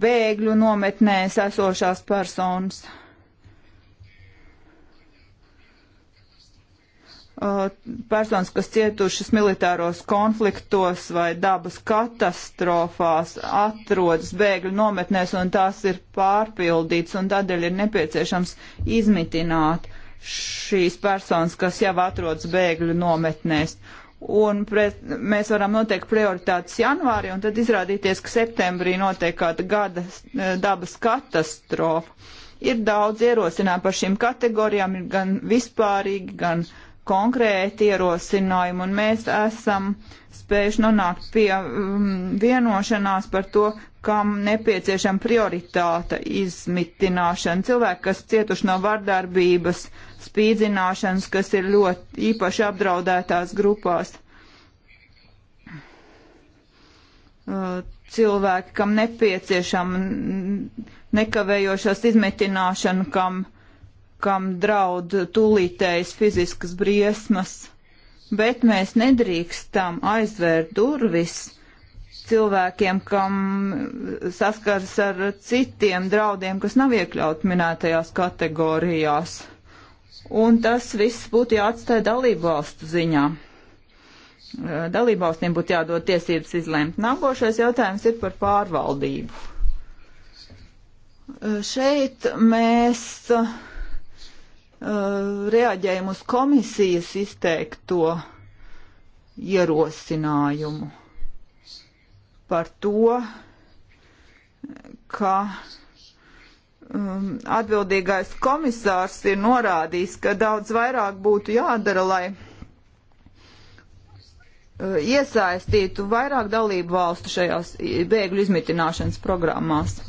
bēgļu nometnēs esošās personas Uh, personas, kas cietušas militāros konfliktos vai dabas katastrofās, atrodas bēgļu nometnēs un tās ir pārpildīts un tādēļ ir nepieciešams izmitināt šīs personas, kas jau atrodas bēgļu nometnēs. Un pret, mēs varam noteikt prioritātes janvārī un tad izrādīties, ka septembrī notiek kāda gada eh, dabas katastrofa. Ir daudz ierosinājumu par šīm kategorijām, ir gan vispārīgi, gan uh, konkrēti ierosinājumi, un mēs esam spējuši nonākt pie um, vienošanās par to, kam nepieciešama prioritāte izmitināšana. Cilvēki, kas cietuši no vardarbības, spīdzināšanas, kas ir ļoti īpaši apdraudētās grupās. Uh, cilvēki, kam nepieciešama nekavējošās izmitināšana, kam uh, kam draud tūlītējas fiziskas briesmas, bet mēs nedrīkstam aizvērt durvis cilvēkiem, kam saskars ar citiem draudiem, kas nav iekļaut minētajās kategorijās. Un tas viss būtu jāatstāja dalībvalstu ziņā. Dalībvalstīm būtu jādod tiesības izlēmt. Nākošais jautājums ir par pārvaldību. Šeit mēs uh, Eh, reaģējam uz komisijas izteikto ierosinājumu par to, ka um, atbildīgais komisārs ir norādījis, ka daudz vairāk būtu jādara, lai uh, iesaistītu vairāk dalību valstu šajās bēgļu izmitināšanas programmās.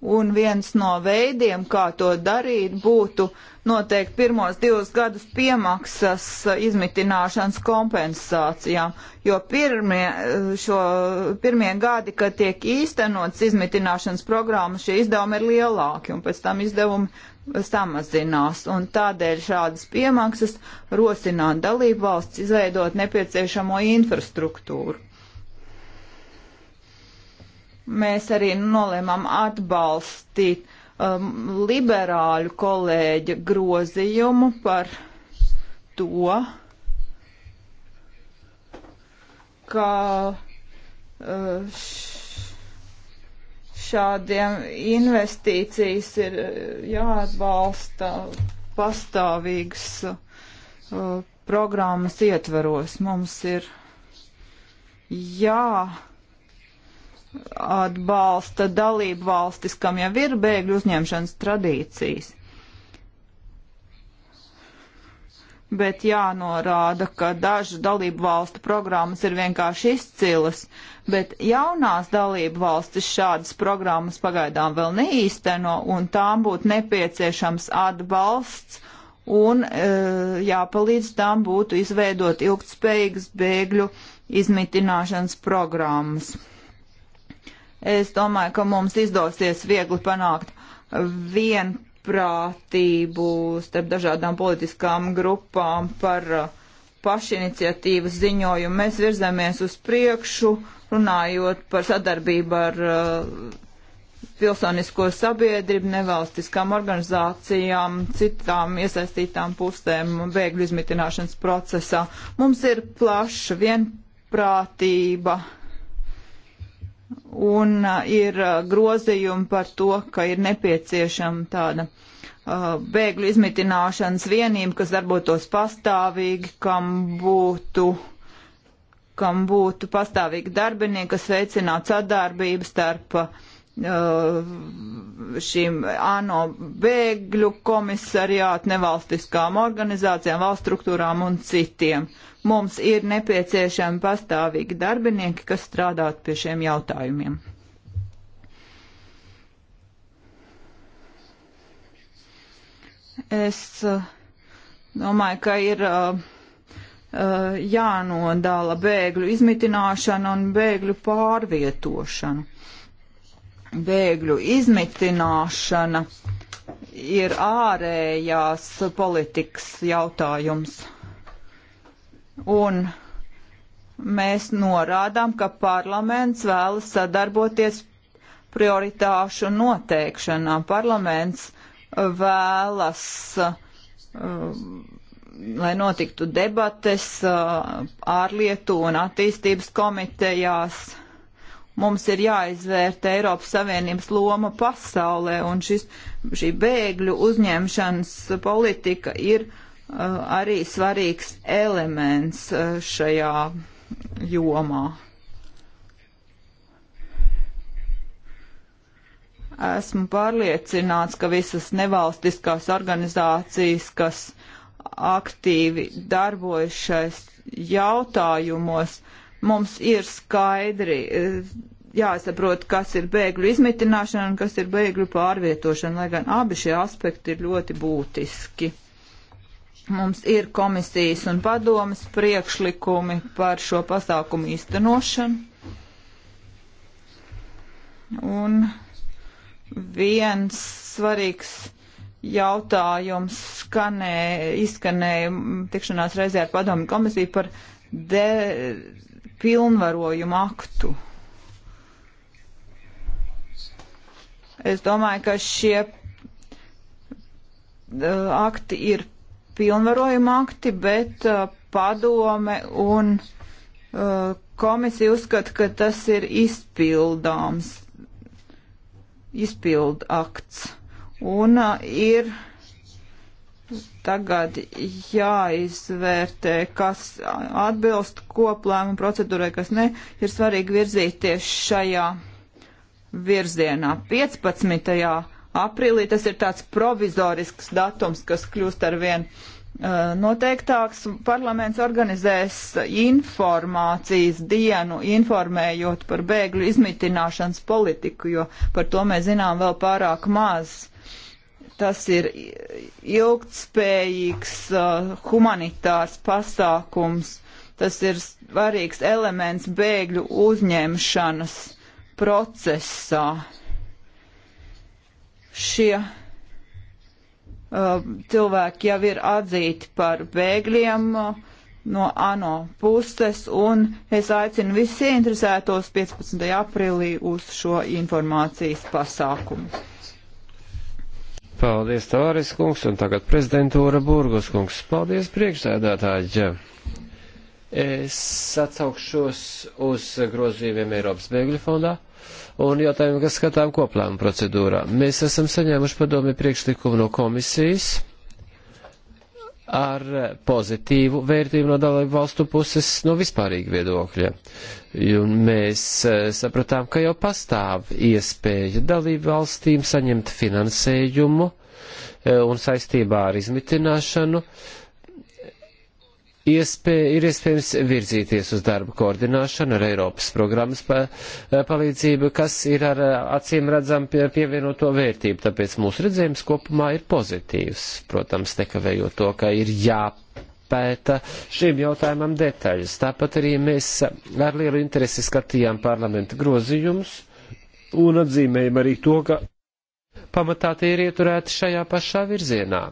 Un viens no veidiem, kā to darīt, būtu noteikti pirmos divus gadus piemaksas uh, izmitināšanas kompensācijām, jo pirmie, uh, šo, pirmie gadi, kad tiek īstenots izmitināšanas programma, šie izdevumi ir lielāki un pēc tam izdevumi samazinās. Un tādēļ šādas piemaksas rosināt dalību valsts izveidot nepieciešamo infrastruktūru. Mēs arī nolēmām atbalstīt um, liberāļu kolēģa grozījumu par to, ka uh, šādiem investīcijas ir uh, jāatbalsta pastāvīgas uh, programmas ietveros. Mums ir jā. Ja, atbalsta dalību valstis, kam jau ir bēgļu uzņemšanas tradīcijas. Bet jānorāda, ka dažu dalību valstu programmas ir vienkārši izcilas, bet jaunās dalību valstis šādas programmas pagaidām vēl neīsteno, un tām būtu nepieciešams atbalsts un e, jāpalīdz tām būtu izveidot ilgtspējīgas bēgļu izmitināšanas programmas. Es domāju, ka mums izdosies viegli panākt vienprātību starp dažādām politiskām grupām par uh, pašiniciatīvas ziņojumu. Mēs virzāmies uz priekšu, runājot par sadarbību ar uh, pilsonisko sabiedrību, nevalstiskām organizācijām, citām iesaistītām pusēm bēgļu izmitināšanas procesā. Mums ir plaša vienprātība un uh, ir uh, grozījumi par to, ka ir nepieciešama tāda uh, bēgļu izmitināšanas vienība, kas darbotos pastāvīgi, kam būtu kam būtu pastāvīgi darbinieki, kas veicinātu sadarbību starp uh, šīm ANO bēgļu komisariātu, nevalstiskām organizācijām, valsts struktūrām un citiem. Mums ir nepieciešami pastāvīgi darbinieki, kas strādātu pie šiem jautājumiem. Es eh, domāju, ka ir eh, eh, jānodala bēgļu izmitināšana un bēgļu pārvietošana. Bēgļu izmitināšana ir ārējās politikas jautājums. Un mēs norādām, ka parlaments vēlas sadarboties prioritāšu noteikšanā. Parlaments vēlas, uh, lai notiktu debates uh, ārlietu un attīstības komitejās. Mums ir jāizvērta Eiropas Savienības loma pasaulē, un šis, šī bēgļu uzņemšanas politika ir uh, Eh, arī svarīgs elements eh, šajā jomā. Esmu pārliecināts, ka visas nevalstiskās organizācijas, kas aktīvi darbojas šais jautājumos, mums ir skaidri eh, jāsaprot, kas ir bēgļu izmitināšana un kas ir bēgļu pārvietošana, lai gan abi šie aspekti ir ļoti būtiski. Mums ir komisijas un padomas priekšlikumi par šo pasākumu īstenošanu. Un viens svarīgs jautājums skanē, izskanēja tikšanās reizē ar padomu komisiju par de, pilnvarojumu aktu. Es domāju, ka šie eh, akti ir pilnvarojuma akti, bet uh, padome un uh, komisija uzskata, ka tas ir izpildāms, izpildakts. Un uh, ir tagad jāizvērtē, kas atbilst koplēmu procedūrai, kas ne, ir svarīgi virzīties šajā virzienā. 15 aprīlī. Tas ir tāds provizorisks datums, kas kļūst ar vien uh, noteiktāks. Parlaments organizēs informācijas dienu, informējot par bēgļu izmitināšanas politiku, jo par to mēs zinām vēl pārāk maz. Tas ir ilgtspējīgs uh, humanitārs pasākums. Tas ir svarīgs elements bēgļu uzņemšanas procesā šie uh, cilvēki jau ir atzīti par bēgļiem uh, no ANO puses, un es aicinu visus ieinteresētos 15. aprīlī uz šo informācijas pasākumu. Paldies, Tāris kungs, un tagad prezidentūra Burgos kungs. Paldies, priekšsēdētāji. Es atsaukšos uz grozījumiem Eiropas bēgļu fondā un jautājumu, kas skatām koplām procedūrā. Mēs esam saņēmuši padomi priekšlikumu no komisijas ar pozitīvu vērtību no dalību valstu puses no vispārīga viedokļa. Un mēs eh, sapratām, ka jau pastāv iespēja dalību valstīm saņemt finansējumu eh, un saistībā ar izmitināšanu iespēja, ir iespējams virzīties uz darba koordināšanu ar Eiropas programmas pa, eh, palīdzību, kas ir ar eh, acīm redzam pie, pievienoto vērtību, tāpēc mūsu redzējums kopumā ir pozitīvs, protams, nekavējot to, ka ir jāpārādās pēta šim jautājumam detaļas. Tāpat arī mēs ar lielu interesi skatījām parlamenta grozījumus un atzīmējam arī to, ka pamatā tie ir ieturēti šajā pašā virzienā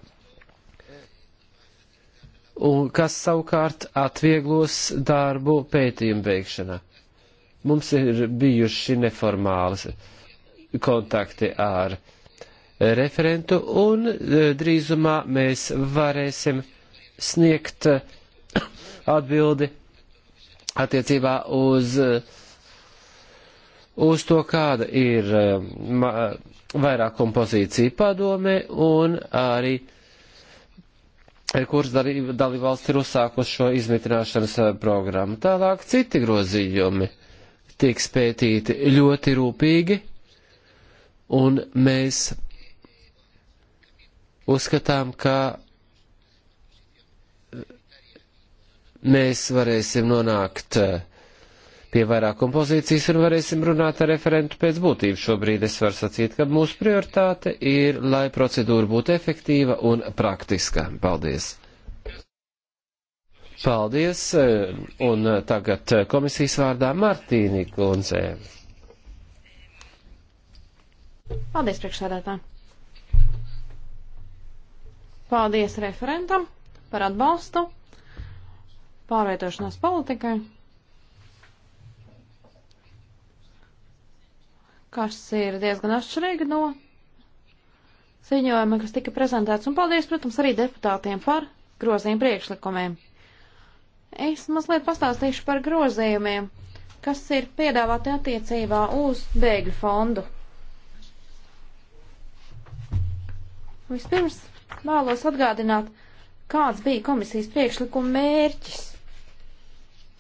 un kas savukārt atvieglos darbu pētījumu veikšanā. Mums ir bijuši neformāli kontakti ar referentu, un e, drīzumā mēs varēsim sniegt e, atbildi attiecībā uz, e, uz to, kāda ir vairākuma pozīcija padomē un arī uh, Eh, kuras dalībvalsts ir uzsākuši šo izmitināšanas eh, programmu. Tālāk citi grozījumi tiek spētīti ļoti rūpīgi, un mēs uzskatām, ka eh, mēs varēsim nonākt uh, pie vairākuma pozīcijas un varēsim runāt ar referentu pēc būtības. Šobrīd es varu sacīt, ka mūsu prioritāte ir, lai procedūra būtu efektīva un praktiska. Paldies! Paldies! Un tagad komisijas vārdā Martīni Kunzē. Paldies, priekšsēdētā! Paldies referentam par atbalstu pārvietošanās politikai. kas ir diezgan atšķirīga no ziņojuma, kas tika prezentēts, un paldies, protams, arī deputātiem par grozījumu priekšlikumiem. Es mazliet pastāstīšu par grozījumiem, kas ir piedāvāti attiecībā uz bēgļu fondu. Vispirms vēlos atgādināt, kāds bija komisijas priekšlikuma mērķis.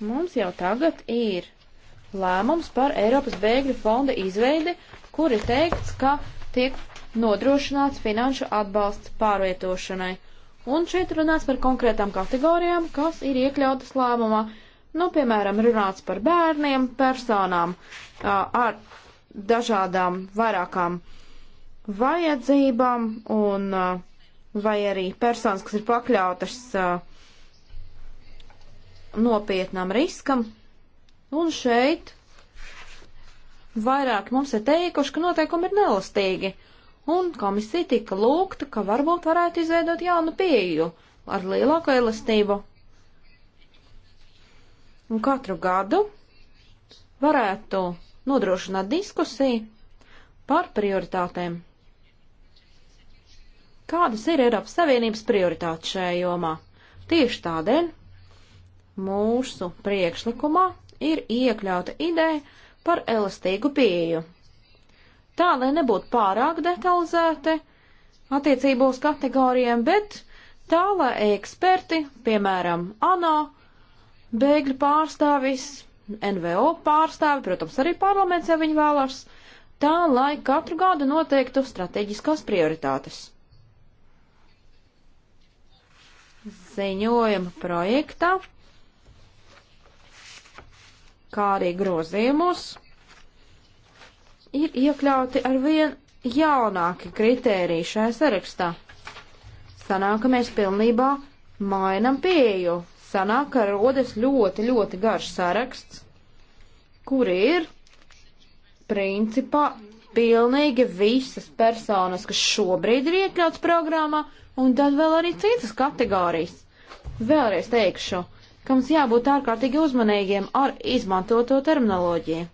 Mums jau tagad ir lēmums par Eiropas bēgļu fonda izveidi, kur ir teikts, ka tiek nodrošināts finanšu atbalsts pārvietošanai. Un šeit runāts par konkrētām kategorijām, kas ir iekļautas lēmumā. Nu, piemēram, runāts par bērniem, personām ar dažādām vairākām vajadzībām un vai arī personas, kas ir pakļautas nopietnam riskam, Un šeit vairāk mums ir teikuši, ka noteikumi ir nelastīgi, un komisija tika lūgta, ka varbūt varētu izveidot jaunu pieju ar lielāku elastību. Un katru gadu varētu nodrošināt diskusiju par prioritātēm. Kādas ir Eiropas Savienības prioritātes šajā jomā? Tieši tādēļ mūsu priekšlikumā ir iekļauta ideja par elastīgu pieeju. Tā, lai nebūtu pārāk detalizēti attiecībā uz kategorijiem, bet tā, lai eksperti, piemēram, ANO, bēgļu pārstāvis, NVO pārstāvi, protams, arī parlaments, ja viņi vēlas, tā, lai katru gadu noteiktu strateģiskās prioritātes. Ziņojuma projektā kā arī grozījumus, ir iekļauti ar vien jaunāki kritēriji šajā sarakstā. Sanāk, ka mēs pilnībā mainam pieju. Sanāk, ka rodas ļoti, ļoti garš saraksts, kur ir principā pilnīgi visas personas, kas šobrīd ir iekļauts programmā, un tad vēl arī citas kategorijas. Vēlreiz teikšu, ka mums jābūt ārkārtīgi uzmanīgiem ar izmantoto terminoloģiju,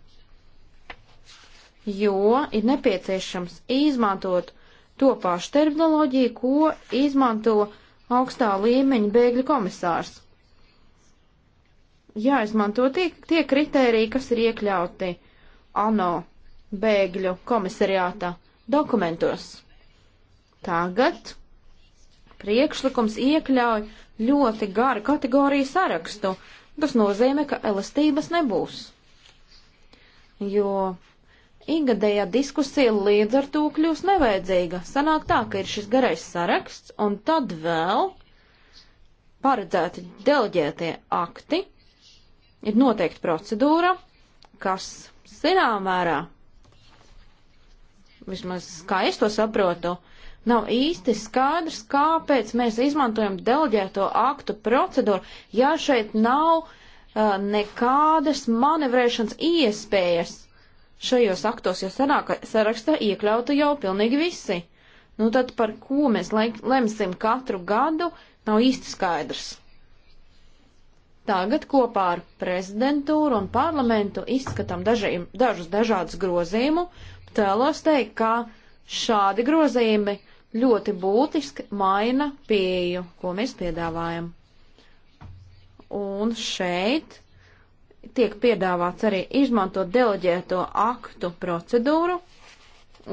jo ir nepieciešams izmantot to pašu terminoloģiju, ko izmanto augstā līmeņa bēgļu komisārs. Jāizmanto tie, tie kritēriji, kas ir iekļauti ANO bēgļu komisariātā dokumentos. Tagad priekšlikums iekļauj ļoti garu kategoriju sarakstu. Tas nozīmē, ka elastības nebūs. Jo Ikgadējā diskusija līdz ar to kļūst nevajadzīga. Sanāk tā, ka ir šis garais saraksts, un tad vēl paredzēti deleģētie akti, ir noteikta procedūra, kas zināmā mērā, vismaz kā es to saprotu, Nav īsti skaidrs, kāpēc mēs izmantojam delģēto aktu procedūru, ja šeit nav uh, nekādas manevrēšanas iespējas. Šajos aktos jau sanāk, sarakstā iekļauta jau pilnīgi visi. Nu tad par ko mēs lemsim katru gadu, nav īsti skaidrs. Tagad kopā ar prezidentūru un parlamentu izskatām dažiem, dažus dažādus grozījumu. Tēlos teikt, ka šādi grozījumi uh, ļoti būtiski maina pieju, ko mēs piedāvājam. Un šeit tiek piedāvāts arī izmantot deleģēto aktu procedūru,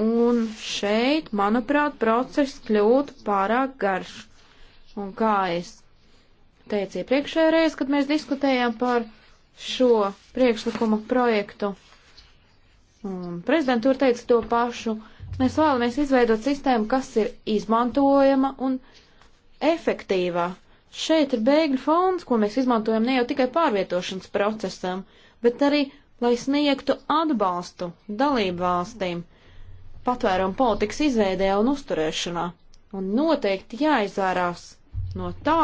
un šeit, manuprāt, process kļūtu pārāk garš. Un kā es teicu iepriekšējā reizē, kad mēs diskutējām par šo priekšlikumu projektu, prezidentūra teica to pašu, uh, Mēs vēlamies izveidot sistēmu, kas ir izmantojama un efektīvā. Šeit ir bēgļu fonds, ko mēs izmantojam ne jau tikai pārvietošanas procesam, bet arī, lai sniegtu atbalstu dalību valstīm patvērumu politikas izveidē un uzturēšanā. Un noteikti jāizvērās no tā,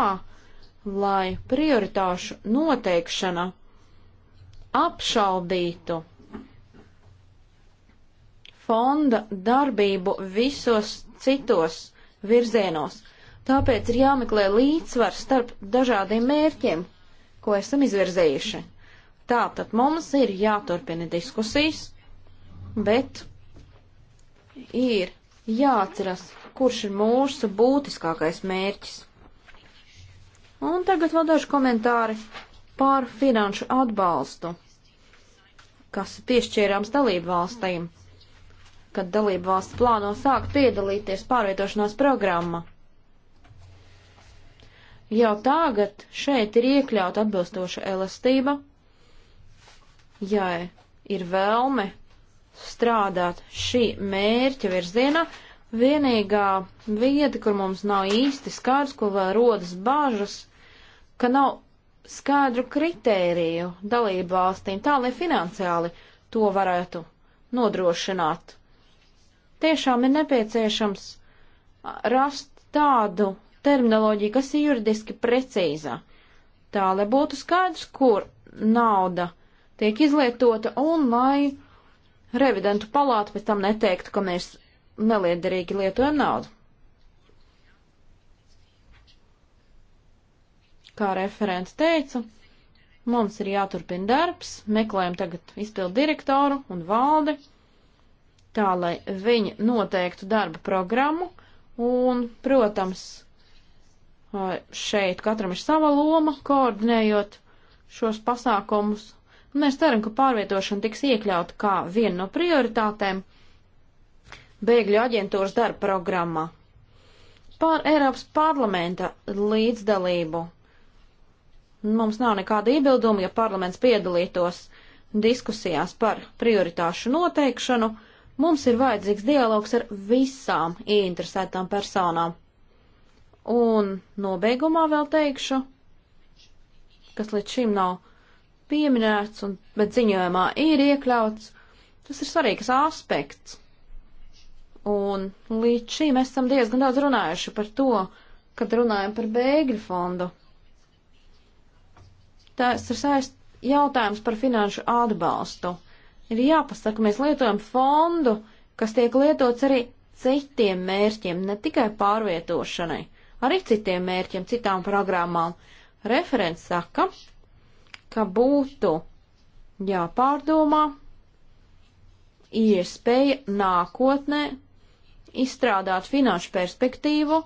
lai prioritāšu noteikšana apšaubītu fonda darbību visos citos virzienos. Tāpēc ir jāmeklē līdzsvars starp dažādiem mērķiem, ko esam izvirzējuši. Tātad mums ir jāturpina diskusijas, bet ir jāatceras, kurš ir mūsu būtiskākais mērķis. Un tagad vēl daži komentāri par finanšu atbalstu, kas piešķērams dalību valstīm kad dalību valsts plāno sākt piedalīties pārvietošanās programma. Jau tagad šeit ir iekļauta atbilstoša elastība, ja ir vēlme strādāt šī mērķa virzienā, vienīgā vieta, kur mums nav īsti skārs, kur vēl rodas bāžas, ka nav skaidru kritēriju dalību valstīm tā, lai finansiāli to varētu nodrošināt tiešām ir nepieciešams rast tādu terminoloģiju, kas ir juridiski precīzā, tā lai būtu skaidrs, kur nauda tiek izlietota un lai revidentu palāta pēc tam neteiktu, ka mēs neliederīgi lietojam naudu. Kā referents teica, mums ir jāturpina darbs, meklējam tagad izpildu direktoru un valdi tā lai viņi noteiktu darba programmu, un, protams, šeit katram ir sava loma, koordinējot šos pasākumus. Mēs ceram, ka pārvietošana tiks iekļauta kā viena no prioritātēm bēgļu aģentūras darba programmā. Par Eiropas parlamenta līdzdalību. Mums nav nekāda iebilduma, ja parlaments piedalītos diskusijās par prioritāšu noteikšanu Mums ir vajadzīgs dialogs ar visām ieinteresētām personām. Un nobeigumā vēl teikšu, kas līdz šim nav pieminēts, un, bet ziņojumā ir iekļauts, tas ir svarīgs aspekts. Un līdz šim mēs esam diezgan daudz runājuši par to, kad runājam par bēgļu fondu. Tas ir saist jautājums par finanšu atbalstu ir jāpasaka, mēs lietojam fondu, kas tiek lietots arī citiem mērķiem, ne tikai pārvietošanai, arī citiem mērķiem, citām programmām. Referents saka, ka būtu jāpārdomā iespēja nākotnē izstrādāt finanšu perspektīvu,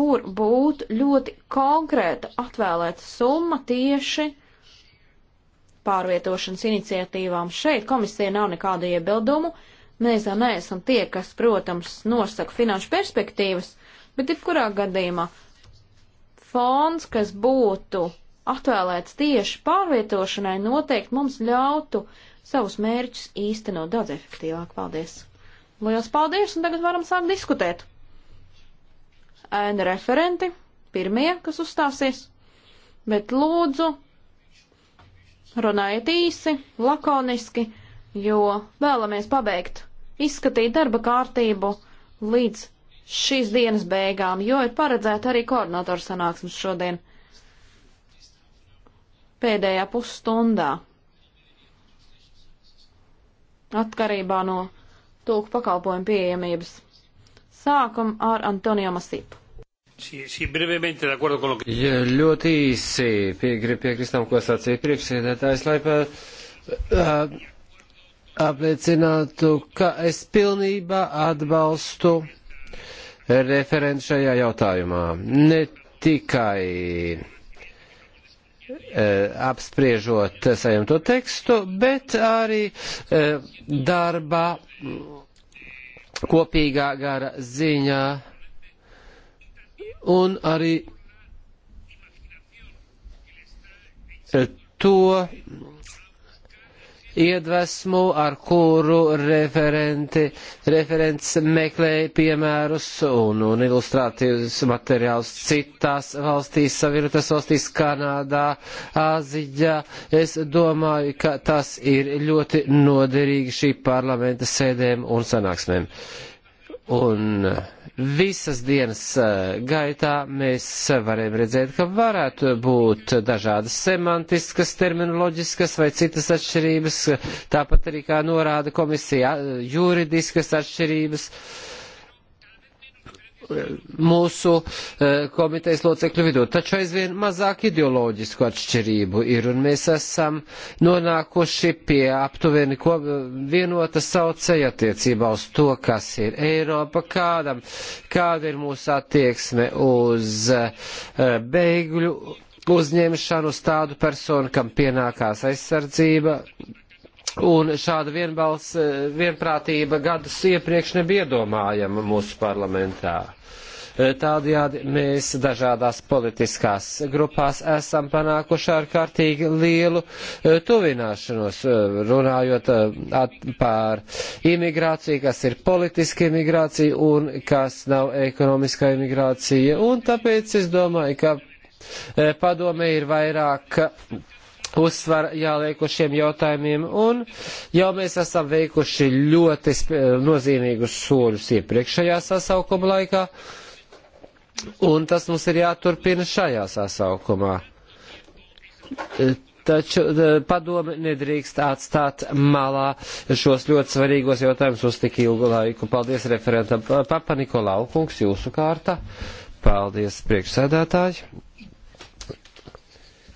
kur būtu ļoti konkrēta atvēlēta summa tieši pārvietošanas iniciatīvām. Šeit komisija nav nekāda iebildumu. Mēs jau neesam tie, kas, protams, nosaka finanšu perspektīvas, bet jebkurā gadījumā fonds, kas būtu atvēlēts tieši pārvietošanai, noteikti mums ļautu savus mērķus īstenot daudz efektīvāk. Paldies! Lielas paldies, un tagad varam sākt diskutēt. Ēna referenti, pirmie, kas uzstāsies, bet lūdzu Runājiet īsi, lakoniski, jo vēlamies pabeigt izskatīt darba kārtību līdz šīs dienas beigām, jo ir paredzēta arī koordinatoru sanāksmes šodien pēdējā pusstundā. Atkarībā no tūku pakalpojumu pieejamības. Sākam ar Antonio Masipu. Ja ļoti īsi piegrib piekristām, ko sacīja priekšsēdētājs, lai pa, uh, apliecinātu, ka es pilnībā atbalstu referentu šajā jautājumā. Ne tikai apspriežot saņemto tekstu, bet arī darbā kopīgā gara ziņā un arī e, to iedvesmu, ar kuru referenti, referents meklēja piemērus un, un ilustrātīvus materiālus citās valstīs, savienotās valstīs, Kanādā, Āziņā. Es domāju, ka tas ir ļoti noderīgi šī parlamenta sēdēm un sanāksmēm. Un uh, Visas dienas eh, gaitā mēs varējām redzēt, ka varētu būt dažādas semantiskas, terminoloģiskas vai citas atšķirības, tāpat arī kā norāda komisija juridiskas atšķirības. Uh, mūsu eh, komitejas locekļu vidū. Taču aizvien mazāk ideoloģisku atšķirību ir, un mēs esam nonākuši pie aptuveni ko, vienota saucēja attiecībā uz to, kas ir Eiropa, kādam, kāda ir mūsu attieksme uz eh, beigļu uzņemšanu, uz tādu personu, kam pienākās aizsardzība, Un šāda vienbals, eh, vienprātība gadus iepriekš nebija iedomājama mūsu parlamentā. Eh, tādējādi mēs dažādās politiskās grupās esam panākuši ārkārtīgi lielu eh, tuvināšanos, runājot at, par imigrāciju, kas ir politiska imigrācija un kas nav ekonomiskā imigrācija. Un tāpēc es domāju, ka padome ir vairāk uzsvar jāliek uz šiem jautājumiem, un jau mēs esam veikuši ļoti nozīmīgus soļus iepriekšējā sasaukuma laikā, un tas mums ir jāturpina šajā sasaukumā. E, taču e, padomi nedrīkst atstāt malā šos ļoti svarīgos jautājumus uz tik ilgu laiku. Paldies referentam Papa Nikolau kungs, jūsu kārta. Paldies priekšsēdētāji.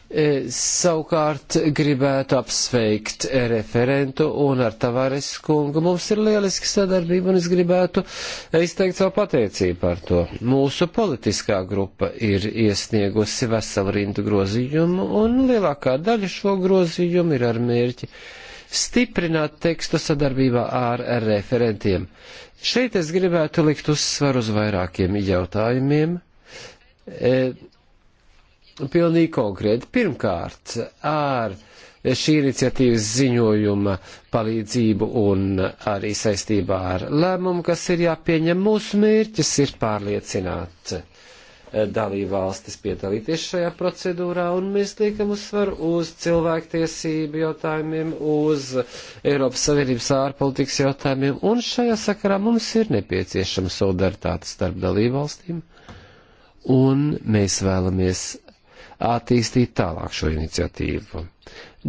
E, savukārt gribētu apsveikt referentu un ar Tavares kungu. Mums ir lieliski sadarbība un es gribētu izteikt savu pateicību par to. Mūsu politiskā grupa ir iesniegusi veselu rindu grozījumu un lielākā daļa šo grozījumu ir ar mērķi stiprināt tekstu sadarbībā ar referentiem. Šeit es gribētu likt uzsvaru uz vairākiem jautājumiem. E, pilnīgi konkrēti. Pirmkārt, ar šī iniciatīvas ziņojuma palīdzību un arī saistībā ar lēmumu, kas ir jāpieņem, mūsu mērķis ir pārliecināt eh, dalību valstis piedalīties šajā procedūrā, un mēs liekam uzsvaru uz cilvēktiesību jautājumiem, uz Eiropas Savienības ārpolitikas jautājumiem, un šajā sakarā mums ir nepieciešama solidaritāte starp dalību valstīm, un mēs vēlamies attīstīt tālāk šo iniciatīvu.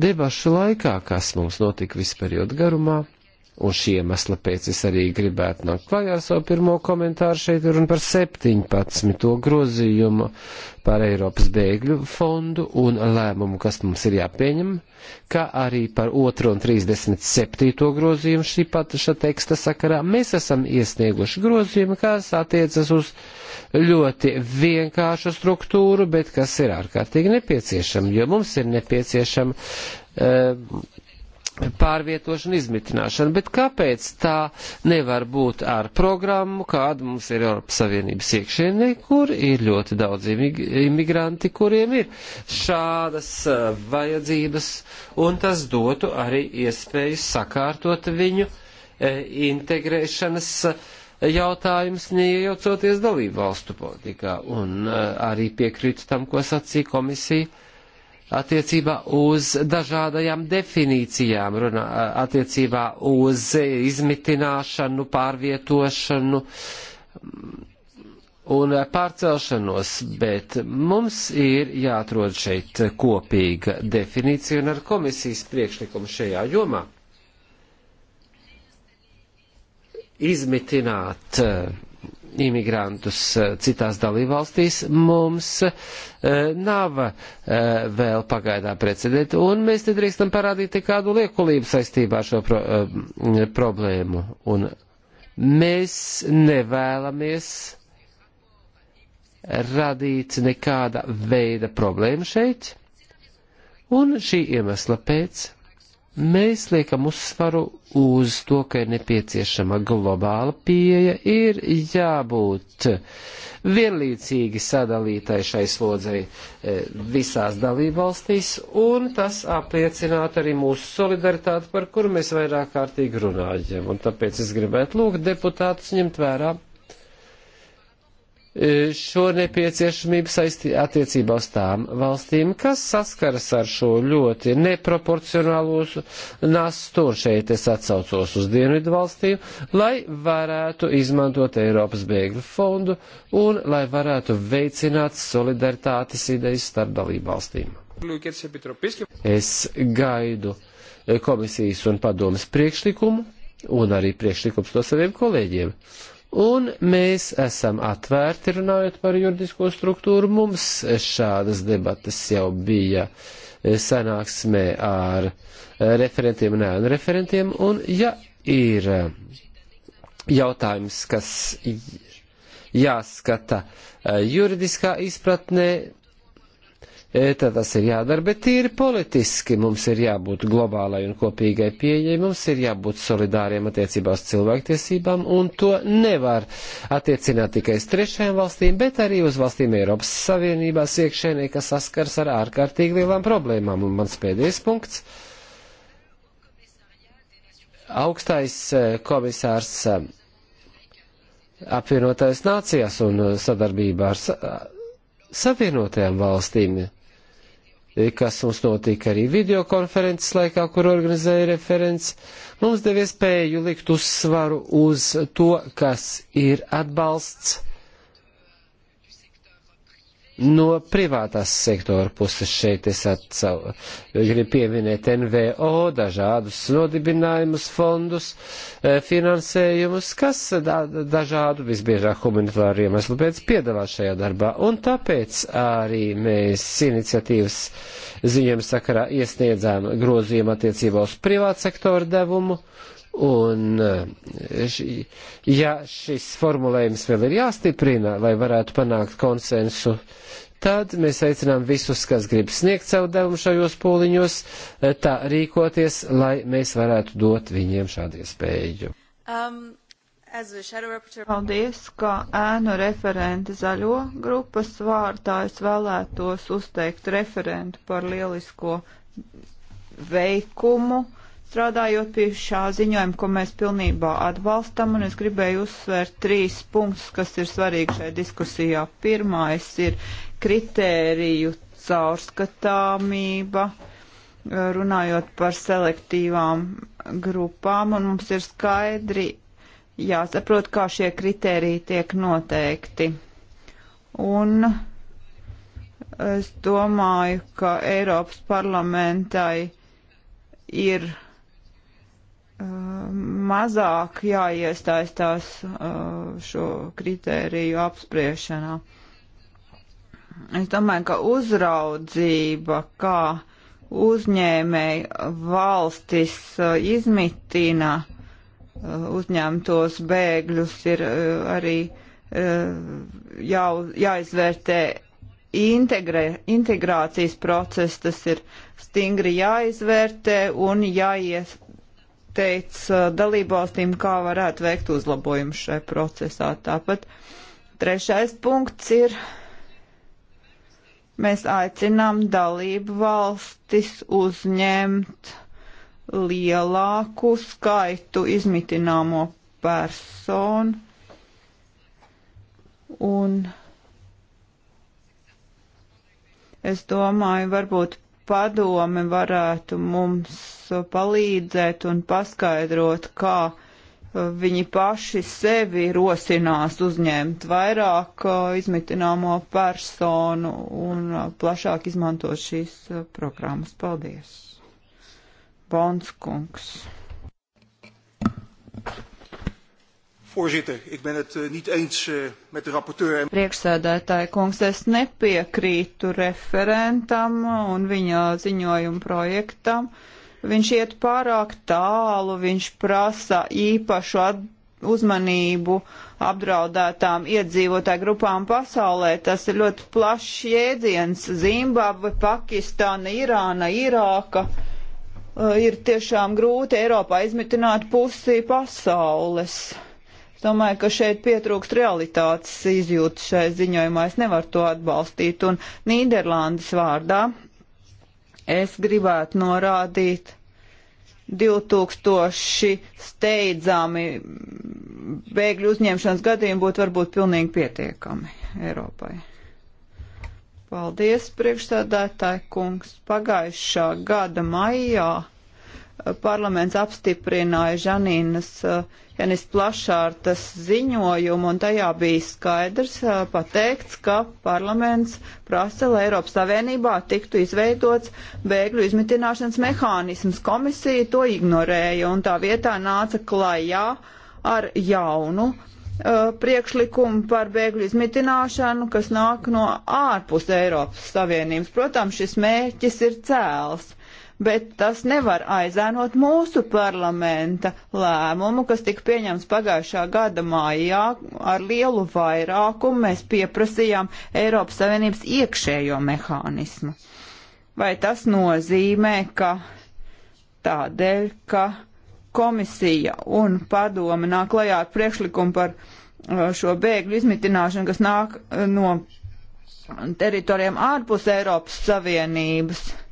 Debašu laikā, kas mums notika visu periodu garumā, Un šī iemesla pēc es arī gribētu nākt klajā savu pirmo komentāru šeit ir un par 17. grozījumu par Eiropas bēgļu fondu un lēmumu, kas mums ir jāpieņem, kā arī par 2. un 37. grozījumu šī pat šā teksta sakarā. Mēs esam iesnieguši grozījumu, kas attiecas uz ļoti vienkāršu struktūru, bet kas ir ārkārtīgi nepieciešama, jo mums ir nepieciešama. Uh, pārvietošana, izmitināšana, bet kāpēc tā nevar būt ar programmu, kāda mums ir Eiropas Savienības iekšienē, kur ir ļoti daudz imigranti, kuriem ir šādas uh, vajadzības, un tas dotu arī iespēju sakārtot viņu uh, integrēšanas uh, jautājums, neiejaucoties dalību valstu politikā, un arī piekrītu tam, ko sacīja komisija attiecībā uz dažādajām definīcijām, runā, attiecībā uz izmitināšanu, pārvietošanu un pārcelšanos, bet mums ir jāatrod šeit kopīga definīcija un ar komisijas priekšlikumu šajā jomā. Izmitināt uh, imigrantus eh, citās dalībvalstīs, mums eh, nav eh, vēl pagaidā precedenta, un mēs nedrīkstam parādīt kādu liekulību saistībā ar šo pro, problēmu. Un mēs nevēlamies radīt nekāda veida problēmu šeit, un šī iemesla pēc Mēs liekam uzsvaru uz to, ka ir nepieciešama globāla pieeja, ir jābūt vienlīdzīgi sadalītai šai slodzei e, visās dalībvalstīs, un tas apliecinātu arī mūsu solidaritāti, par kuru mēs vairāk kārtīgi runājam. Un tāpēc es gribētu lūgt deputātus ņemt vērā E, šo nepieciešamību saistī attiecībā uz tām valstīm, kas saskaras ar šo ļoti neproporcionālo nastu, un šeit es atsaucos uz dienvidu valstīm, lai varētu izmantot Eiropas bēgļu fondu un lai varētu veicināt solidaritātes idejas starp dalību valstīm. Es gaidu komisijas un padomas priekšlikumu un arī priekšlikums no saviem kolēģiem. Un mēs esam atvērti runājot par juridisko struktūru. Mums šādas debatas jau bija sanāksmē ar referentiem un ēnu referentiem. Un ja ir jautājums, kas jāskata juridiskā izpratnē, E, tad tas ir jādara, bet tīri politiski mums ir jābūt globālai un kopīgai pieejai, mums ir jābūt solidāriem attiecībās cilvēktiesībām, un to nevar attiecināt tikai uz trešajām valstīm, bet arī uz valstīm Eiropas Savienībās iekšēnē, kas saskars ar ārkārtīgi lielām problēmām. Un mans pēdējais punkts. Augstais e, komisārs e, apvienotās nācijās un sadarbībā ar savienotajām valstīm Eh, kas mums notika arī videokonferences laikā, kur organizēja referents, mums devies spēju likt uzsvaru uz to, kas ir atbalsts No privātās sektora puses šeit es atcau, gribu pieminēt NVO, dažādus nodibinājumus, fondus, eh, finansējumus, kas dažādu visbiežāk humanitāru iemeslu pēc piedalās šajā darbā. Un tāpēc arī mēs iniciatīvas ziņojuma sakarā iesniedzām grozījumu attiecībā uz privātsektora devumu Un, eh, š, ja šis formulējums vēl ir jāstiprina, lai varētu panākt konsensu, tad mēs aicinām visus, kas grib sniegt savu devumu šajos pūliņos, eh, tā rīkoties, lai mēs varētu dot viņiem šādu iespēju. Um, reporter... Paldies, ka ēnu referenti zaļo grupas vārtā es vēlētos uzteikt referentu par lielisko veikumu strādājot pie šā ziņojuma, ko mēs pilnībā atbalstam, un es gribēju uzsvērt trīs punktus, kas ir svarīgi šajā diskusijā. Pirmais ir kritēriju caurskatāmība, runājot par selektīvām grupām, un mums ir skaidri jāsaprot, kā šie kritēriji tiek noteikti. Un es domāju, ka Eiropas parlamentai ir mazāk jāiestaistās šo kritēriju apspriešanā. Es domāju, ka uzraudzība, kā uzņēmēji valstis izmitina uzņemtos bēgļus, ir arī jau, jāizvērtē integre, integrācijas process, tas ir stingri jāizvērtē un jāies teica uh, dalībvalstīm, kā varētu veikt uzlabojumus šai procesā. Tāpat trešais punkts ir, mēs aicinām dalību valstis uzņemt lielāku skaitu izmitināmo personu un es domāju, varbūt padome varētu mums palīdzēt un paskaidrot, kā uh, viņi paši sevi rosinās uzņemt vairāk uh, izmitināmo personu un uh, plašāk izmantot šīs programmas. Paldies! Bonskungs. Voorzitter, ik ben het uh, niet eens uh, met de rapporteur. En... Priekšsēdētāja kungs, es nepiekrītu referentam un viņa ziņojumu projektam. Viņš iet pārāk tālu, viņš prasa īpašu uzmanību apdraudētām iedzīvotāju grupām pasaulē. Tas ir ļoti plašs jēdziens - Zimbabve, Pakistāna, Irāna, Irāka. Uh, ir tiešām grūti Eiropā izmitināt pusi pasaules. Es domāju, ka šeit pietrūkst realitātes izjūtas šai ziņojumā. Es nevaru to atbalstīt. Un Nīderlandes vārdā es gribētu norādīt 2000 steidzami bēgļu uzņemšanas gadījumi būtu varbūt pilnīgi pietiekami Eiropai. Paldies, priekšsādātāji kungs. Pagājušā gada maijā parlaments apstiprināja Žanīnas eh, Janis Plašārtas ziņojumu, un tajā bija skaidrs eh, pateikts, ka parlaments prasa, lai Eiropas Savienībā tiktu izveidots bēgļu izmitināšanas mehānisms. Komisija to ignorēja, un tā vietā nāca klajā ar jaunu uh, priekšlikumu par bēgļu izmitināšanu, kas nāk no ārpus Eiropas Savienības. Protams, šis mērķis ir cēls bet tas nevar aizēnot mūsu parlamenta lēmumu, kas tika pieņemts pagājušā gada mājā ar lielu vairākumu. Mēs pieprasījām Eiropas Savienības iekšējo mehānismu. Vai tas nozīmē, ka tādēļ, ka komisija un padome nāk klajā ar priekšlikumu par uh, šo bēgļu izmitināšanu, kas nāk uh, no teritorijām ārpus Eiropas Savienības. Uh,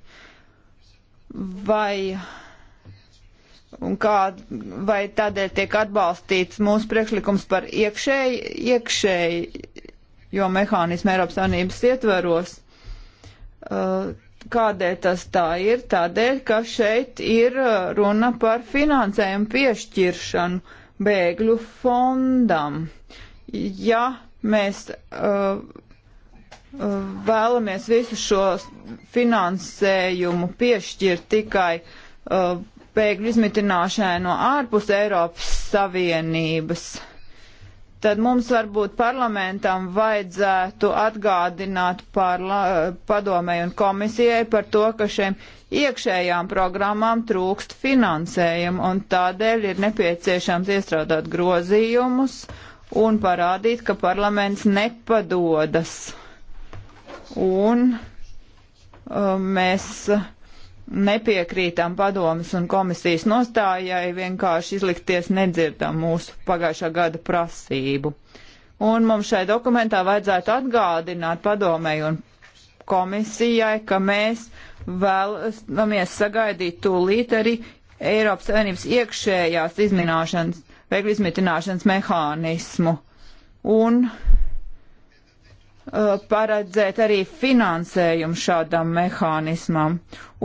vai, kā, vai tādēļ tiek atbalstīts mūsu priekšlikums par iekšēji, iekšēji, jo mehānismu Eiropas Savienības ietveros. Uh, kādēļ tas tā ir? Tādēļ, ka šeit ir uh, runa par finansējumu piešķiršanu bēgļu fondam. Ja mēs uh, vēlamies visu šo finansējumu piešķirt tikai uh, bēgļu izmitināšanai no ārpus Eiropas Savienības, tad mums varbūt parlamentam vajadzētu atgādināt parla, padomēju un komisijai par to, ka šiem iekšējām programmām trūkst finansējumu un tādēļ ir nepieciešams iestrādāt grozījumus un parādīt, ka parlaments nepadodas un um, mēs nepiekrītam padomas un komisijas nostājai vienkārši izlikties nedzirdam mūsu pagājušā gada prasību. Un mums šai dokumentā vajadzētu atgādināt padomēju un komisijai, ka mēs vēlamies sagaidīt tūlīt arī Eiropas Savienības iekšējās izmināšanas, veiklu izmitināšanas mehānismu. Un Uh, paredzēt arī finansējumu šādam mehānismam.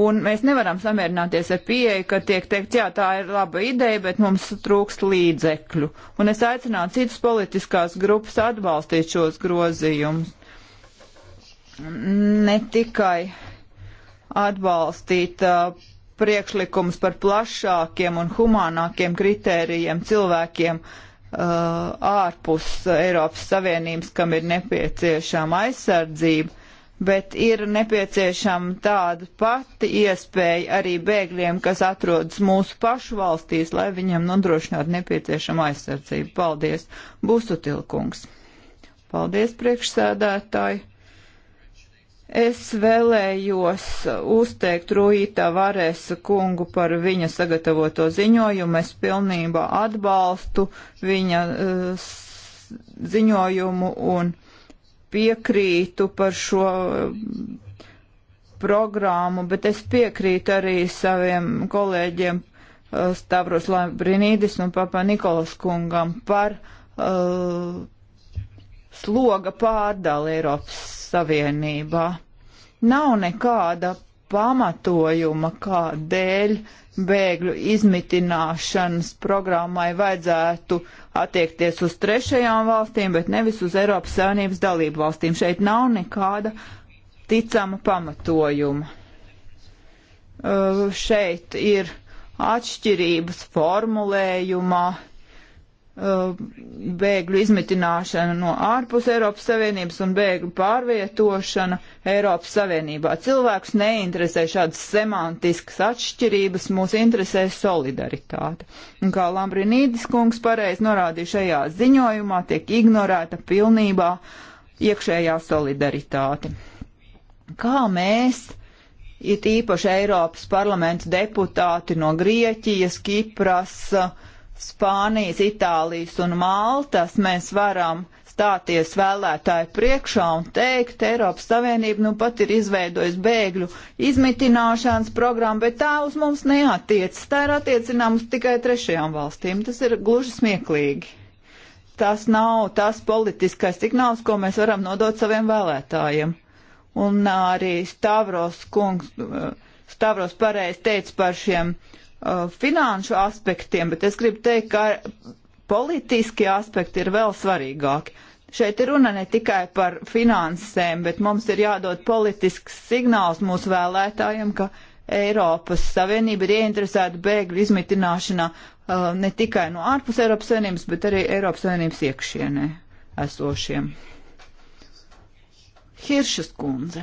Un mēs nevaram samierināties ar pieeju, ka tiek teikt, jā, tā ir laba ideja, bet mums trūkst līdzekļu. Un es aicinātu citas politiskās grupas atbalstīt šos grozījumus. Ne tikai atbalstīt uh, priekšlikums par plašākiem un humānākiem kritērijiem cilvēkiem, uh, Uh, ārpus Eiropas Savienības, kam ir nepieciešama aizsardzība, bet ir nepieciešama tāda pati iespēja arī bēgļiem, kas atrodas mūsu pašu valstīs, lai viņiem nodrošinātu nepieciešamu aizsardzību. Paldies, Busutilkungs! Paldies, priekšsēdētāji! Es vēlējos uzteikt Rūītā Varēsa kungu par viņa sagatavoto ziņojumu. Es pilnībā atbalstu viņa uh, ziņojumu un piekrītu par šo uh, programmu, bet es piekrītu arī saviem kolēģiem uh, Stavros Lambrinīdis un Papa Nikolas kungam par uh, sloga pārdali Eiropas Savienībā. Nav nekāda pamatojuma, kādēļ bēgļu izmitināšanas programmai vajadzētu attiekties uz trešajām valstīm, bet nevis uz Eiropas Savienības dalību valstīm. Šeit nav nekāda ticama pamatojuma. Uh, šeit ir atšķirības formulējumā, uh, Uh, bēgļu izmitināšana no ārpus Eiropas Savienības un bēgļu pārvietošana Eiropas Savienībā. Cilvēks neinteresē šādas semantiskas atšķirības, mūs interesē solidaritāte. Un kā Lambrinīdis kungs pareizi norādīja šajā ziņojumā, tiek ignorēta pilnībā iekšējā solidaritāte. Kā mēs, it īpaši Eiropas parlaments deputāti no Grieķijas, Kipras, uh, Spānijas, Itālijas un Maltas mēs varam stāties vēlētāju priekšā un teikt, Eiropas Savienība nu pat ir izveidojusi bēgļu izmitināšanas programmu, bet tā uz mums neatiecas. Tā ir attiecināms tikai trešajām valstīm. Tas ir gluži smieklīgi. Tas nav tas politiskais signāls, ko mēs varam nodot saviem vēlētājiem. Un arī Stavros kungs, eh, Stavros pareizi teica par šiem uh, Uh, finanšu aspektiem, bet es gribu teikt, ka politiskie aspekti ir vēl svarīgāki. Šeit ir runa ne tikai par finansēm, bet mums ir jādod politisks signāls mūsu vēlētājiem, ka Eiropas Savienība ir ieinteresēta bēgļu izmitināšanā uh, ne tikai no ārpus Eiropas Savienības, bet arī Eiropas Savienības iekšienē esošiem. Hiršas kundze.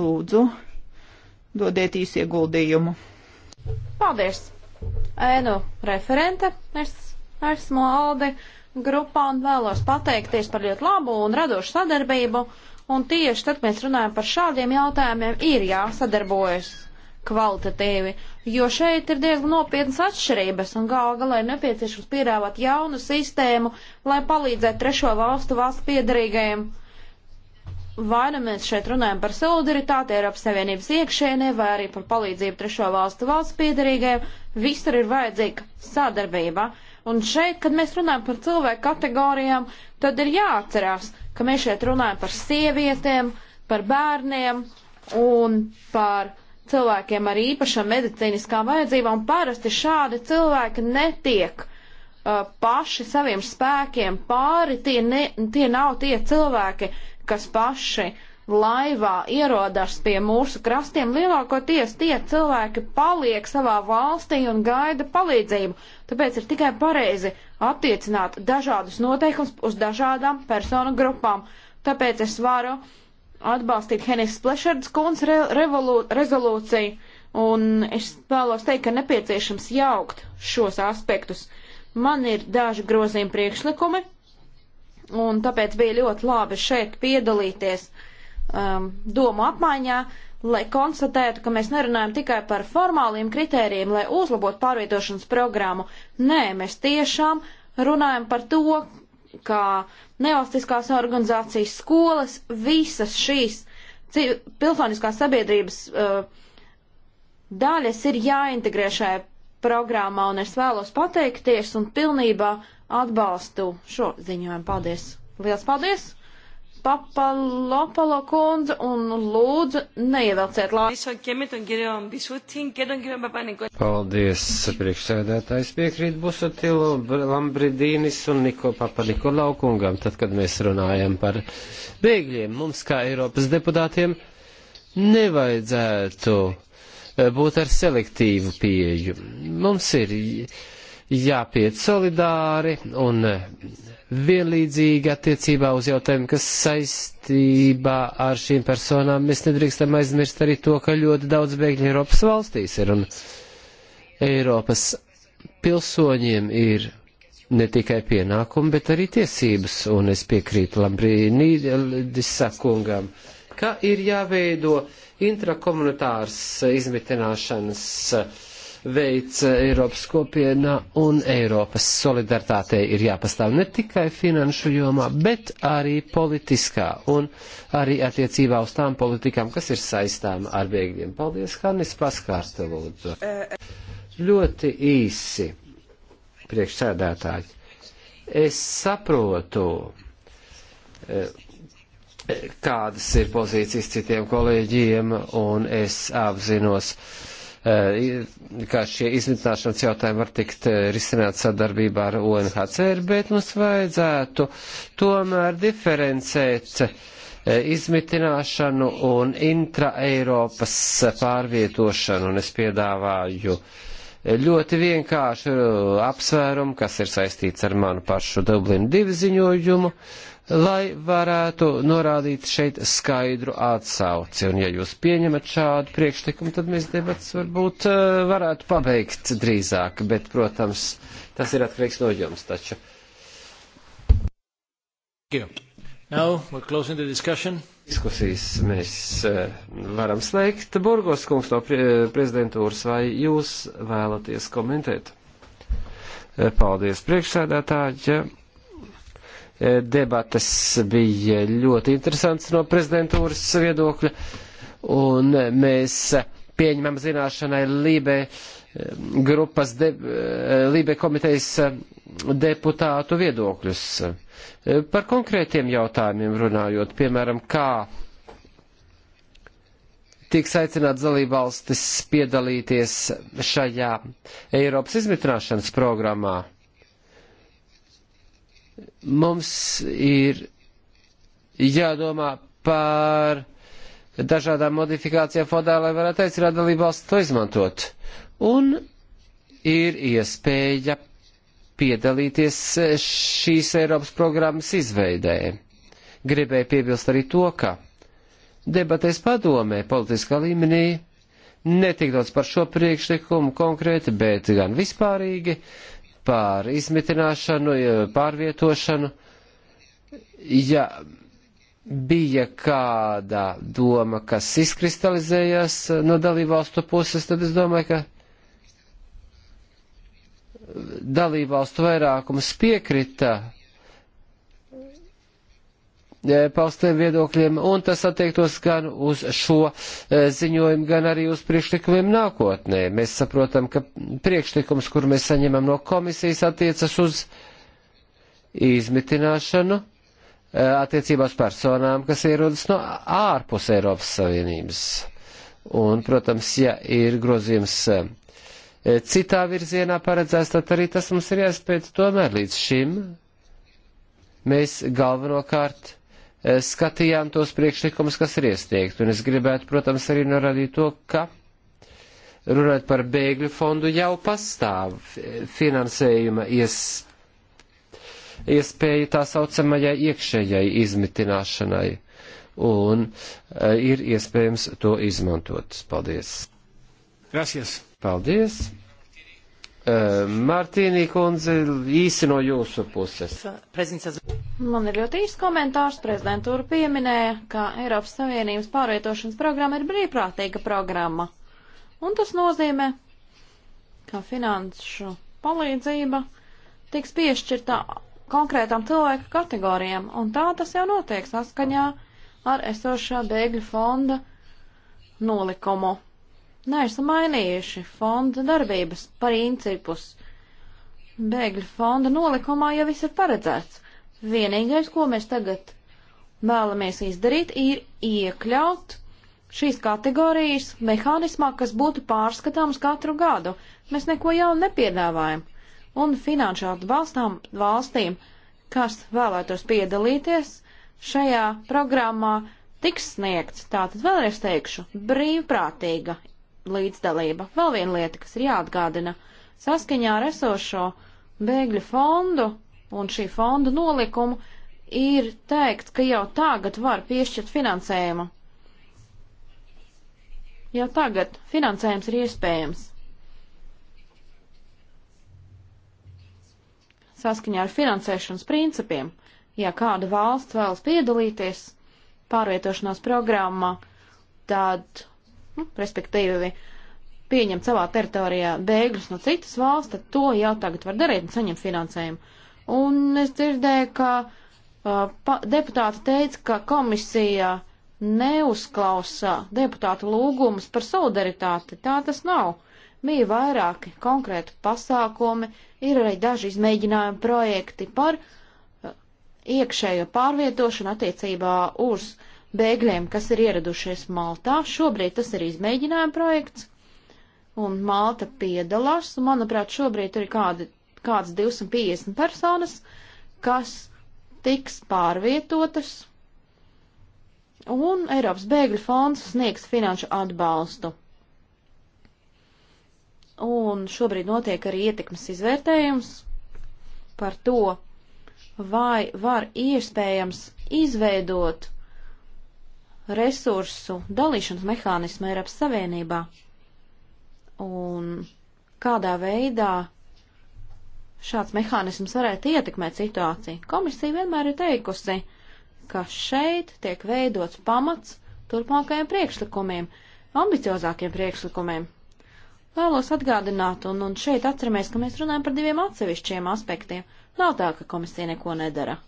Lūdzu dodiet īsi ieguldījumu. Paldies! Ēnu referente, es esmu Alde grupā un vēlos pateikties par ļoti labu un radošu sadarbību. Un tieši tad, kad mēs runājam par šādiem jautājumiem, ir jāsadarbojas kvalitatīvi, jo šeit ir diezgan nopietnas atšķirības un gal galā ir nepieciešams piedāvāt jaunu sistēmu, lai palīdzētu trešo valstu valstu piedarīgajiem uh, Vai nu mēs šeit runājam par solidaritāti Eiropas Savienības iekšēnē, vai arī par palīdzību trešo valstu valsts piedarīgajiem, visur ir vajadzīga sadarbība. Un šeit, kad mēs runājam par cilvēku kategorijām, tad ir jāatcerās, ka mēs šeit runājam par sievietēm, par bērniem un par cilvēkiem ar īpašām medicīniskām vajadzībām. Parasti šādi cilvēki netiek uh, paši saviem spēkiem pāri, tie, ne, tie nav tie cilvēki, kas paši laivā ierodas pie mūsu krastiem, lielākoties tie cilvēki paliek savā valstī un gaida palīdzību. Tāpēc ir tikai pareizi attiecināt dažādus noteikumus uz dažādām personu grupām. Tāpēc es varu atbalstīt Henis Plešards kundzes re rezolūciju, un es vēlos teikt, ka nepieciešams jaukt šos aspektus. Man ir daži grozījumi priekšlikumi, un tāpēc bija ļoti labi šeit piedalīties um, domu apmaiņā, lai konstatētu, ka mēs nerunājam tikai par formāliem kritērijiem, lai uzlabotu pārvietošanas programmu. Nē, mēs tiešām runājam par to, kā nevalstiskās organizācijas, skolas, visas šīs pilsoniskās sabiedrības uh, daļas ir jāintegrē šajā programmā, un es vēlos pateikties un pilnībā atbalstu šo ziņojumu. Paldies! Liels paldies! Papalopalo kundze un lūdzu neievelciet laiku. Paldies, priekšsēdētājs piekrīt Busutilu, Lambridīnis un Niko Papanikolau kungam, tad, kad mēs runājam par bēgļiem. Mums, kā Eiropas deputātiem, nevajadzētu eh, būt ar selektīvu pieeju. Mums ir jāpiet solidāri un vienlīdzīgi attiecībā uz jautājumu, kas saistībā ar šīm personām. Mēs nedrīkstam aizmirst arī to, ka ļoti daudz bēgļu Eiropas valstīs ir un Eiropas pilsoņiem ir ne tikai pienākumi, bet arī tiesības, un es piekrītu Lambrīnīdis sakungam, ka ir jāveido intrakomunitārs izmitināšanas uh, veids Eiropas kopienā un Eiropas solidaritātei ir jāpastāv ne tikai finanšu jomā, bet arī politiskā un arī attiecībā uz tām politikām, kas ir saistām ar bēgļiem. Paldies, Hannis Paskārsta, lūdzu. Ļoti īsi, priekšsēdētāji. Es saprotu, e, e, kādas ir pozīcijas citiem kolēģiem, un es apzinos, uh, Eh, kā šie izmitināšanas jautājumi var tikt eh, risināt sadarbībā ar UNHCR, bet mums vajadzētu tomēr diferencēt eh, izmitināšanu un intra-Eiropas pārvietošanu, un es piedāvāju ļoti vienkāršu apsvērumu, kas ir saistīts ar manu pašu Dublinu divi ziņojumu, lai varētu norādīt šeit skaidru atsauci. Un ja jūs pieņemat šādu priekšlikumu, tad mēs debats varbūt eh, varētu pabeigt drīzāk, bet, protams, tas ir atkarīgs no jums taču. Diskusijas mēs eh, varam slēgt. Burgos kungs no prezidentūras, vai jūs vēlaties komentēt? Eh, paldies, priekšsēdētāji. E, debates bija ļoti interesants no prezidentūras viedokļa, un mēs pieņemam zināšanai Lībe e, grupas, de, e, Lībe komitejas deputātu viedokļus. Par konkrētiem jautājumiem runājot, piemēram, kā tiks aicināts dalībvalstis piedalīties šajā Eiropas izmitināšanas programmā mums ir jādomā par dažādām modifikācijām fondā, lai varētu aicināt dalībvalsts to izmantot. Un ir iespēja piedalīties šīs Eiropas programmas izveidē. Gribēju piebilst arī to, ka debatēs padomē politiskā līmenī netik daudz par šo priekšlikumu konkrēti, bet gan vispārīgi. Uh, par izmitināšanu, pārvietošanu. Ja bija kāda doma, kas izkristalizējās no dalībvalstu puses, tad es domāju, ka dalībvalstu vairākums piekrita E, paustiem viedokļiem, un tas attiektos gan uz šo e, ziņojumu, gan arī uz priekšlikumiem nākotnē. Mēs saprotam, ka priekšlikums, kur mēs saņemam no komisijas, attiecas uz izmitināšanu e, attiecībās personām, kas ierodas no ārpus Eiropas Savienības. Un, protams, ja ir grozījums citā virzienā paredzēts, tad arī tas mums ir jāspēc tomēr līdz šim. Mēs galvenokārt Eh, skatījām tos priekšlikumus, kas ir iesniegti. Un es gribētu, protams, arī norādīt to, ka runājot par bēgļu fondu jau pastāv finansējuma iespējas iespēja tā saucamajai iekšējai izmitināšanai, un uh, ir iespējams to izmantot. Paldies! Gracias! Paldies! Eh, Mārtīnī kundze, īsi no jūsu puses. Man ir ļoti īsts komentārs. Prezidentūra pieminēja, ka Eiropas Savienības pārvietošanas programma ir brīvprātīga programma. Un tas nozīmē, ka finanšu palīdzība tiks piešķirta konkrētām cilvēku kategorijām. Un tā tas jau notiek saskaņā ar esošā bēgļu fonda nolikumu neesam mainījuši fonda darbības principus. Bēgļu fonda nolikumā jau viss ir paredzēts. Vienīgais, ko mēs tagad vēlamies izdarīt, ir iekļaut šīs kategorijas mehānismā, kas būtu pārskatāms katru gadu. Mēs neko jaunu nepiedāvājam. Un finanšu atbalstām valstīm, kas vēlētos piedalīties šajā programmā, tiks sniegts. Tātad vēlreiz teikšu, brīvprātīga līdzdalība. Vēl viena lieta, kas ir jāatgādina. Saskaņā ar esošo bēgļu fondu un šī fonda nolikumu ir teikt, ka jau tagad var piešķirt finansējumu. Jau tagad finansējums ir iespējams. Saskaņā ar finansēšanas principiem, ja kāda valsts vēlas piedalīties pārvietošanās programmā, tad nu, respektīvi, pieņemt savā teritorijā bēgļus no citas valsts, tad to jau tagad var darīt un saņemt finansējumu. Un es dzirdēju, ka uh, pa, deputāti teica, ka komisija neuzklausa deputātu lūgumus par solidaritāti. Tā tas nav. Bija vairāki konkrēti pasākumi, ir arī daži izmēģinājumi projekti par uh, iekšējo pārvietošanu attiecībā uz uh, bēgļiem, kas ir ieradušies Maltā. Šobrīd tas ir izmēģinājuma projekts, un Malta piedalās, un manuprāt, šobrīd ir kādi, kāds 250 personas, kas tiks pārvietotas, un Eiropas bēgļu fonds sniegs finanšu atbalstu. Un šobrīd notiek arī ietekmes izvērtējums par to, vai var iespējams izveidot resursu dalīšanas mehānismu Eiropas Savienībā un kādā veidā šāds mehānisms varētu ietekmēt situāciju. Komisija vienmēr ir teikusi, ka šeit tiek veidots pamats turpmākajiem priekšlikumiem, ambiciozākiem priekšlikumiem. Vēlos atgādināt, un, un šeit atceramies, ka mēs runājam par diviem atsevišķiem aspektiem. Nav tā, ka komisija neko nedara.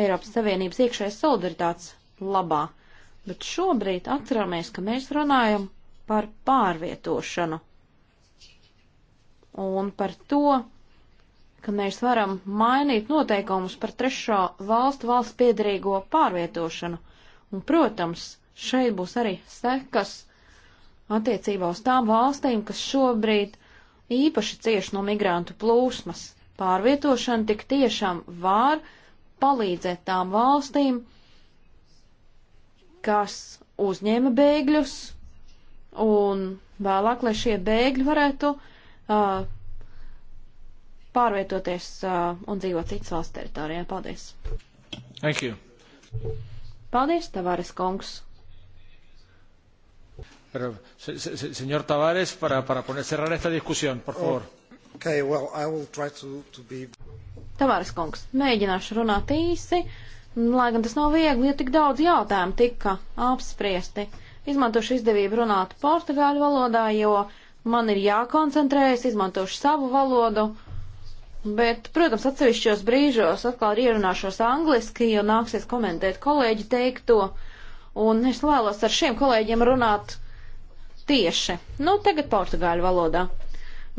Eiropas Savienības iekšējās solidaritātes labā, bet šobrīd atceramies, ka mēs runājam par pārvietošanu un par to, ka mēs varam mainīt noteikumus par trešo valstu valsts piedarīgo pārvietošanu. Un, protams, šeit būs arī sekas attiecībā uz tām valstīm, kas šobrīd īpaši cieš no migrantu plūsmas. Pārvietošana tik tiešām var uh, palīdzēt tām valstīm, kas uzņēma bēgļus, un vēlāk, lai šie bēgļi varētu uh, pārvietoties uh, un dzīvot citas valsts teritorijā. Paldies! Thank you! Paldies, Tavares kungs! Pero, se, se, señor Tavares, para, para poner, cerrar esta discusión, por favor. Okay, well, I will try to, to be... Tavāras kungs, mēģināšu runāt īsi, lai gan tas nav viegli, jo tik daudz jautājumu tika apspriesti. Izmantošu izdevību runāt portugāļu valodā, jo man ir jākoncentrējas, izmantošu savu valodu. Bet, protams, atsevišķos brīžos atkal ierunāšos angliski, jo nāksies komentēt kolēģi teikto, un es vēlos ar šiem kolēģiem runāt tieši, nu, tagad portugāļu valodā.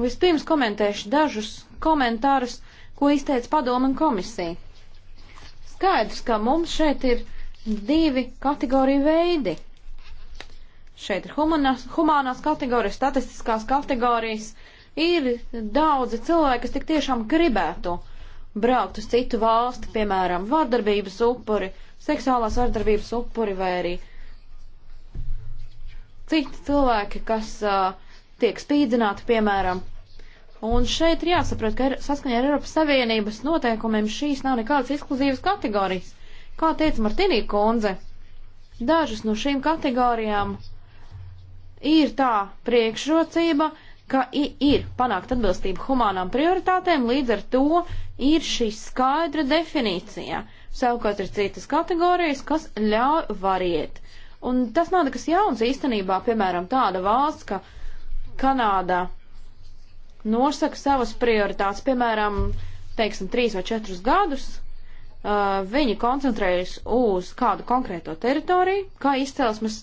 Vispirms komentēšu dažus komentārus, ko izteica padoma un komisija. Skaidrs, ka mums šeit ir divi kategoriju veidi. Šeit ir humanās, humanās kategorijas, statistiskās kategorijas. Ir daudzi cilvēki, kas tik tiešām gribētu braukt uz citu valsti, piemēram, vardarbības upuri, seksuālās vardarbības upuri vai arī citi cilvēki, kas uh, tiek spīdzināti, piemēram, Un šeit ir jāsaprot, ka saskaņā ar Eiropas Savienības noteikumiem šīs nav nekādas ekskluzīvas kategorijas. Kā teica Martinī Konze, dažas no šīm kategorijām ir tā priekšrocība, ka ir panākt atbilstību humānām prioritātēm, līdz ar to ir šī skaidra definīcija. Savukārt ir citas kategorijas, kas ļauj variet. Un tas nav nekas jauns īstenībā, piemēram, tāda valsts, ka Kanādā nosaka savas prioritātes, piemēram, teiksim, trīs vai četrus gadus, uh, viņi koncentrējas uz kādu konkrēto teritoriju, kā izcelsmes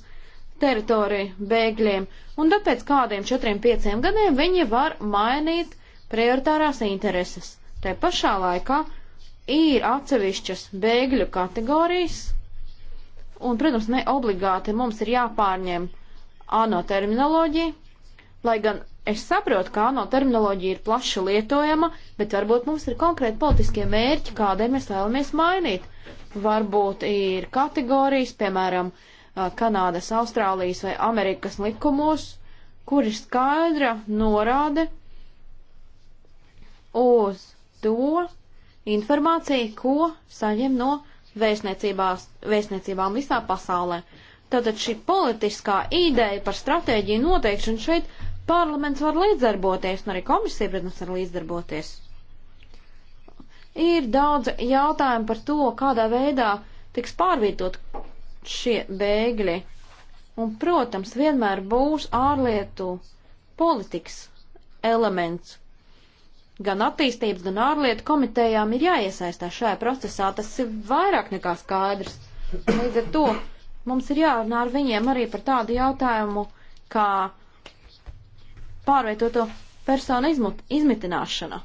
teritoriju bēgļiem, un tad pēc kādiem četriem, pieciem gadiem viņi var mainīt prioritārās intereses. Te pašā laikā ir atsevišķas bēgļu kategorijas, un, protams, ne obligāti mums ir jāpārņem ANO terminoloģija, lai gan Es saprotu, ka ANO terminoloģija ir plaši lietojama, bet varbūt mums ir konkrēti politiskie mērķi, kādēļ mēs vēlamies mainīt. Varbūt ir kategorijas, piemēram, Kanādas, Austrālijas vai Amerikas likumos, kur ir skaidra norāde uz to informāciju, ko saņem no vēstniecībām visā pasaulē. Tātad šī politiskā ideja par stratēģiju noteikšanu šeit parlaments var līdzdarboties, un arī komisija, protams, var līdzdarboties. Ir daudz jautājumu par to, kādā veidā tiks pārvietot šie bēgļi. Un, protams, vienmēr būs ārlietu politikas elements. Gan attīstības, gan ārlietu komitejām ir jāiesaistās šajā procesā. Tas ir vairāk nekā skaidrs. Līdz ar to mums ir jārunā ar viņiem arī par tādu jautājumu, kā pārvietoto personu izmut, izmitināšana.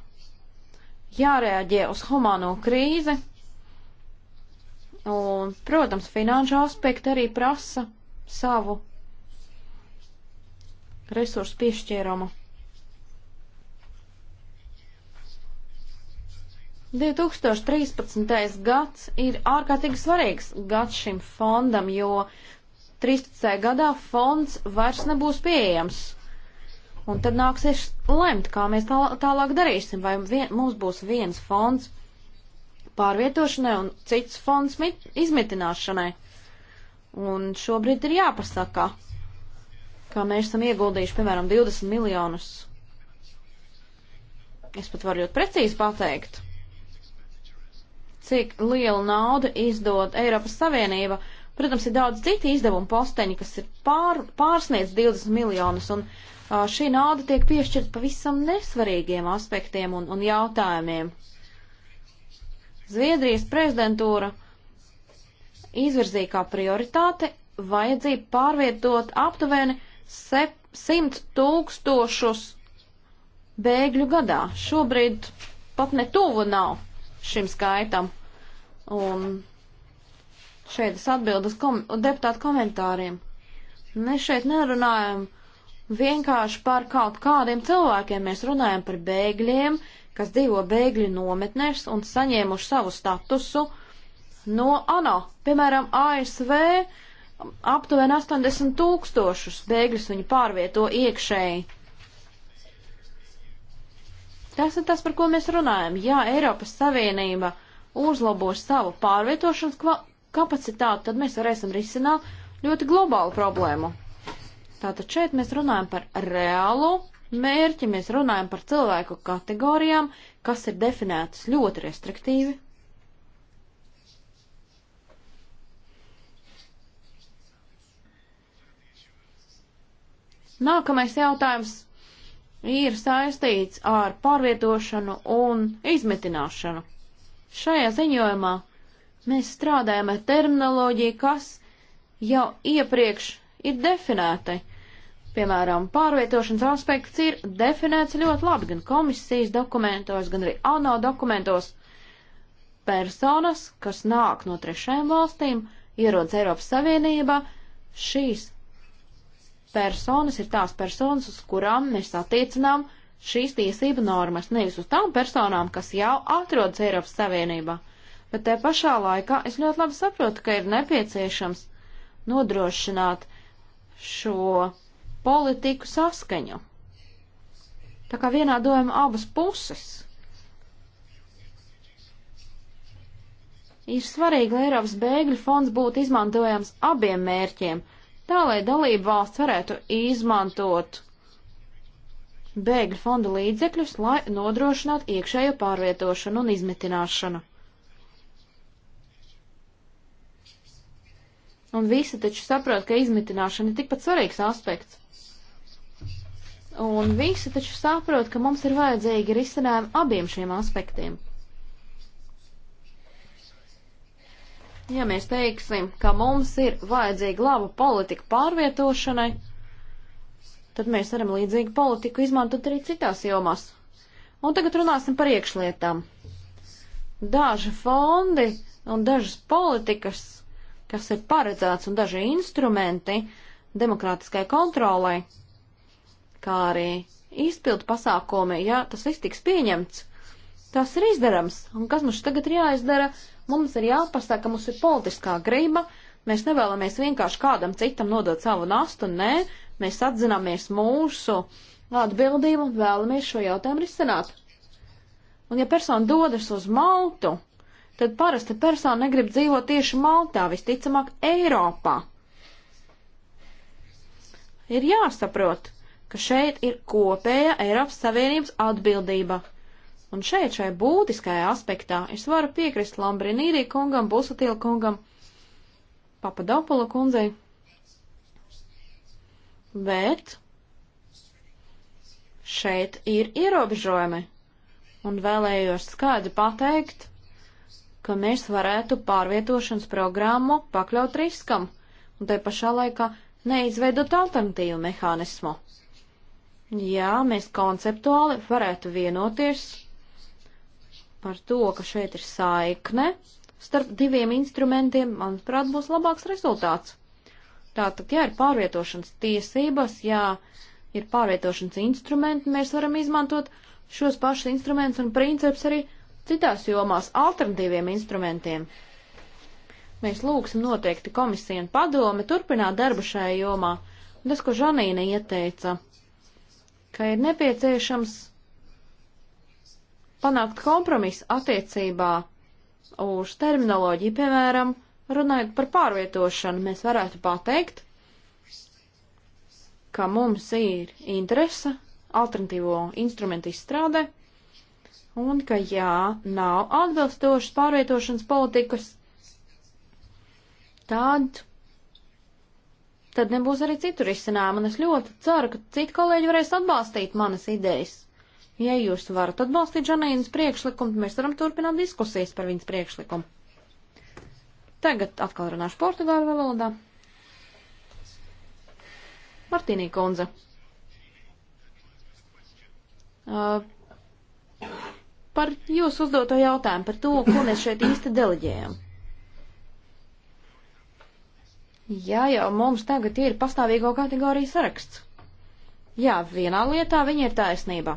Jārēģē uz humāno krīzi, un, protams, finanšu aspekti arī prasa savu resursu piešķīrumu. 2013. gads ir ārkārtīgi svarīgs gads šim fondam, jo 13. gadā fonds vairs nebūs pieejams. Un tad nāksies lemt, kā mēs tā, tālāk darīsim, vai vien, mums būs viens fonds pārvietošanai un cits fonds mit, izmitināšanai. Un šobrīd ir jāpasaka, kā mēs esam ieguldījuši, piemēram, 20 miljonus. Es pat varu ļoti precīzi pateikt, cik lielu naudu izdod Eiropas Savienība. Protams, ir daudz citu izdevumu posteņi, kas ir pār, pārsniedz 20 miljonus, un šī nauda tiek piešķirta pavisam nesvarīgiem aspektiem un, un jautājumiem. Zviedrijas prezidentūra izvirzīja kā prioritāte vajadzību pārvietot aptuveni 100 tūkstošus bēgļu gadā. Šobrīd pat ne tuvu nav šim skaitam. Un šeit es atbildu uz kom deputātu komentāriem. Mēs šeit nerunājam vienkārši par kaut kādiem cilvēkiem mēs runājam par bēgļiem, kas dzīvo bēgļu nometnēs un saņēmuši savu statusu no ANO. Piemēram, ASV aptuveni 80 tūkstošus bēgļus viņi pārvieto iekšēji. Tas ir tas, par ko mēs runājam. Ja Eiropas Savienība uzlabos savu pārvietošanas kapacitāti, tad mēs varēsim risināt ļoti globālu problēmu. Tātad šeit mēs runājam par reālu mērķi, mēs runājam par cilvēku kategorijām, kas ir definētas ļoti restriktīvi. Nākamais jautājums ir saistīts ar pārvietošanu un izmitināšanu. Šajā ziņojumā mēs strādājam ar terminoloģiju, kas jau iepriekš ir definētai. Piemēram, pārvietošanas aspekts ir definēts ļoti labi gan komisijas dokumentos, gan arī ANO dokumentos. Personas, kas nāk no trešajām valstīm, ierodas Eiropas Savienībā, šīs personas ir tās personas, uz kurām mēs attiecinām šīs tiesību normas, nevis uz tām personām, kas jau atrodas Eiropas Savienībā. Bet te pašā laikā es ļoti labi saprotu, ka ir nepieciešams nodrošināt šo politiku saskaņu. Tā kā vienādojam abas puses. Ir svarīgi, lai Eiropas bēgļu fonds būtu izmantojams abiem mērķiem, tā lai dalību valsts varētu izmantot bēgļu fonda līdzekļus, lai nodrošinātu iekšējo pārvietošanu un izmitināšanu. Un visi taču saprot, ka izmitināšana ir tikpat svarīgs aspekts. Un visi taču saprot, ka mums ir vajadzīgi risinājumi abiem šiem aspektiem. Ja mēs teiksim, ka mums ir vajadzīga laba politika pārvietošanai, tad mēs varam līdzīgu politiku izmantot arī citās jomās. Un tagad runāsim par iekšlietām. Daži fondi un dažas politikas, kas ir paredzēts un daži instrumenti demokrātiskai kontrolai, kā arī izpildu pasākumi, ja tas viss tiks pieņemts. Tas ir izdarams. Un kas mums tagad ir jāizdara? Mums ir jāpasaka, ka mums ir politiskā grība. Mēs nevēlamies vienkārši kādam citam nodot savu nastu. Nē, mēs atzināmies mūsu atbildību un vēlamies šo jautājumu risināt. Un ja persona dodas uz Maltu, tad parasti persona negrib dzīvot tieši Maltā, visticamāk Eiropā. Ir jāsaprot, ka šeit ir kopēja Eiropas Savienības atbildība. Un šeit, šajā būtiskajā aspektā, es varu piekrist Lambrinīrī kungam, Busatila kungam, Papadopulu kundzei. Bet šeit ir ierobežojumi. Un vēlējos skaidri pateikt, ka mēs varētu pārvietošanas programmu pakļaut riskam un te pašā laikā neizveidot alternatīvu mehānismu. Jā, mēs konceptuāli varētu vienoties par to, ka šeit ir saikne starp diviem instrumentiem, manuprāt, būs labāks rezultāts. Tātad, ja ir pārvietošanas tiesības, ja ir pārvietošanas instrumenti, mēs varam izmantot šos pašus instrumentus un principus arī citās jomās alternatīviem instrumentiem. Mēs lūgsim noteikti komisiju un padomi turpināt darbu šajā jomā, un tas, ko Žanīna ieteica, ka ir nepieciešams panākt kompromisu attiecībā uz terminoloģiju, piemēram, runājot par pārvietošanu, mēs varētu pateikt, ka mums ir interese alternatīvo instrumentu izstrādē, un ka jā, nav atbilstošas pārvietošanas politikas, tad tad nebūs arī citu risinājumu, un es ļoti ceru, ka citi kolēģi varēs atbalstīt manas idejas. Ja jūs varat atbalstīt Žanīnas priekšlikumu, tad mēs varam turpināt diskusijas par viņas priekšlikumu. Tagad atkal runāšu portugāļu valodā. Martīnī Konze. Uh, par jūsu uzdoto jautājumu par to, ko mēs šeit īsti deleģējam. Jā, jau mums tagad ir pastāvīgo kategoriju saraksts. Jā, vienā lietā viņa ir taisnība.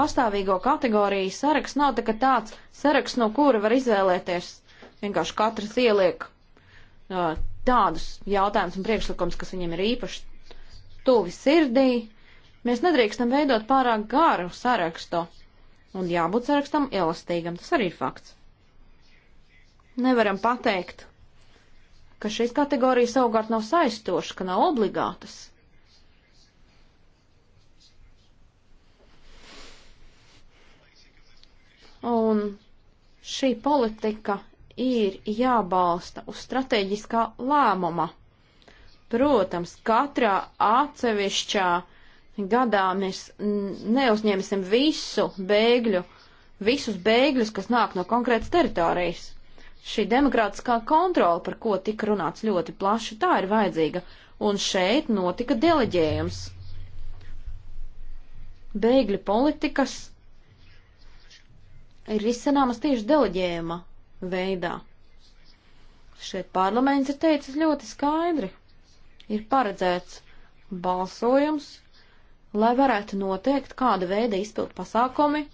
Pastāvīgo kategoriju saraksts nav tā, tāds saraksts, no kura var izvēlēties. Vienkārši katrs ieliek uh, tādus jautājumus un priekšlikums, kas viņam ir īpaši tuvi sirdī. Mēs nedrīkstam veidot pārāk garu sarakstu. Un jābūt sarakstam elastīgam, tas arī ir fakts. Nevaram pateikt, ka šīs kategorijas savukārt nav saistošas, ka nav obligātas. Un šī politika ir jābalsta uz strateģiskā lēmuma. Protams, katrā atsevišķā gadā mēs neuzņemsim visu bēgļu, visus bēgļus, kas nāk no konkrētas teritorijas. Šī demokrātiskā kontrola, par ko tika runāts ļoti plaši, tā ir vajadzīga, un šeit notika deleģējums. Bēgļu politikas ir izsanāmas tieši deleģējuma veidā. Šeit parlaments ir teicis ļoti skaidri. Ir paredzēts balsojums, lai varētu noteikt, kāda veida izpildu pasākumi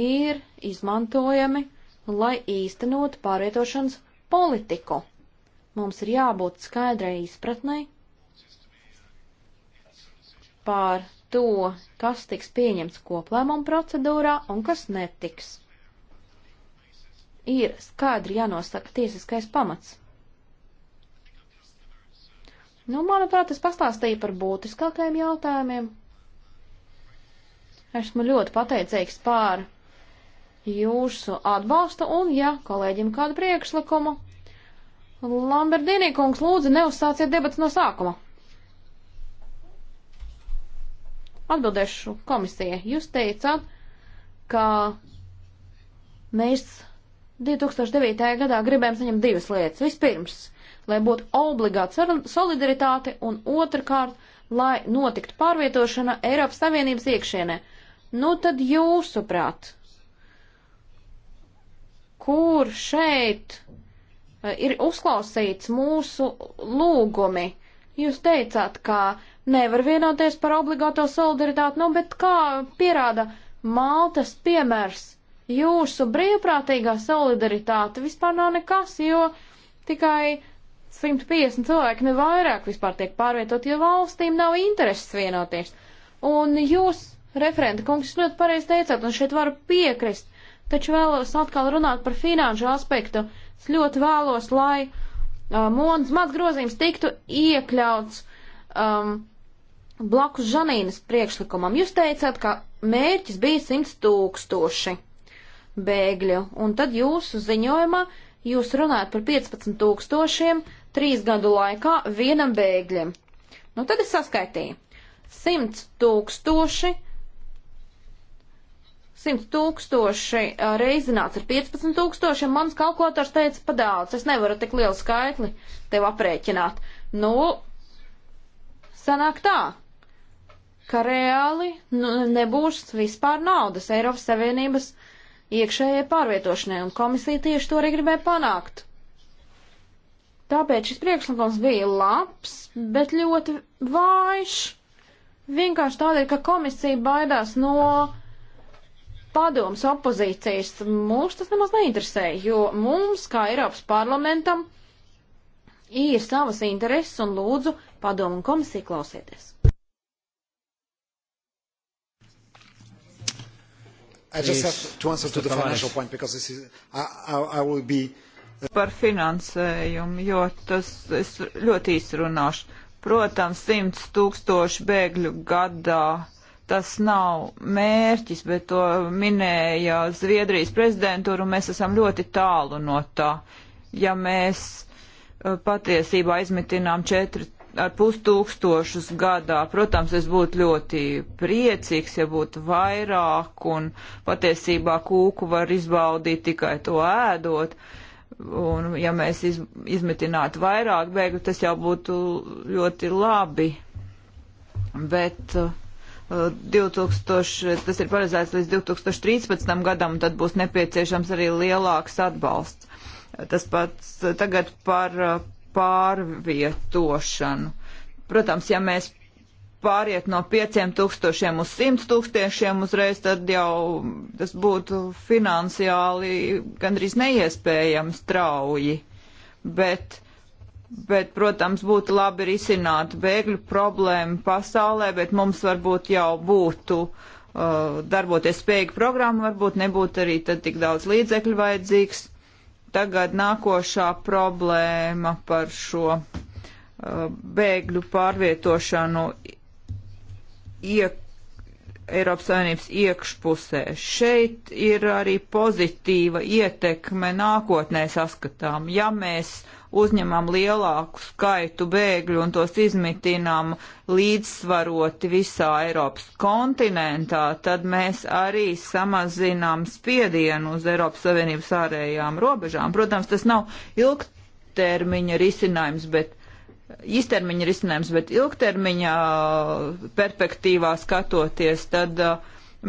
ir izmantojami lai īstenotu pārvietošanas politiku. Mums ir jābūt skaidrai izpratnei pār to, kas tiks pieņemts koplēmuma procedūrā un kas netiks. Ir skaidri jānosaka tiesiskais pamats. Nu, manuprāt, es pastāstīju par būtiskākajiem jautājumiem. Esmu ļoti pateicīgs pār jūsu atbalstu un, ja kolēģim kādu priekšlikumu, Lamberdīnī kungs lūdzu neuzsāciet debats no sākuma. Atbildēšu komisijai. Jūs teicāt, ka mēs 2009. gadā gribējām saņemt divas lietas. Vispirms, lai būtu obligāta solidaritāte, un otrkārt, lai notiktu pārvietošana Eiropas Savienības iekšienē. Nu tad jūsuprāt, kur šeit eh, ir uzklausīts mūsu lūgumi. Jūs teicāt, ka nevar vienoties par obligāto solidaritāti, nu, bet kā pierāda Maltas piemērs, jūsu brīvprātīgā solidaritāte vispār nav nekas, jo tikai 150 cilvēki ne vairāk vispār tiek pārvietot, jo valstīm nav intereses vienoties. Un jūs, referenta kungs, ļoti pareizi teicāt, un šeit varu piekrist, Taču vēlos atkal runāt par finanšu aspektu. Es ļoti vēlos, lai uh, mūns maz grozījums tiktu iekļauts um, blakus Žanīnas priekšlikumam. Jūs teicāt, ka mērķis bija 100 tūkstoši bēgļu, un tad jūsu ziņojumā jūs runājat par 15 tūkstošiem trīs gadu laikā vienam bēgļiem. Nu tad es saskaitīju. 100 tūkstoši 100 tūkstoši reizināts ar 15 tūkstošiem, mans kalkulators teica, padāvāts, es nevaru tik lielu skaitli tev aprēķināt. Nu, sanāk tā, ka reāli nu, nebūs vispār naudas Eiropas Savienības iekšējai pārvietošanai, un komisija tieši to arī gribēja panākt. Tāpēc šis priekšlikums bija labs, bet ļoti vājš. Vienkārši tādēļ, ka komisija baidās no padomas opozīcijas, mums tas nemaz neinteresē, jo mums, kā Eiropas parlamentam, ir savas intereses un lūdzu padomu un komisiju klausieties. I just have to answer to the financial point because this is I, I, I will be uh, par finansējumu, jo tas es ļoti īsti runāšu. Protams, 100 tūkstoši bēgļu gadā tas nav mērķis, bet to minēja Zviedrijas prezidentūra, un mēs esam ļoti tālu no tā. Ja mēs uh, patiesībā izmitinām 4,5 tūkstošus gadā, protams, es būtu ļoti priecīgs, ja būtu vairāk, un patiesībā kūku var izbaudīt tikai to ēdot. Un, ja mēs iz, izmitinātu vairāk bēgļu, tas jau būtu ļoti labi. Bet uh, 2000, uh, tas ir paredzēts līdz 2013. gadam, tad būs nepieciešams arī lielāks atbalsts. Tas pats tagad par uh, pārvietošanu. Protams, ja mēs pāriet no 5000 uz 100 tūkstošiem uzreiz, tad jau tas būtu finansiāli gandrīz neiespējami strauji. Bet uh, Bet, protams, būtu labi risināt bēgļu problēmu pasaulē, bet mums varbūt jau būtu uh, darboties spējīga programma, varbūt nebūtu arī tad tik daudz līdzekļu vajadzīgs. Tagad nākošā problēma par šo uh, bēgļu pārvietošanu iek Eiropas Savienības iekšpusē. Šeit ir arī pozitīva ietekme nākotnē saskatām. Ja mēs uzņemam lielāku skaitu bēgļu un tos izmitinām līdzsvaroti visā Eiropas kontinentā, tad mēs arī samazinām spiedienu uz Eiropas Savienības ārējām robežām. Protams, tas nav ilgtermiņa risinājums, bet īstermiņa risinājums, bet ilgtermiņa perspektīvā skatoties, tad uh,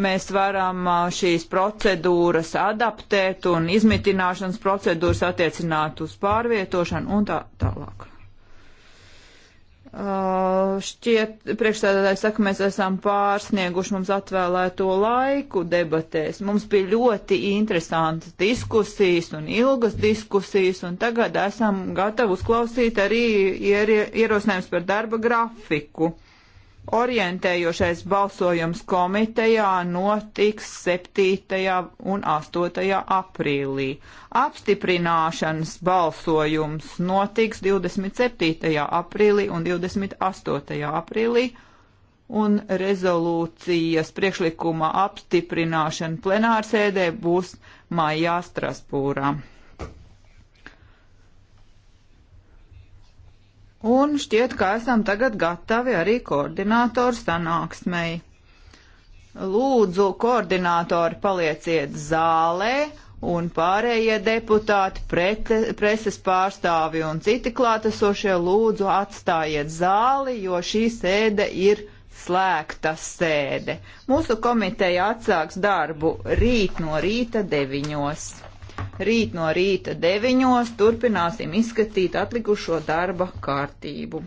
mēs varam šīs procedūras adaptēt un izmitināšanas procedūras attiecināt uz pārvietošanu un tā tālāk. Uh, šķiet, priekšstādātāji saka, mēs esam pārsnieguši mums atvēlēto laiku debatēs. Mums bija ļoti interesantas diskusijas un ilgas diskusijas, un tagad esam gatavi uzklausīt arī ier ierosinājumus par darba grafiku. Uh, Orientējošais balsojums komitejā notiks 7. un 8. aprīlī. Apstiprināšanas balsojums notiks 27. aprīlī un 28. aprīlī, un rezolūcijas priekšlikuma apstiprināšana plenārsēdē būs maijā Strasbūrā. Un šķiet, ka esam tagad gatavi arī koordinātoru sanāksmei. Lūdzu, koordinātori palieciet zālē un pārējie deputāti, prete, preses pārstāvi un citi klātesošie lūdzu atstājiet zāli, jo šī sēde ir slēgta sēde. Mūsu komiteja atsāks darbu rīt no rīta deviņos. Rīt no rīta deviņos turpināsim izskatīt atlikušo darba kārtību.